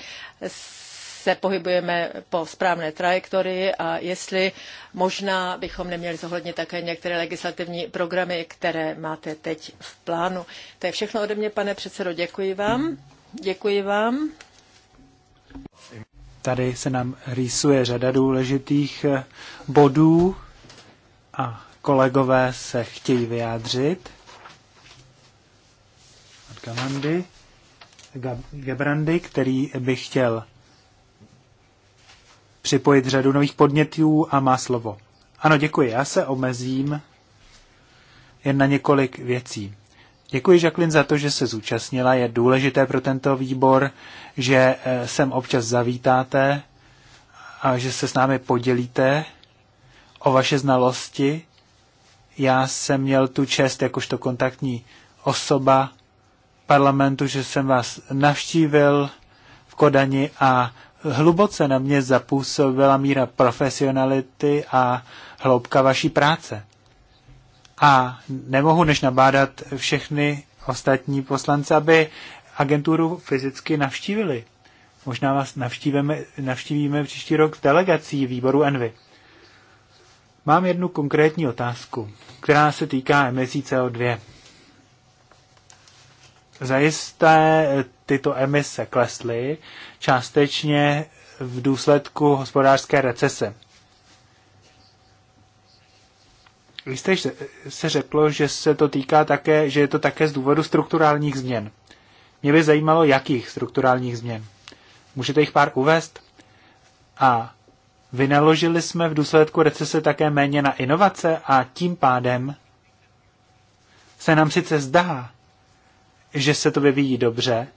se pohybujeme po správné trajektorii a jestli možná bychom neměli zohlednit také některé legislativní programy, které máte teď v plánu. To je všechno ode mě, pane předsedo. Děkuji vám. Děkuji vám. Tady se nám rýsuje řada důležitých eh, bodů a kolegové se chtějí vyjádřit. Od Gamandy, Gebrandy, který by chtěl připojit řadu nových podnětů a má slovo. Ano, děkuji. Já se omezím jen na několik věcí. Děkuji Jacqueline za to, že se zúčastnila. Je důležité pro tento výbor, že eh, sem občas zavítáte a že se s námi podělíte o vaše znalosti já jsem měl tu čest jakožto kontaktní osoba parlamentu, že jsem vás navštívil v Kodani a hluboce na mě zapůsobila míra profesionality a hloubka vaší práce. A nemohu než nabádat všechny ostatní poslance, aby agenturu fyzicky navštívili. Možná vás navštívíme, příští rok s delegací výboru Envy. Mám jednu konkrétní otázku, která se týká emisí CO2. Zajisté tyto emise klesly částečně v důsledku hospodářské recese. Vy jste se řeklo, že se to týká také, že je to také z důvodu strukturálních změn. Mě by zajímalo, jakých strukturálních změn. Můžete jich pár uvést? A Vynaložili jsme v důsledku recese také méně na inovace a tím pádem se nám sice zdá, že se to vyvíjí dobře,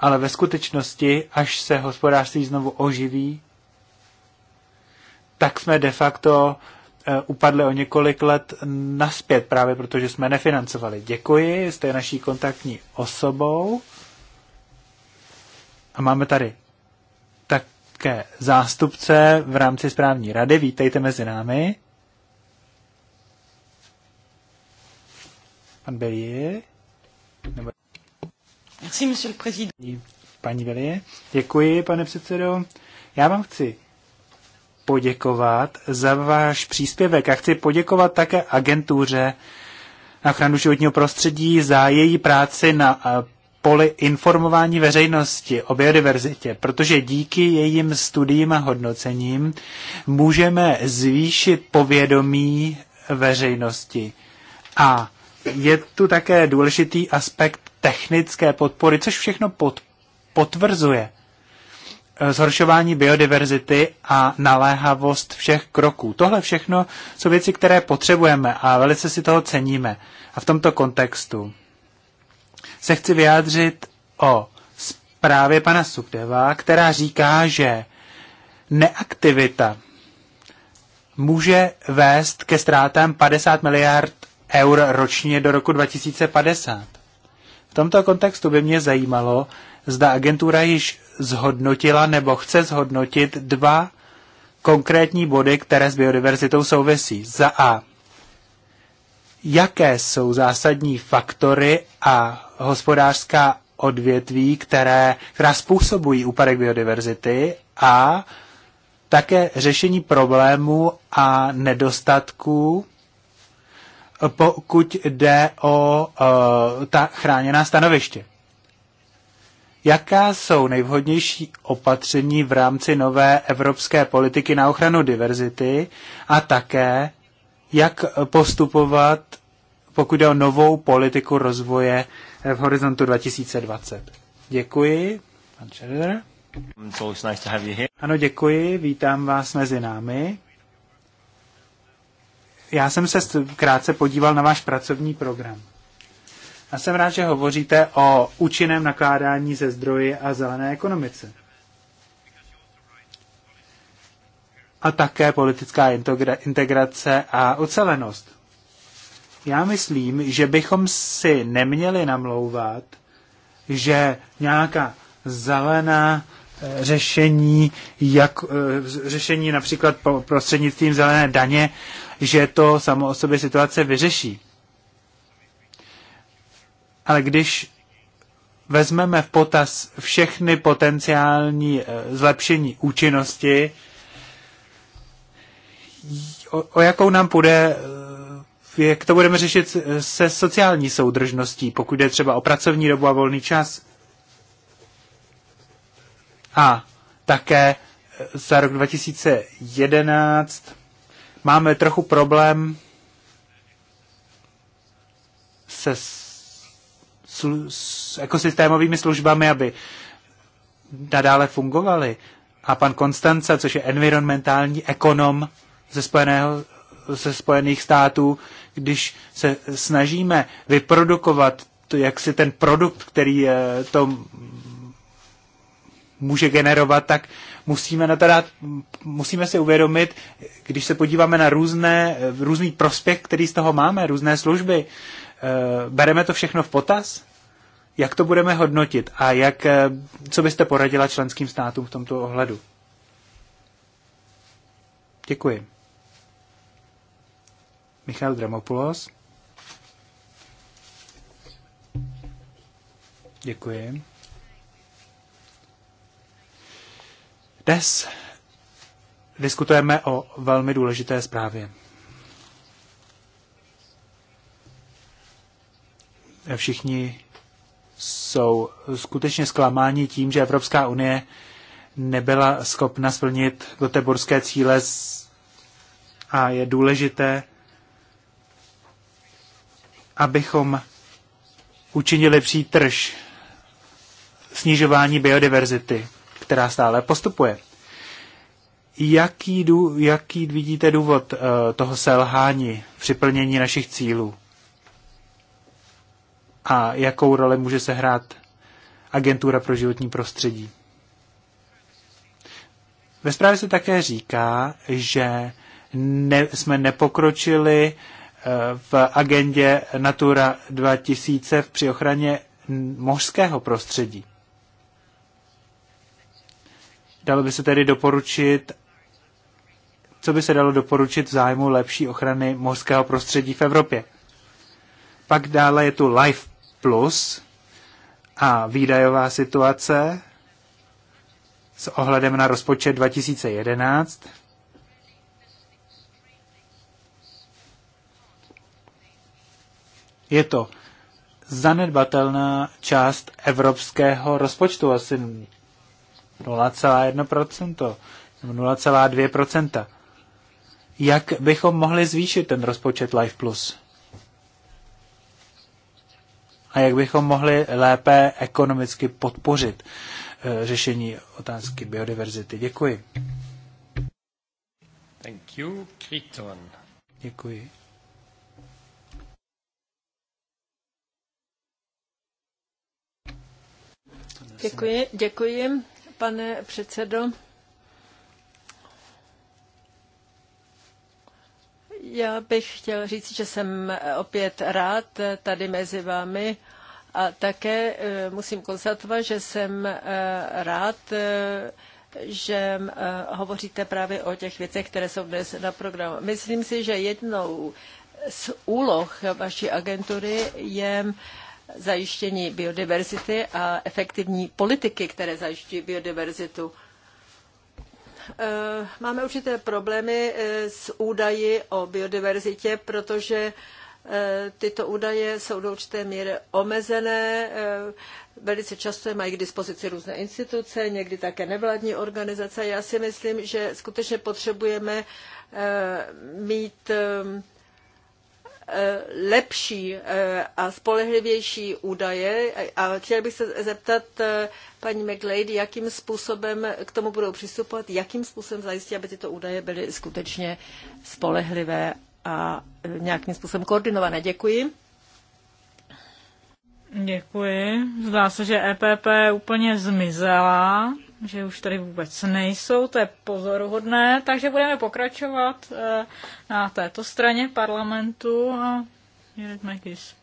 ale ve skutečnosti, až se hospodářství znovu oživí, tak jsme de facto eh, upadli o několik let naspět, právě protože jsme nefinancovali. Děkuji, jste naší kontaktní osobou. A máme tady politické zástupce v rámci správní rady. Vítejte mezi námi. Pan Belie. Nebo... Merci, monsieur le président. Paní Belie. Děkuji, pane předsedo. Já vám chci poděkovat za váš příspěvek a chci poděkovat také agentuře na ochranu životního prostředí za její práci na eh, poli informování veřejnosti o biodiverzitě, protože díky jejím studiím a hodnocením můžeme zvýšit povědomí veřejnosti. A je tu také důležitý aspekt technické podpory, což všechno pod, potvrzuje eh, zhoršování biodiverzity a naléhavost všech kroků. Tohle všechno jsou věci, které potřebujeme a velice si toho ceníme. A v tomto kontextu se chci vyjádřit o zprávě pana Sukdeva, která říká, že neaktivita může vést ke ztrátám 50 miliard eur ročně do roku 2050. V tomto kontextu by mě zajímalo, zda agentura již zhodnotila nebo chce zhodnotit dva konkrétní body, které s biodiverzitou souvisí. Za A. Jaké jsou zásadní faktory a hospodářská odvětví, které, která způsobují úpadek biodiverzity a také řešení problémů a nedostatků, pokud jde o uh, ta chráněná stanoviště. Jaká jsou nejvhodnější opatření v rámci nové evropské politiky na ochranu diverzity a také jak postupovat, pokud jde o novou politiku rozvoje v horizontu 2020. Děkuji, pan Schroeder. Ano, děkuji, vítám vás mezi námi. Já jsem se krátce podíval na váš pracovní program. A jsem rád, že hovoříte o účinném nakládání ze zdroji a zelené ekonomice. A také politická integrace a ocelenost. Já myslím, že bychom si neměli namlouvat, že nějaká zelená eh, řešení, jak, eh, řešení například prostřednictvím zelené daně, že to samo o sobě situace vyřeší. Ale když vezmeme v potaz všechny potenciální eh, zlepšení účinnosti, o, o jakou nám půjde jak to budeme řešit se sociální soudržností, pokud jde třeba o pracovní dobu a volný čas. A také za rok 2011 máme trochu problém se s, s ekosystémovými službami, aby nadále fungovaly. A pan Konstanca, což je environmentální ekonom ze Spojeného ze Spojených států, když se snažíme vyprodukovat to, jak si ten produkt, který eh, to může generovat, tak musíme na to dát, musíme si uvědomit, když se podíváme na různé, eh, různý prospěch, který z toho máme, různé služby, eh, bereme to všechno v potaz? Jak to budeme hodnotit a jak, co byste poradila členským státům v tomto ohledu? Děkuji. Michal Dramopoulos. Děkuji. Dnes diskutujeme o velmi důležité zprávě. Všichni jsou skutečně zklamáni tím, že Evropská unie nebyla schopna splnit goteborské cíle a je důležité, abychom učinili přítrž snižování biodiverzity, která stále postupuje. Jaký, dů, jaký vidíte důvod uh, toho selhání při plnění našich cílů? A jakou roli může se hrát Agentura pro životní prostředí? Ve zprávě se také říká, že ne, jsme nepokročili uh, v agendě Natura 2000 při ochraně mořského prostředí. Dalo by se tedy doporučit, co by se dalo doporučit v zájmu lepší ochrany mořského prostředí v Evropě. Pak dále je tu Life Plus a výdajová situace s ohledem na rozpočet 2011 Je to zanedbatelná část evropského rozpočtu, asi 0,1% nebo 0,2%. Jak bychom mohli zvýšit ten rozpočet Life Plus? A jak bychom mohli lépe ekonomicky podpořit eh, řešení otázky biodiverzity? Děkuji. Thank you, Kriton. Děkuji. Děkuji, děkuji, pane předsedo. Já bych chtěl říct, že jsem opět rád tady mezi vámi a také eh, musím konstatovat, že jsem eh, rád, eh, že hovoříte právě o těch věcech, které jsou dnes na programu. Myslím si, že jednou z úloh vaší agentury je zajištění biodiverzity a efektivní politiky, které zajišťují biodiverzitu. Eh, máme určité problémy eh, s údaji o biodiverzitě, protože eh, tyto údaje jsou do určité míry omezené. Velice často je mají k dispozici různé instituce, někdy také nevládní organizace. Já si myslím, že skutečně potřebujeme mít Eh, lepší eh, a spolehlivější údaje a chtěl bych se zeptat eh, paní McLady, jakým způsobem k tomu budou přistupovat, jakým způsobem zajistí, aby tyto údaje byly skutečně spolehlivé a nějakým způsobem koordinované. Děkuji. Děkuji. Zdá se, že EPP úplně zmizela že už tady vůbec nejsou, to je pozoruhodné, takže budeme pokračovat eh, na této straně parlamentu. Jared Magis.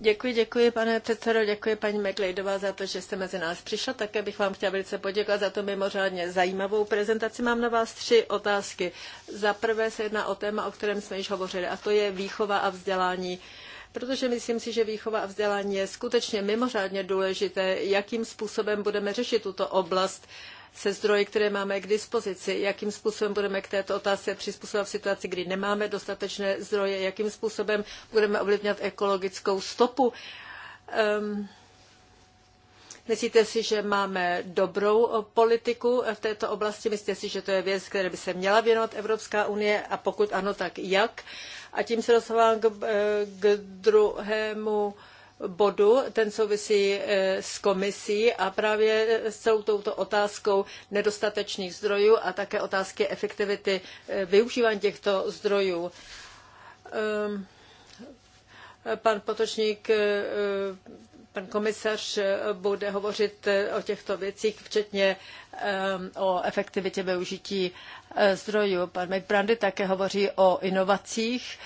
Děkuji, děkuji, pane předsedo, děkuji paní Meglejdová za to, že jste mezi nás přišla. Také bych vám chtěla velice poděkovat za to mimořádně zajímavou prezentaci. Mám na vás tři otázky. Za prvé se jedná o téma, o kterém jsme již hovořili, a to je výchova a vzdělání uh, protože myslím si, že výchova a vzdělání je skutečně mimořádně důležité, jakým způsobem budeme řešit tuto oblast se zdroji, které máme k dispozici, jakým způsobem budeme k této otázce přizpůsobovat v situaci, kdy nemáme dostatečné zdroje, jakým způsobem budeme ovlivňovat ekologickou stopu. Um, Myslíte si, že máme dobrou politiku v této oblasti? Myslíte si, že to je věc, které by se měla věnovat Evropská unie? A pokud ano, tak jak? Uh, a tím se dostávám k, eh, k druhému bodu, ten souvisí eh, s komisí a právě s celou touto otázkou nedostatečných zdrojů a také otázky efektivity eh, využívání těchto zdrojů. Ehm, pan Potočník Pan komisař eh, bude hovořit eh, o těchto věcích, včetně eh, o efektivitě využití zdrojů. Pan McBrandy také hovoří o inovacích,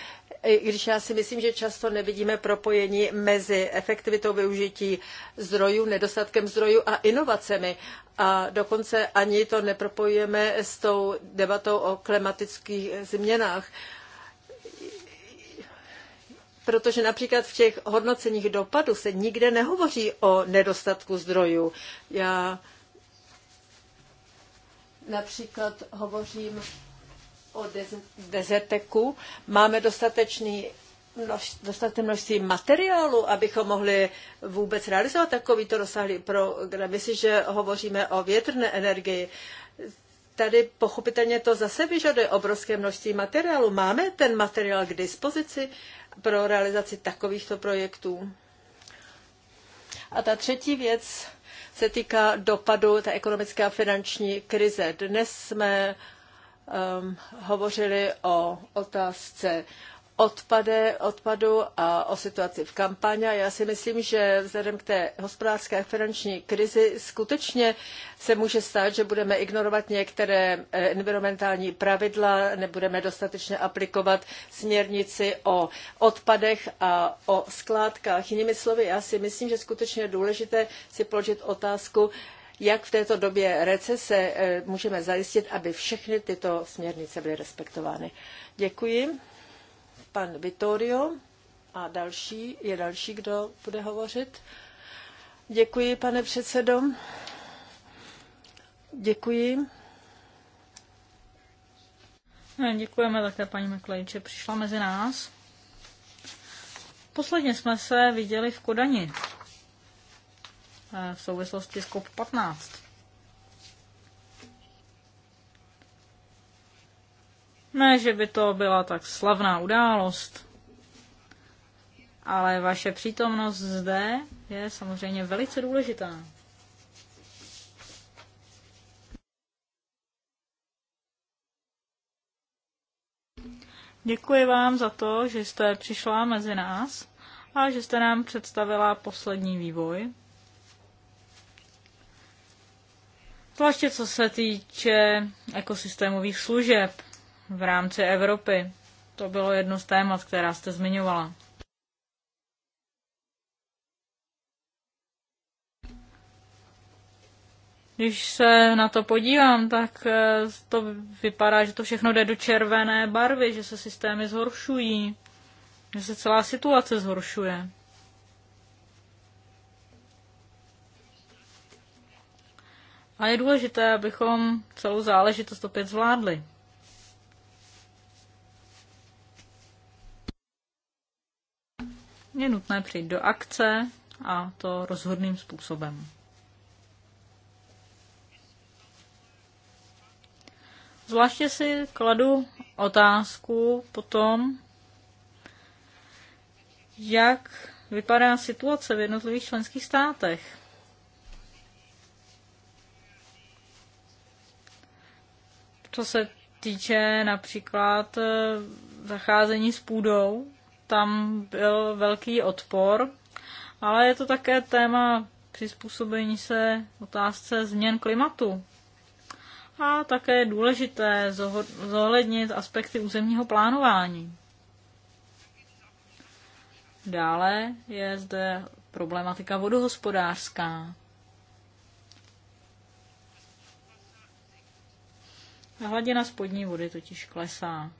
i když já si myslím, že často nevidíme propojení mezi efektivitou využití zdrojů, nedostatkem zdrojů a inovacemi. A dokonce ani to nepropojujeme s tou debatou o klimatických změnách protože například v těch hodnoceních dopadů se nikde nehovoří o nedostatku zdrojů. Já například hovořím o dezeteku. Máme dostatečný množ, množství materiálu, abychom mohli vůbec realizovat takovýto rozsáhlý program. Myslím, že hovoříme o větrné energii. Tady pochopitelně to zase vyžaduje obrovské množství materiálu. Máme ten materiál k dispozici. Uh, pro realizaci takovýchto projektů. A ta třetí věc se týká dopadu té ekonomické a finanční krize. Dnes jsme um, hovořili o otázce odpade, odpadu a o situaci v kampani. Já si myslím, že vzhledem k té hospodářské a finanční krizi skutečně se může stát, že budeme ignorovat některé eh, environmentální pravidla, nebudeme dostatečně aplikovat směrnici o odpadech a o skládkách. Jinými slovy, já si myslím, že skutečně je důležité si položit otázku, jak v této době recese eh, můžeme zajistit, aby všechny tyto směrnice byly respektovány. Děkuji pan Vittorio a další, je další, kdo bude hovořit. Děkuji, pane předsedo. Děkuji. No, děkujeme také paní McLeod, že přišla mezi nás. Posledně jsme se viděli v Kodani eh, v souvislosti s COP15. Ne, že by to byla tak slavná událost, ale vaše přítomnost zde je samozřejmě velice důležitá. Děkuji vám za to, že jste přišla mezi nás a že jste nám představila poslední vývoj. Zvláště co se týče ekosystémových služeb v rámci Evropy. To bylo jedno z témat, která jste zmiňovala. Když se na to podívám, tak eh, to vypadá, že to všechno jde do červené barvy, že se systémy zhoršují, že se celá situace zhoršuje. A je důležité, abychom celou záležitost opět zvládli. je nutné přijít do akce a to rozhodným způsobem. Zvláště si kladu otázku potom, jak vypadá situace v jednotlivých členských státech. Co se týče například eh, zacházení s půdou, tam byl velký odpor, ale je to také téma přizpůsobení se otázce změn klimatu. A také je důležité zohlednit aspekty územního plánování. Dále je zde problematika vodohospodářská. hladina spodní vody totiž klesá.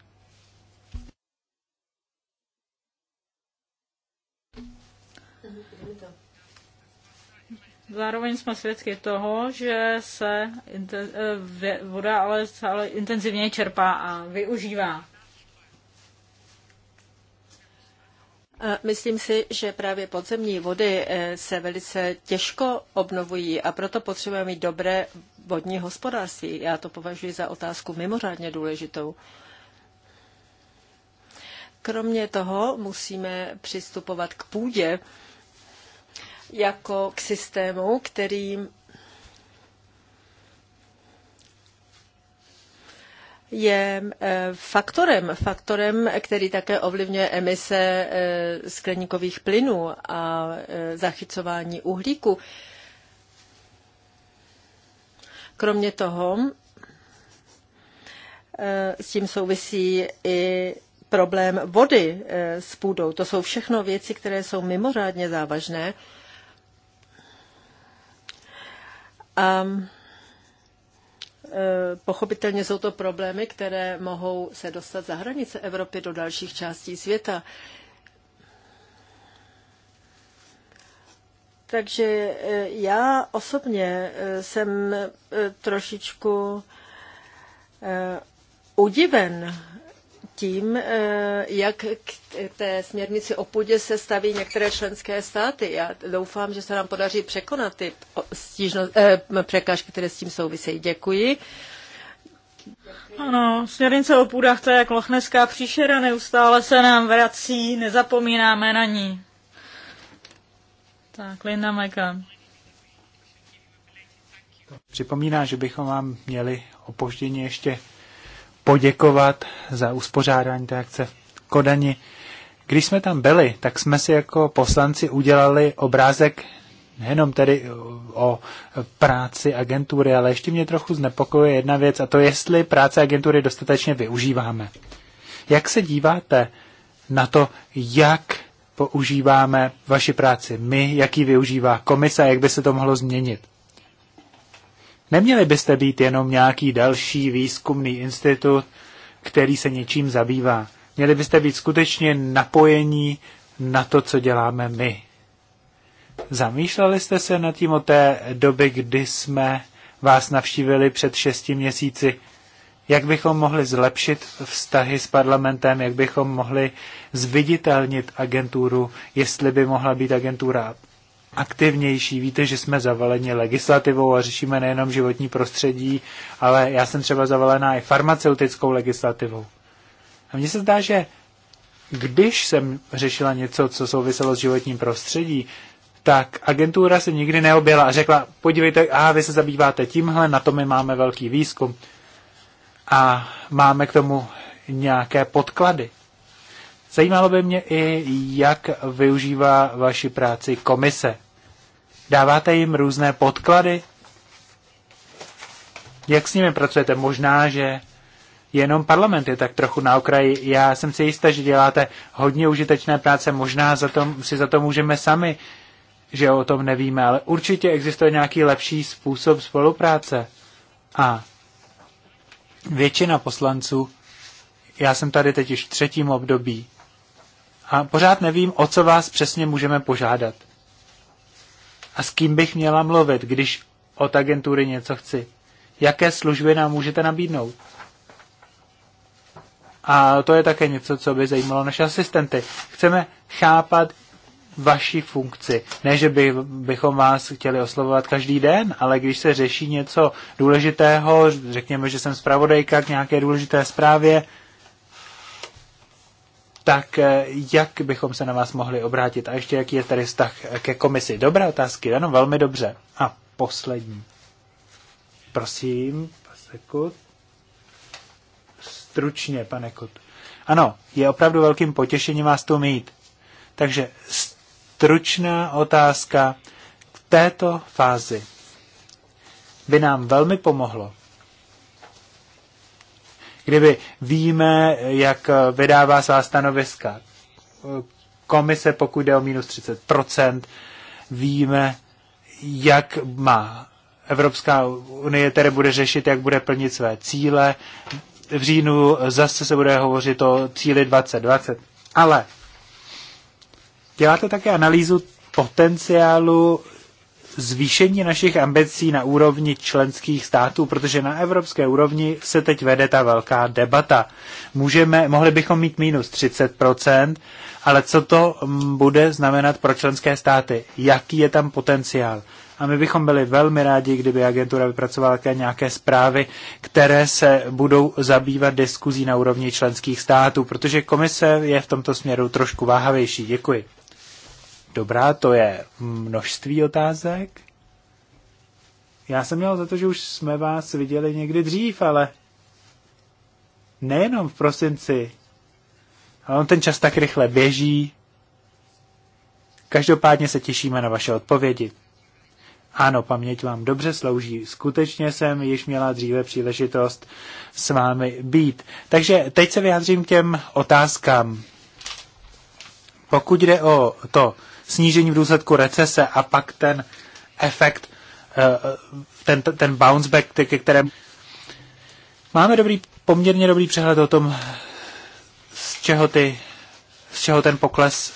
Zároveň jsme svědky toho, že se eh, voda ale stále intenzivně čerpá a využívá. Myslím si, že právě podzemní vody eh, se velice těžko obnovují a proto potřebujeme mít dobré vodní hospodářství. Já to považuji za otázku mimořádně důležitou. Kromě toho musíme přistupovat k půdě jako k systému, který je eh, faktorem, faktorem, který také ovlivňuje emise eh, skleníkových plynů a eh, zachycování uhlíku. Kromě toho s tím souvisí i problém vody s půdou. To jsou všechno věci, které jsou mimořádně závažné. A um, eh, pochopitelně jsou to problémy, které mohou se dostat za hranice Evropy do dalších částí světa. Takže eh, já osobně eh, jsem trošičku udiven tím, eh, jak k té směrnici o půdě se staví některé členské státy. Já doufám, že se nám podaří překonat ty stížno, eh, překážky, které s tím souvisejí. Děkuji. Ano, směrnice o půdách to je jak lochneská příšera, neustále se nám vrací, nezapomínáme na ní. Tak, Linda Meka. Připomíná, že bychom vám měli opožděně ještě poděkovat za uspořádání té akce v Kodani. Když jsme tam byli, tak jsme si jako poslanci udělali obrázek nejenom tedy o práci agentury, ale ještě mě trochu znepokojuje jedna věc, a to jestli práce agentury dostatečně využíváme. Jak se díváte na to, jak používáme vaši práci my, jak ji využívá komise jak by se to mohlo změnit? Neměli byste být jenom nějaký další výzkumný institut, který se něčím zabývá. Měli byste být skutečně napojení na to, co děláme my. Zamýšleli jste se nad tím o té doby, kdy jsme vás navštívili před šesti měsíci, jak bychom mohli zlepšit vztahy s parlamentem, jak bychom mohli zviditelnit agenturu, jestli by mohla být agentura aktivnější. Víte, že jsme zavaleni legislativou a řešíme nejenom životní prostředí, ale já jsem třeba zavalená i farmaceutickou legislativou. A mně se zdá, že když jsem řešila něco, co souviselo s životním prostředí, tak agentura se nikdy neobjela a řekla, podívejte, a vy se zabýváte tímhle, na to my máme velký výzkum a máme k tomu nějaké podklady. Zajímalo by mě i, jak využívá vaši práci komise. Dáváte jim různé podklady? Jak s nimi pracujete? Možná, že jenom parlament je tak trochu na okraji. Já jsem si jistá, že děláte hodně užitečné práce, možná za tom, si za to můžeme sami, že o tom nevíme, ale určitě existuje nějaký lepší způsob spolupráce. A většina poslanců, já jsem tady teď již v třetím období, a pořád nevím, o co vás přesně můžeme požádat. A s kým bych měla mluvit, když od agentury něco chci. Jaké služby nám můžete nabídnout? A to je také něco, co by zajímalo naše asistenty. Chceme chápat vaši funkci. Ne, že by, bychom vás chtěli oslovovat každý den, ale když se řeší něco důležitého, řekněme, že jsem zpravodajka k nějaké důležité zprávě, tak eh, jak bychom se na vás mohli obrátit? A ještě jaký je tady vztah eh, ke komisi? Dobré otázky, ano, velmi dobře. A poslední. Prosím, sekund. Stručně, pane Kot. Ano, je opravdu velkým potěšením vás tu mít. Takže stručná otázka k této fázi by nám velmi pomohlo, kdyby víme, jak vydává svá stanoviska komise, pokud jde o minus 30%, víme, jak má Evropská unie tedy bude řešit, jak bude plnit své cíle. V říjnu zase se bude hovořit o cíli 2020. Ale děláte také analýzu potenciálu zvýšení našich ambicí na úrovni členských států, protože na evropské úrovni se teď vede ta velká debata. Můžeme, mohli bychom mít minus 30%, ale co to mm, bude znamenat pro členské státy? Jaký je tam potenciál? A my bychom byli velmi rádi, kdyby agentura vypracovala také nějaké zprávy, které se budou zabývat diskuzí na úrovni členských států, protože komise je v tomto směru trošku váhavější. Děkuji dobrá, to je množství otázek. Já jsem měl za to, že už jsme vás viděli někdy dřív, ale nejenom v prosinci. Ale on ten čas tak rychle běží. Každopádně se těšíme na vaše odpovědi. Ano, paměť vám dobře slouží. Skutečně jsem již měla dříve příležitost s vámi být. Takže teď se vyjádřím k těm otázkám. Pokud jde o to snížení v důsledku recese a pak ten efekt, eh, ten, ten bounce back, ke kterém máme dobrý, poměrně dobrý přehled o tom, z čeho, ty, z čeho ten pokles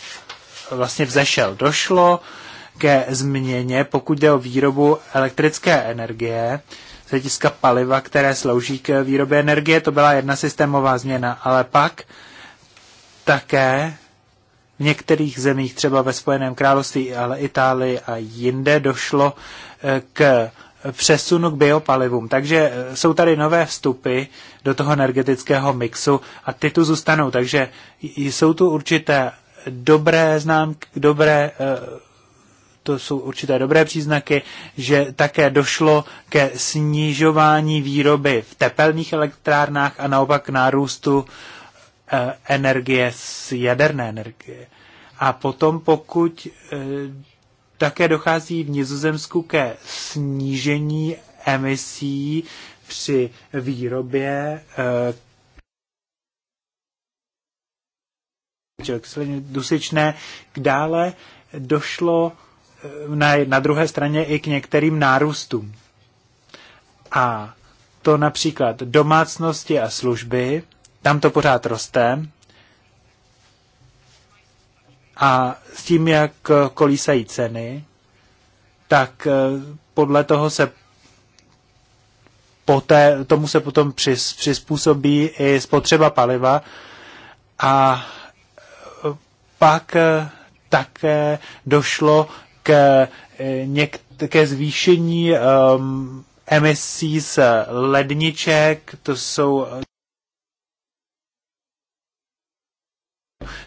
vlastně vzešel. Došlo ke změně, pokud jde o výrobu elektrické energie, z hlediska paliva, které slouží k výrobě energie, to byla jedna systémová změna, ale pak také v některých zemích, třeba ve Spojeném království, ale Itálii a jinde, došlo eh, k přesunu k biopalivům. Takže eh, jsou tady nové vstupy do toho energetického mixu a ty tu zůstanou. Takže jsou tu určité dobré známky, dobré eh, to jsou určité dobré příznaky, že také došlo ke snižování výroby v tepelných elektrárnách a naopak k nárůstu Eh, energie z jaderné energie. A potom, pokud eh, také dochází v Nizozemsku ke snížení emisí při výrobě eh, dusičné, dále došlo na, na druhé straně i k některým nárůstům. A to například domácnosti a služby, tam to pořád roste. A s tím, jak kolísají ceny, tak eh, podle toho se poté, tomu se potom přizpůsobí i spotřeba paliva a eh, pak eh, také došlo k, něk, také zvýšení um, emisí z ledniček, to jsou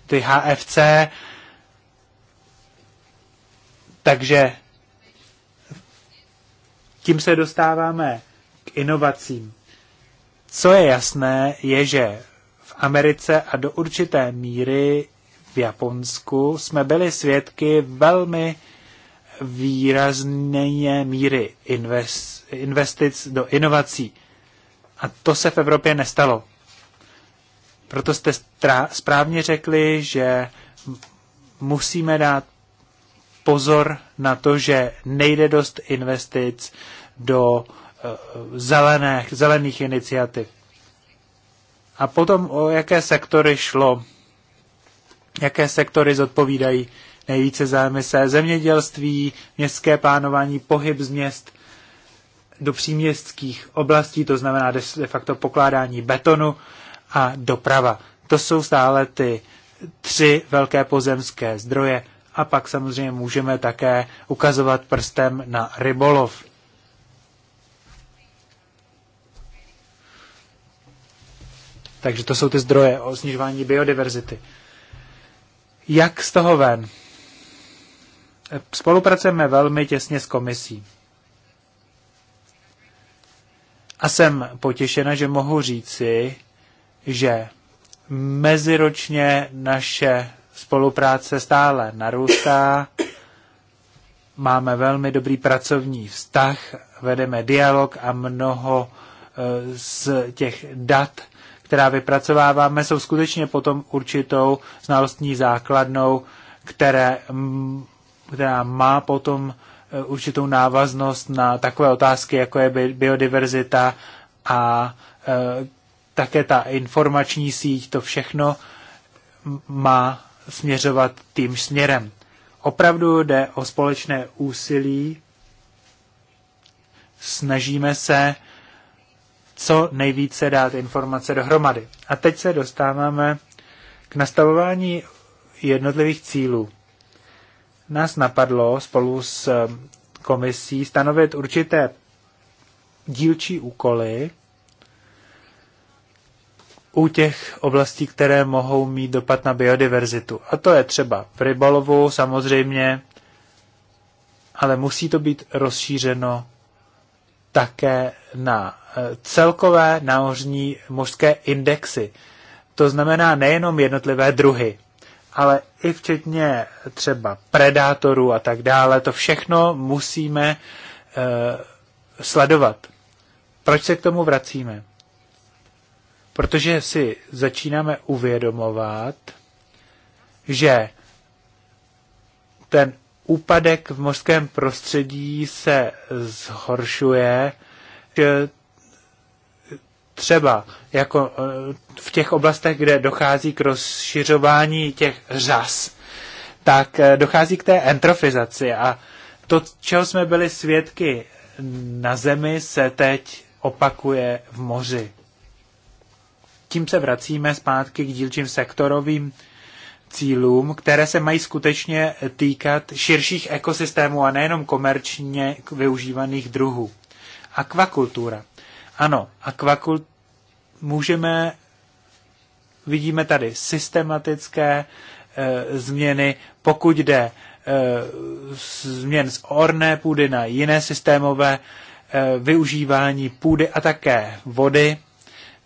ty HFC. Takže tím se dostáváme k inovacím. Co je jasné, je, že v Americe a do určité míry v Japonsku jsme byli svědky velmi výrazné míry investic do inovací. A to se v Evropě nestalo. Proto jste správně řekli, že musíme dát pozor na to, že nejde dost investic do eh, zelených, zelených iniciativ. A potom o jaké sektory šlo, jaké sektory zodpovídají nejvíce za emise, zemědělství, městské plánování, pohyb z měst do příměstských oblastí, to znamená de facto pokládání betonu a doprava. To jsou stále ty tři velké pozemské zdroje a pak samozřejmě můžeme také ukazovat prstem na rybolov. Takže to jsou ty zdroje o snižování biodiverzity. Jak z toho ven? Spolupracujeme velmi těsně s komisí. A jsem potěšena, že mohu říci, že meziročně naše spolupráce stále narůstá, máme velmi dobrý pracovní vztah, vedeme dialog a mnoho e, z těch dat, která vypracováváme, jsou skutečně potom určitou znalostní základnou, které, která má potom e, určitou návaznost na takové otázky, jako je biodiverzita a e, také ta informační síť, to všechno má směřovat tím směrem. Opravdu jde o společné úsilí, snažíme se co nejvíce dát informace dohromady. A teď se dostáváme k nastavování jednotlivých cílů. Nás napadlo spolu s um, komisí stanovit určité dílčí úkoly, u těch oblastí, které mohou mít dopad na biodiverzitu. A to je třeba v rybalovu samozřejmě, ale musí to být rozšířeno také na eh, celkové námořní mořské indexy. To znamená nejenom jednotlivé druhy, ale i včetně třeba predátorů a tak dále. To všechno musíme e, sledovat. Proč se k tomu vracíme? protože si začínáme uvědomovat, že ten úpadek v mořském prostředí se zhoršuje, že třeba jako eh, v těch oblastech, kde dochází k rozšiřování těch řas, tak eh, dochází k té entrofizaci a to, čeho jsme byli svědky na zemi, se teď opakuje v moři tím se vracíme zpátky k dílčím sektorovým cílům, které se mají skutečně týkat širších ekosystémů a nejenom komerčně využívaných druhů. Akvakultura. Ano, akvakultura můžeme, vidíme tady systematické e, změny, pokud jde e, změn z orné půdy na jiné systémové e, využívání půdy a také vody.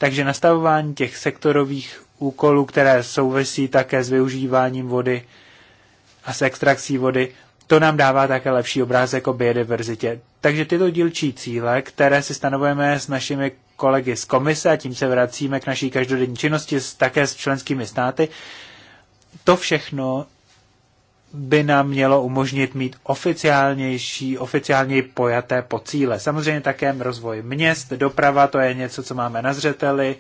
Takže nastavování těch sektorových úkolů, které souvisí také s využíváním vody a s extrakcí vody, to nám dává také lepší obrázek o biodiverzitě. Takže tyto dílčí cíle, které si stanovujeme s našimi kolegy z komise, a tím se vracíme k naší každodenní činnosti také s členskými státy, to všechno by nám mělo umožnit mít oficiálnější, oficiálně pojaté cíle. Samozřejmě také rozvoj měst, doprava, to je něco, co máme na zřeteli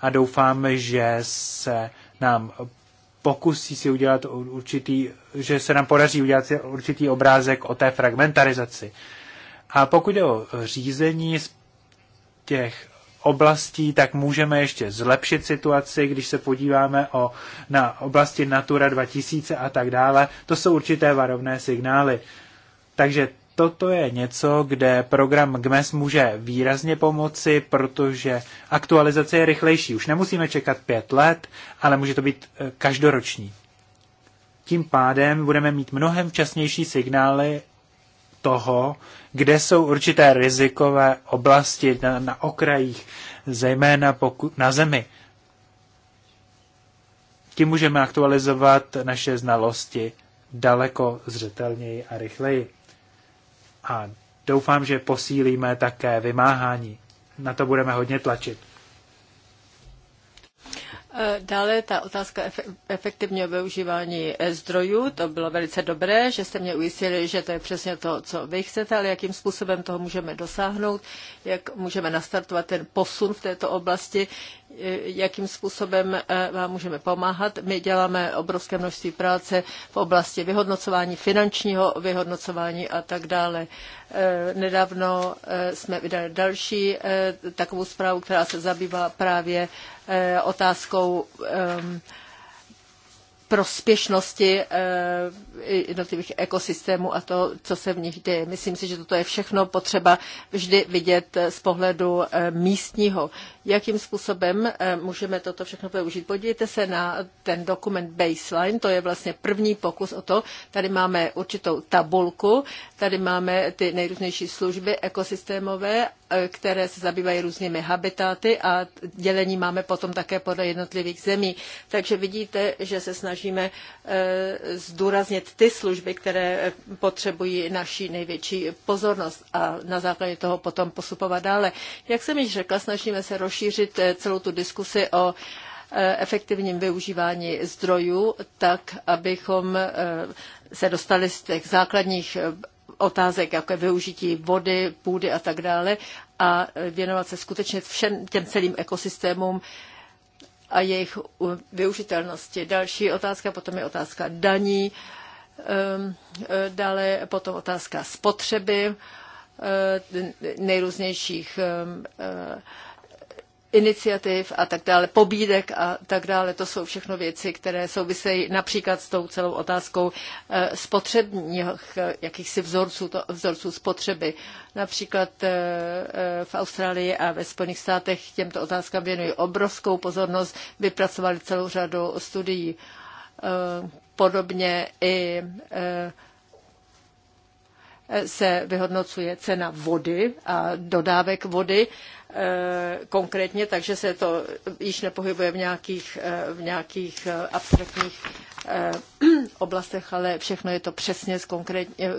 a doufám, že se nám pokusí si udělat určitý, že se nám podaří udělat určitý obrázek o té fragmentarizaci. A pokud je o řízení těch oblastí, tak můžeme ještě zlepšit situaci, když se podíváme o, na oblasti Natura 2000 a tak dále. To jsou určité varovné signály. Takže toto je něco, kde program GMES může výrazně pomoci, protože aktualizace je rychlejší. Už nemusíme čekat pět let, ale může to být eh, každoroční. Tím pádem budeme mít mnohem včasnější signály toho, kde jsou určité rizikové oblasti na, na okrajích, zejména poku, na zemi. Tím můžeme aktualizovat naše znalosti daleko zřetelněji a rychleji. A doufám, že posílíme také vymáhání. Na to budeme hodně tlačit. Dále ta otázka efektivního využívání eh, zdrojů. To bylo velice dobré, že jste mě ujistili, že to je přesně to, co vy chcete, ale jakým způsobem toho můžeme dosáhnout, jak můžeme nastartovat ten posun v této oblasti, jakým způsobem eh, vám můžeme pomáhat. My děláme obrovské množství práce v oblasti vyhodnocování, finančního vyhodnocování a tak dále. Eh, nedávno eh, jsme vydali další takovou zprávu, která se zabývá právě otázkou ehm, prospěšnosti jednotlivých ekosystémů a to, co se v nich děje. Myslím si, že toto je všechno potřeba vždy vidět z pohledu místního jakým způsobem eh, můžeme toto všechno využít. Podívejte se na ten dokument baseline, to je vlastně první pokus o to. Tady máme určitou tabulku, tady máme ty nejrůznější služby ekosystémové, eh, které se zabývají různými habitáty a dělení máme potom také podle jednotlivých zemí. Takže vidíte, že se snažíme eh, zdůraznit ty služby, které potřebují naší největší pozornost a na základě toho potom postupovat dále. Jak jsem již řekla, snažíme se rozšířit rozšířit eh, celou tu diskusi o eh, efektivním využívání zdrojů, tak abychom eh, se dostali z těch základních otázek, jako je využití vody, půdy a tak dále, a věnovat se skutečně všem těm celým ekosystémům a jejich využitelnosti. Další otázka potom je otázka daní, ehm, dále potom otázka spotřeby nejrůznějších ehm, iniciativ a tak dále, pobídek a tak dále. To jsou všechno věci, které souvisejí například s tou celou otázkou eh, spotřebních eh, jakýchsi vzorců, to, vzorců spotřeby. Například eh, v Austrálii a ve Spojených státech těmto otázkám věnují obrovskou pozornost, vypracovali celou řadu studií. Podobně i se vyhodnocuje cena vody a dodávek vody eh, konkrétně, takže se to již nepohybuje v nějakých, eh, v nějakých eh, abstraktních oblastech, ale všechno je to přesně konkrétně,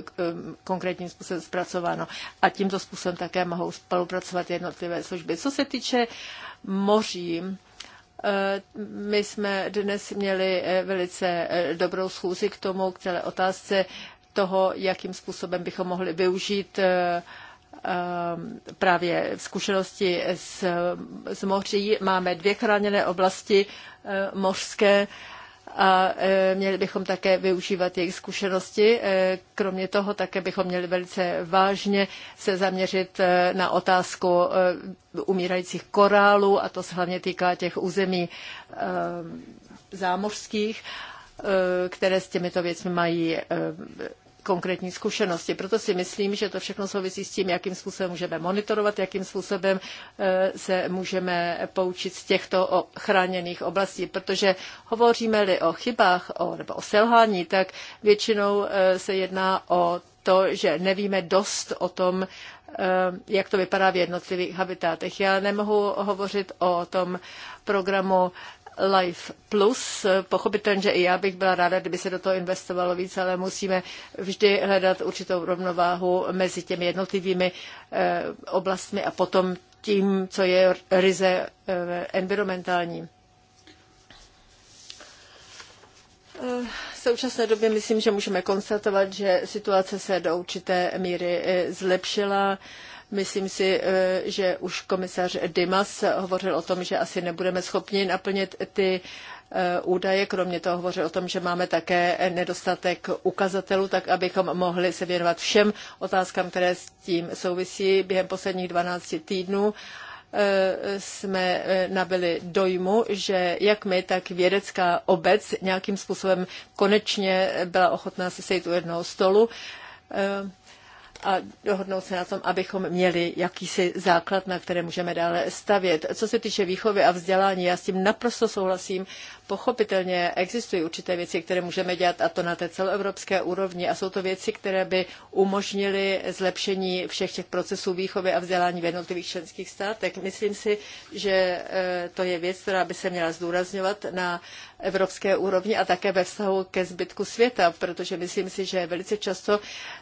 konkrétním způsobem zpracováno. A tímto způsobem také mohou spolupracovat jednotlivé služby. Co se týče moří, my jsme dnes měli velice dobrou schůzi k tomu, k celé otázce toho, jakým způsobem bychom mohli využít eh, eh, právě zkušenosti z, z moří. Máme dvě chráněné oblasti eh, mořské a měli bychom také využívat jejich zkušenosti. Kromě toho také bychom měli velice vážně se zaměřit na otázku umírajících korálů a to se hlavně týká těch území zámořských Eh, které s těmito věcmi mají eh, konkrétní zkušenosti. Proto si myslím, že to všechno souvisí s tím, jakým způsobem můžeme monitorovat, jakým způsobem eh, se můžeme poučit z těchto chráněných oblastí, protože hovoříme-li o chybách o, nebo o selhání, tak většinou se jedná o to, že nevíme dost o tom, jak to vypadá v jednotlivých habitátech. Já nemohu hovořit o tom programu Life Plus. Pochopitelně, že i já bych byla ráda, kdyby se do toho investovalo více, ale musíme vždy hledat určitou rovnováhu mezi těmi jednotlivými eh, oblastmi a potom tím, co je ryze eh, environmentální. Eh, v současné době myslím, že můžeme konstatovat, že situace se do určité míry zlepšila. Myslím si, eh, že už komisař Dimas hovořil o tom, že asi nebudeme schopni naplnit ty eh, údaje. Kromě toho hovořil o tom, že máme také nedostatek ukazatelů, tak abychom mohli se věnovat všem otázkám, které s tím souvisí. Během posledních 12 týdnů eh, jsme nabili dojmu, že jak my, tak vědecká obec nějakým způsobem konečně byla ochotná se sejít u jednoho stolu a dohodnout se na tom, abychom měli jakýsi základ, na které můžeme dále stavět. Co se týče výchovy a vzdělání, já s tím naprosto souhlasím. Pochopitelně existují určité věci, které můžeme dělat, a to na té celoevropské úrovni. A jsou to věci, které by umožnily zlepšení všech těch procesů výchovy a vzdělání v jednotlivých členských státech. Myslím si, že eh, to je věc, která by se měla zdůrazňovat na evropské úrovni a také ve vztahu ke zbytku světa, protože myslím si, že velice často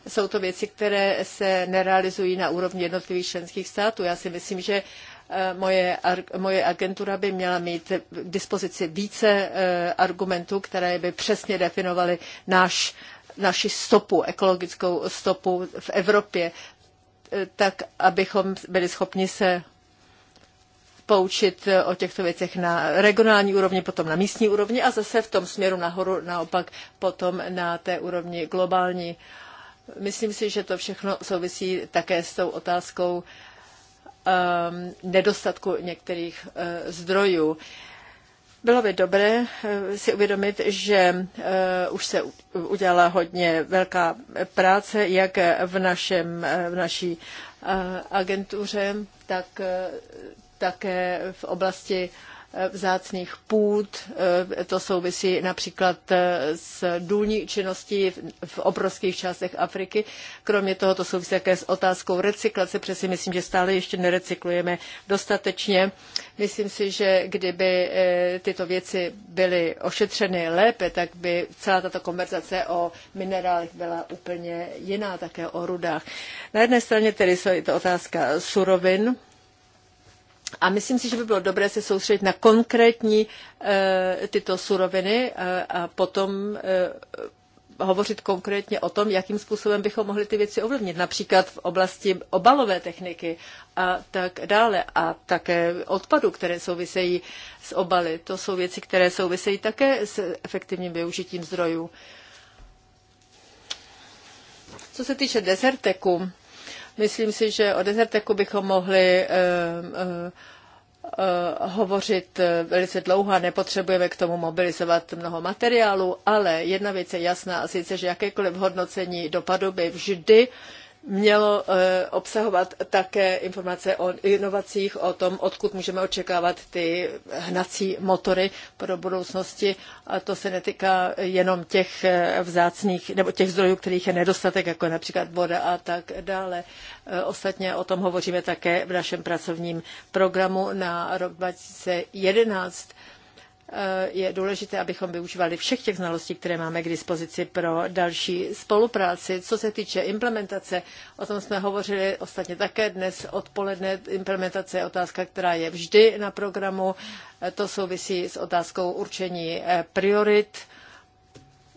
jsou to věci, které se nerealizují na úrovni jednotlivých členských států. Já si myslím, že eh, moje, moje agentura by měla mít k dispozici více eh, argumentů, které by přesně definovaly náš naši stopu, ekologickou stopu v Evropě, eh, tak abychom byli schopni se poučit eh, o těchto věcech na regionální úrovni, potom na místní úrovni a zase v tom směru nahoru naopak potom na té úrovni globální. Myslím si, že to všechno souvisí také s tou otázkou um, nedostatku některých uh, zdrojů. Bylo by dobré eh, si uvědomit, že už se udělala hodně velká práce, jak v, našem, v naší agentuře, tak také v oblasti eh, vzácných půd. Eh, to souvisí například eh, s důlní činností v obrovských částech Afriky. Kromě toho to souvisí také s otázkou recyklace, protože si myslím, že stále ještě nerecyklujeme dostatečně. Myslím si, že kdyby tyto věci byly ošetřeny lépe, tak by celá tato konverzace o minerálech byla úplně jiná, také o rudách. Na jedné straně tedy je to otázka surovin, a myslím si, že by bylo dobré se soustředit na konkrétní eh, tyto suroviny eh, a potom eh, hovořit konkrétně o tom, jakým způsobem bychom mohli ty věci ovlivnit, například v oblasti obalové techniky a tak dále a také odpadu, které souvisejí s obaly. To jsou věci, které souvisejí také s efektivním využitím zdrojů. Co se týče deserteku, Myslím si, že o dezerteku bychom mohli eh, eh, eh, hovořit velice dlouho a nepotřebujeme k tomu mobilizovat mnoho materiálu, ale jedna věc je jasná a sice, že jakékoliv hodnocení dopadu by vždy uh, mělo eh, obsahovat také informace o inovacích, o tom, odkud můžeme očekávat ty hnací motory pro budoucnosti. A to se netýká jenom těch eh, vzácných nebo těch zdrojů, kterých je nedostatek, jako například voda a tak dále. Eh, ostatně o tom hovoříme také v našem pracovním programu na rok 2011 Eh, je důležité, abychom využívali všech těch znalostí, které máme k dispozici pro další spolupráci. Co se týče implementace, o tom jsme hovořili ostatně také dnes odpoledne. Implementace je otázka, která je vždy na programu. Eh, to souvisí s otázkou určení eh, priorit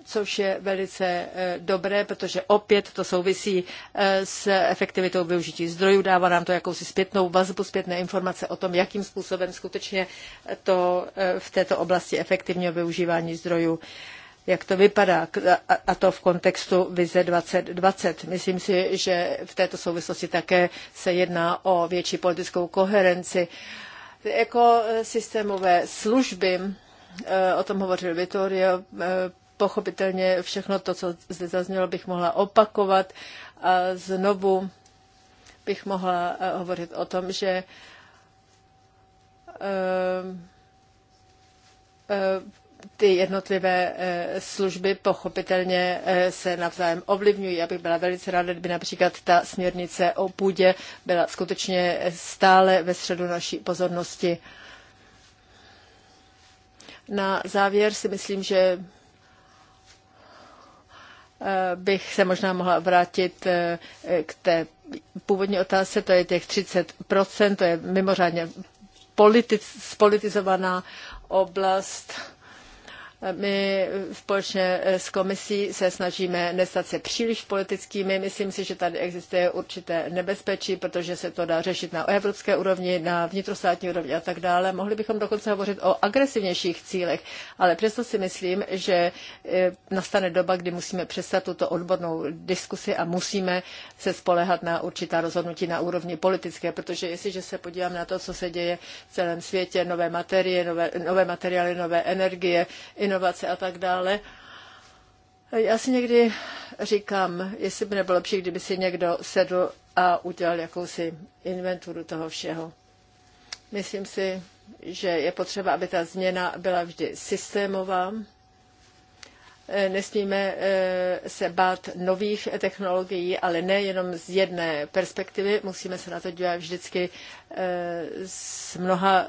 což je velice eh, dobré, protože opět to souvisí eh, s efektivitou využití zdrojů. Dává nám to jakousi zpětnou vazbu, zpětné informace o tom, jakým způsobem skutečně to eh, v této oblasti efektivního využívání zdrojů jak to vypadá, a to v kontextu vize 2020. Myslím si, že v této souvislosti také se jedná o větší politickou koherenci. Ekosystémové jako, služby, o tom hovořil Vittorio, pochopitelně všechno to, co zde zaznělo, bych mohla opakovat a znovu bych mohla eh, hovořit o tom, že eh, eh, ty jednotlivé služby pochopitelně se navzájem ovlivňují. Já bych byla velice ráda, kdyby například ta směrnice o půdě byla skutečně stále ve středu naší pozornosti. Na závěr si myslím, že Eh, bych se možná mohla vrátit eh, k té původní otázce, to je těch 30%, to je mimořádně politi- spolitizovaná oblast my společně eh, s komisí se snažíme nestat se příliš politickými. Myslím si, že tady existuje určité nebezpečí, protože se to dá řešit na evropské úrovni, na vnitrostátní úrovni a tak dále. Mohli bychom dokonce hovořit o agresivnějších cílech, ale přesto si myslím, že eh, nastane doba, kdy musíme přestat tuto odbornou diskusi a musíme se spolehat na určitá rozhodnutí na úrovni politické, protože jestliže se podívám na to, co se děje v celém světě, nové materie, nové, nové materiály, nové energie, inovace a tak dále. Já si někdy říkám, jestli by nebylo lepší, kdyby si někdo sedl a udělal jakousi inventuru toho všeho. Myslím si, že je potřeba, aby ta změna byla vždy systémová. Eh, nesmíme eh, se bát nových technologií, ale ne jenom z jedné perspektivy. Musíme se na to dívat vždycky z eh, mnoha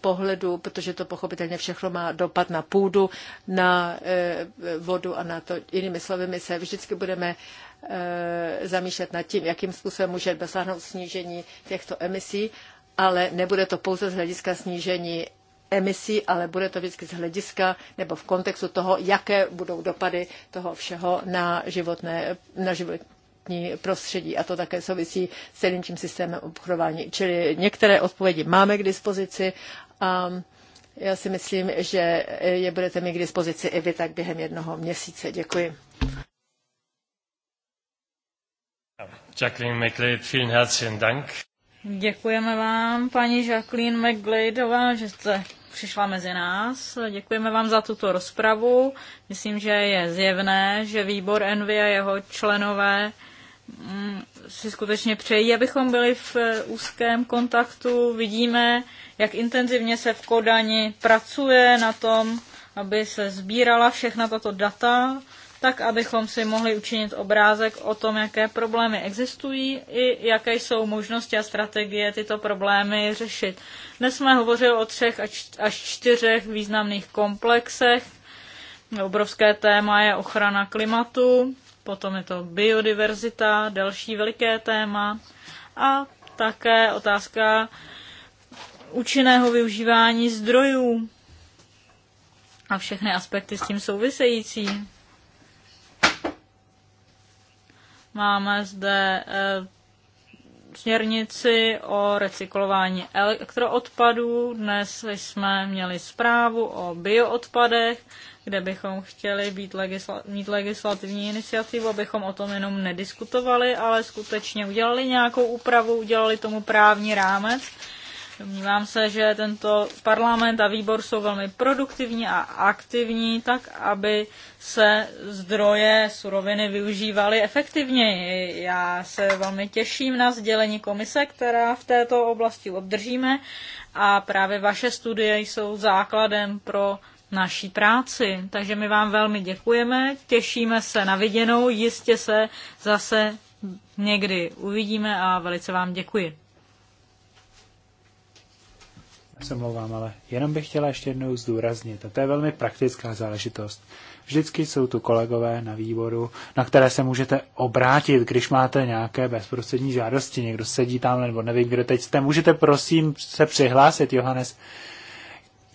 pohledu, protože to pochopitelně všechno má dopad na půdu, na eh, vodu a na to. Jinými slovy, my se vždycky budeme eh, zamýšlet nad tím, jakým způsobem může dosáhnout snížení těchto emisí, ale nebude to pouze z hlediska snížení emisí, ale bude to vždycky z hlediska nebo v kontextu toho, jaké budou dopady toho všeho na, životné, na život, životní prostředí a to také souvisí s celým tím systémem obchodování. Čili některé odpovědi máme k dispozici a já si myslím, že je budete mít k dispozici i vy tak během jednoho měsíce. Děkuji. Jacqueline McLeod, vielen herzlichen Dank. Děkujeme vám, paní Jacqueline McGladová, že jste přišla mezi nás. Děkujeme vám za tuto rozpravu. Myslím, že je zjevné, že výbor Envy a jeho členové Mm, si skutečně přejí, abychom byli v eh, úzkém kontaktu. Vidíme, jak intenzivně se v Kodani pracuje na tom, aby se sbírala všechna tato data, tak abychom si mohli učinit obrázek o tom, jaké problémy existují i jaké jsou možnosti a strategie tyto problémy řešit. Dnes jsme hovořili o třech až čtyřech významných komplexech. Obrovské téma je ochrana klimatu, potom je to biodiverzita, další veliké téma a také otázka účinného využívání zdrojů a všechny aspekty s tím související. Máme zde eh, směrnici o recyklování elektroodpadů. Dnes jsme měli zprávu o bioodpadech, kde bychom chtěli být legisla- mít legislativní iniciativu, abychom o tom jenom nediskutovali, ale skutečně udělali nějakou úpravu, udělali tomu právní rámec Domnívám se, že tento parlament a výbor jsou velmi produktivní a aktivní, tak aby se zdroje suroviny využívaly efektivněji. Já se velmi těším na sdělení komise, která v této oblasti obdržíme a právě vaše studie jsou základem pro naší práci. Takže my vám velmi děkujeme, těšíme se na viděnou, jistě se zase někdy uvidíme a velice vám děkuji se mluvám, ale jenom bych chtěla ještě jednou zdůraznit, a to je velmi praktická záležitost. Vždycky jsou tu kolegové na výboru, na které se můžete obrátit, když máte nějaké bezprostřední žádosti, někdo sedí tam, nebo nevím, kdo teď jste. Můžete prosím se přihlásit, Johannes.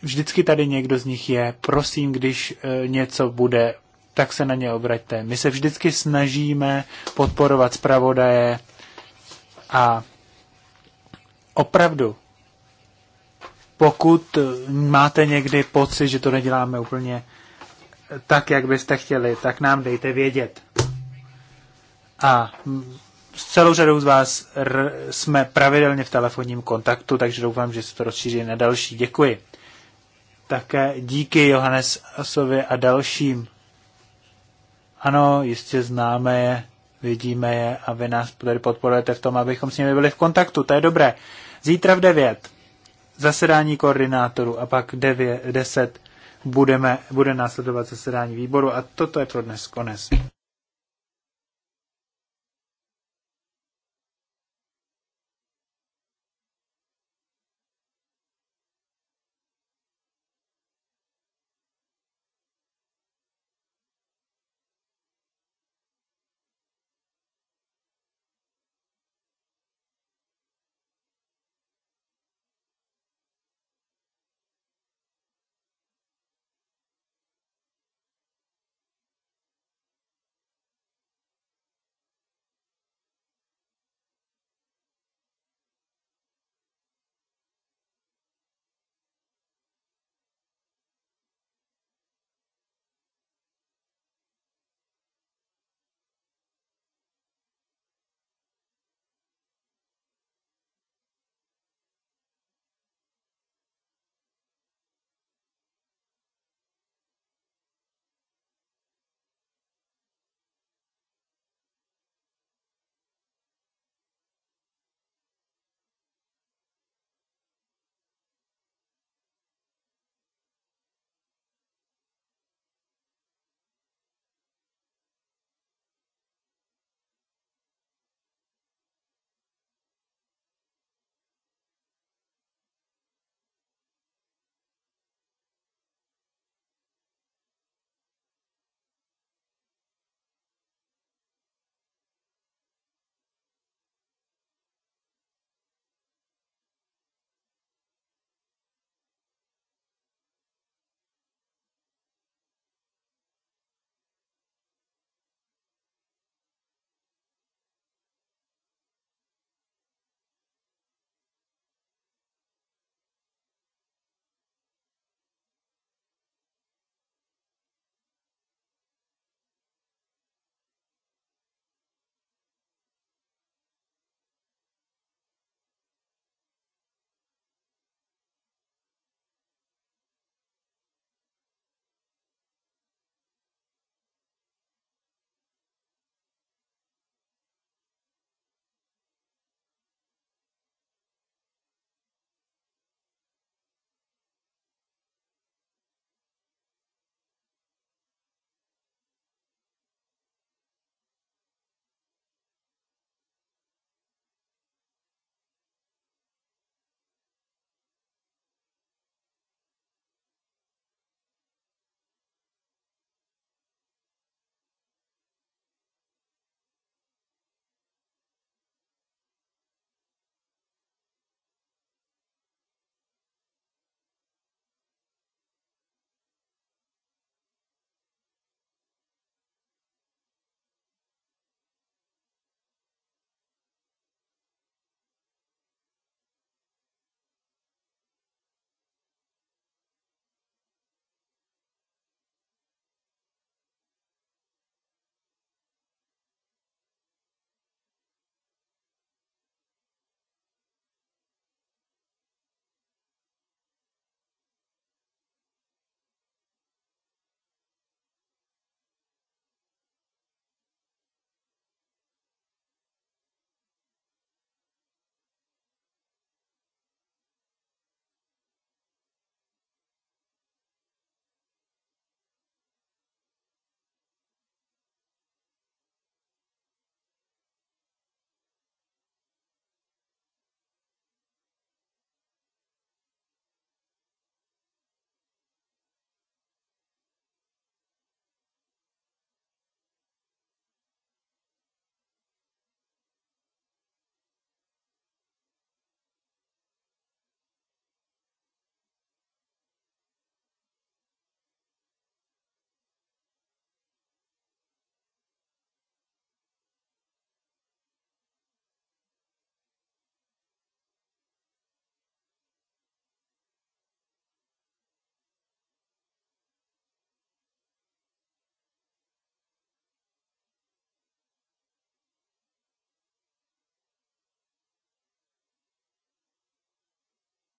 Vždycky tady někdo z nich je. Prosím, když e, něco bude, tak se na ně obraťte. My se vždycky snažíme podporovat zpravodaje a opravdu pokud eh, máte někdy pocit, že to neděláme úplně eh, tak, jak byste chtěli, tak nám dejte vědět. A mm, s celou řadou z vás jsme pravidelně v telefonním kontaktu, takže doufám, že se to rozšíří na další. Děkuji. Také díky Johannesovi a dalším. Ano, jistě známe je, vidíme je a vy nás tady podporujete v tom, abychom s nimi byli v kontaktu. To je dobré. Zítra v 9 zasedání koordinátorů a pak 9, 10 budeme, bude následovat zasedání výboru a toto je pro dnes konec.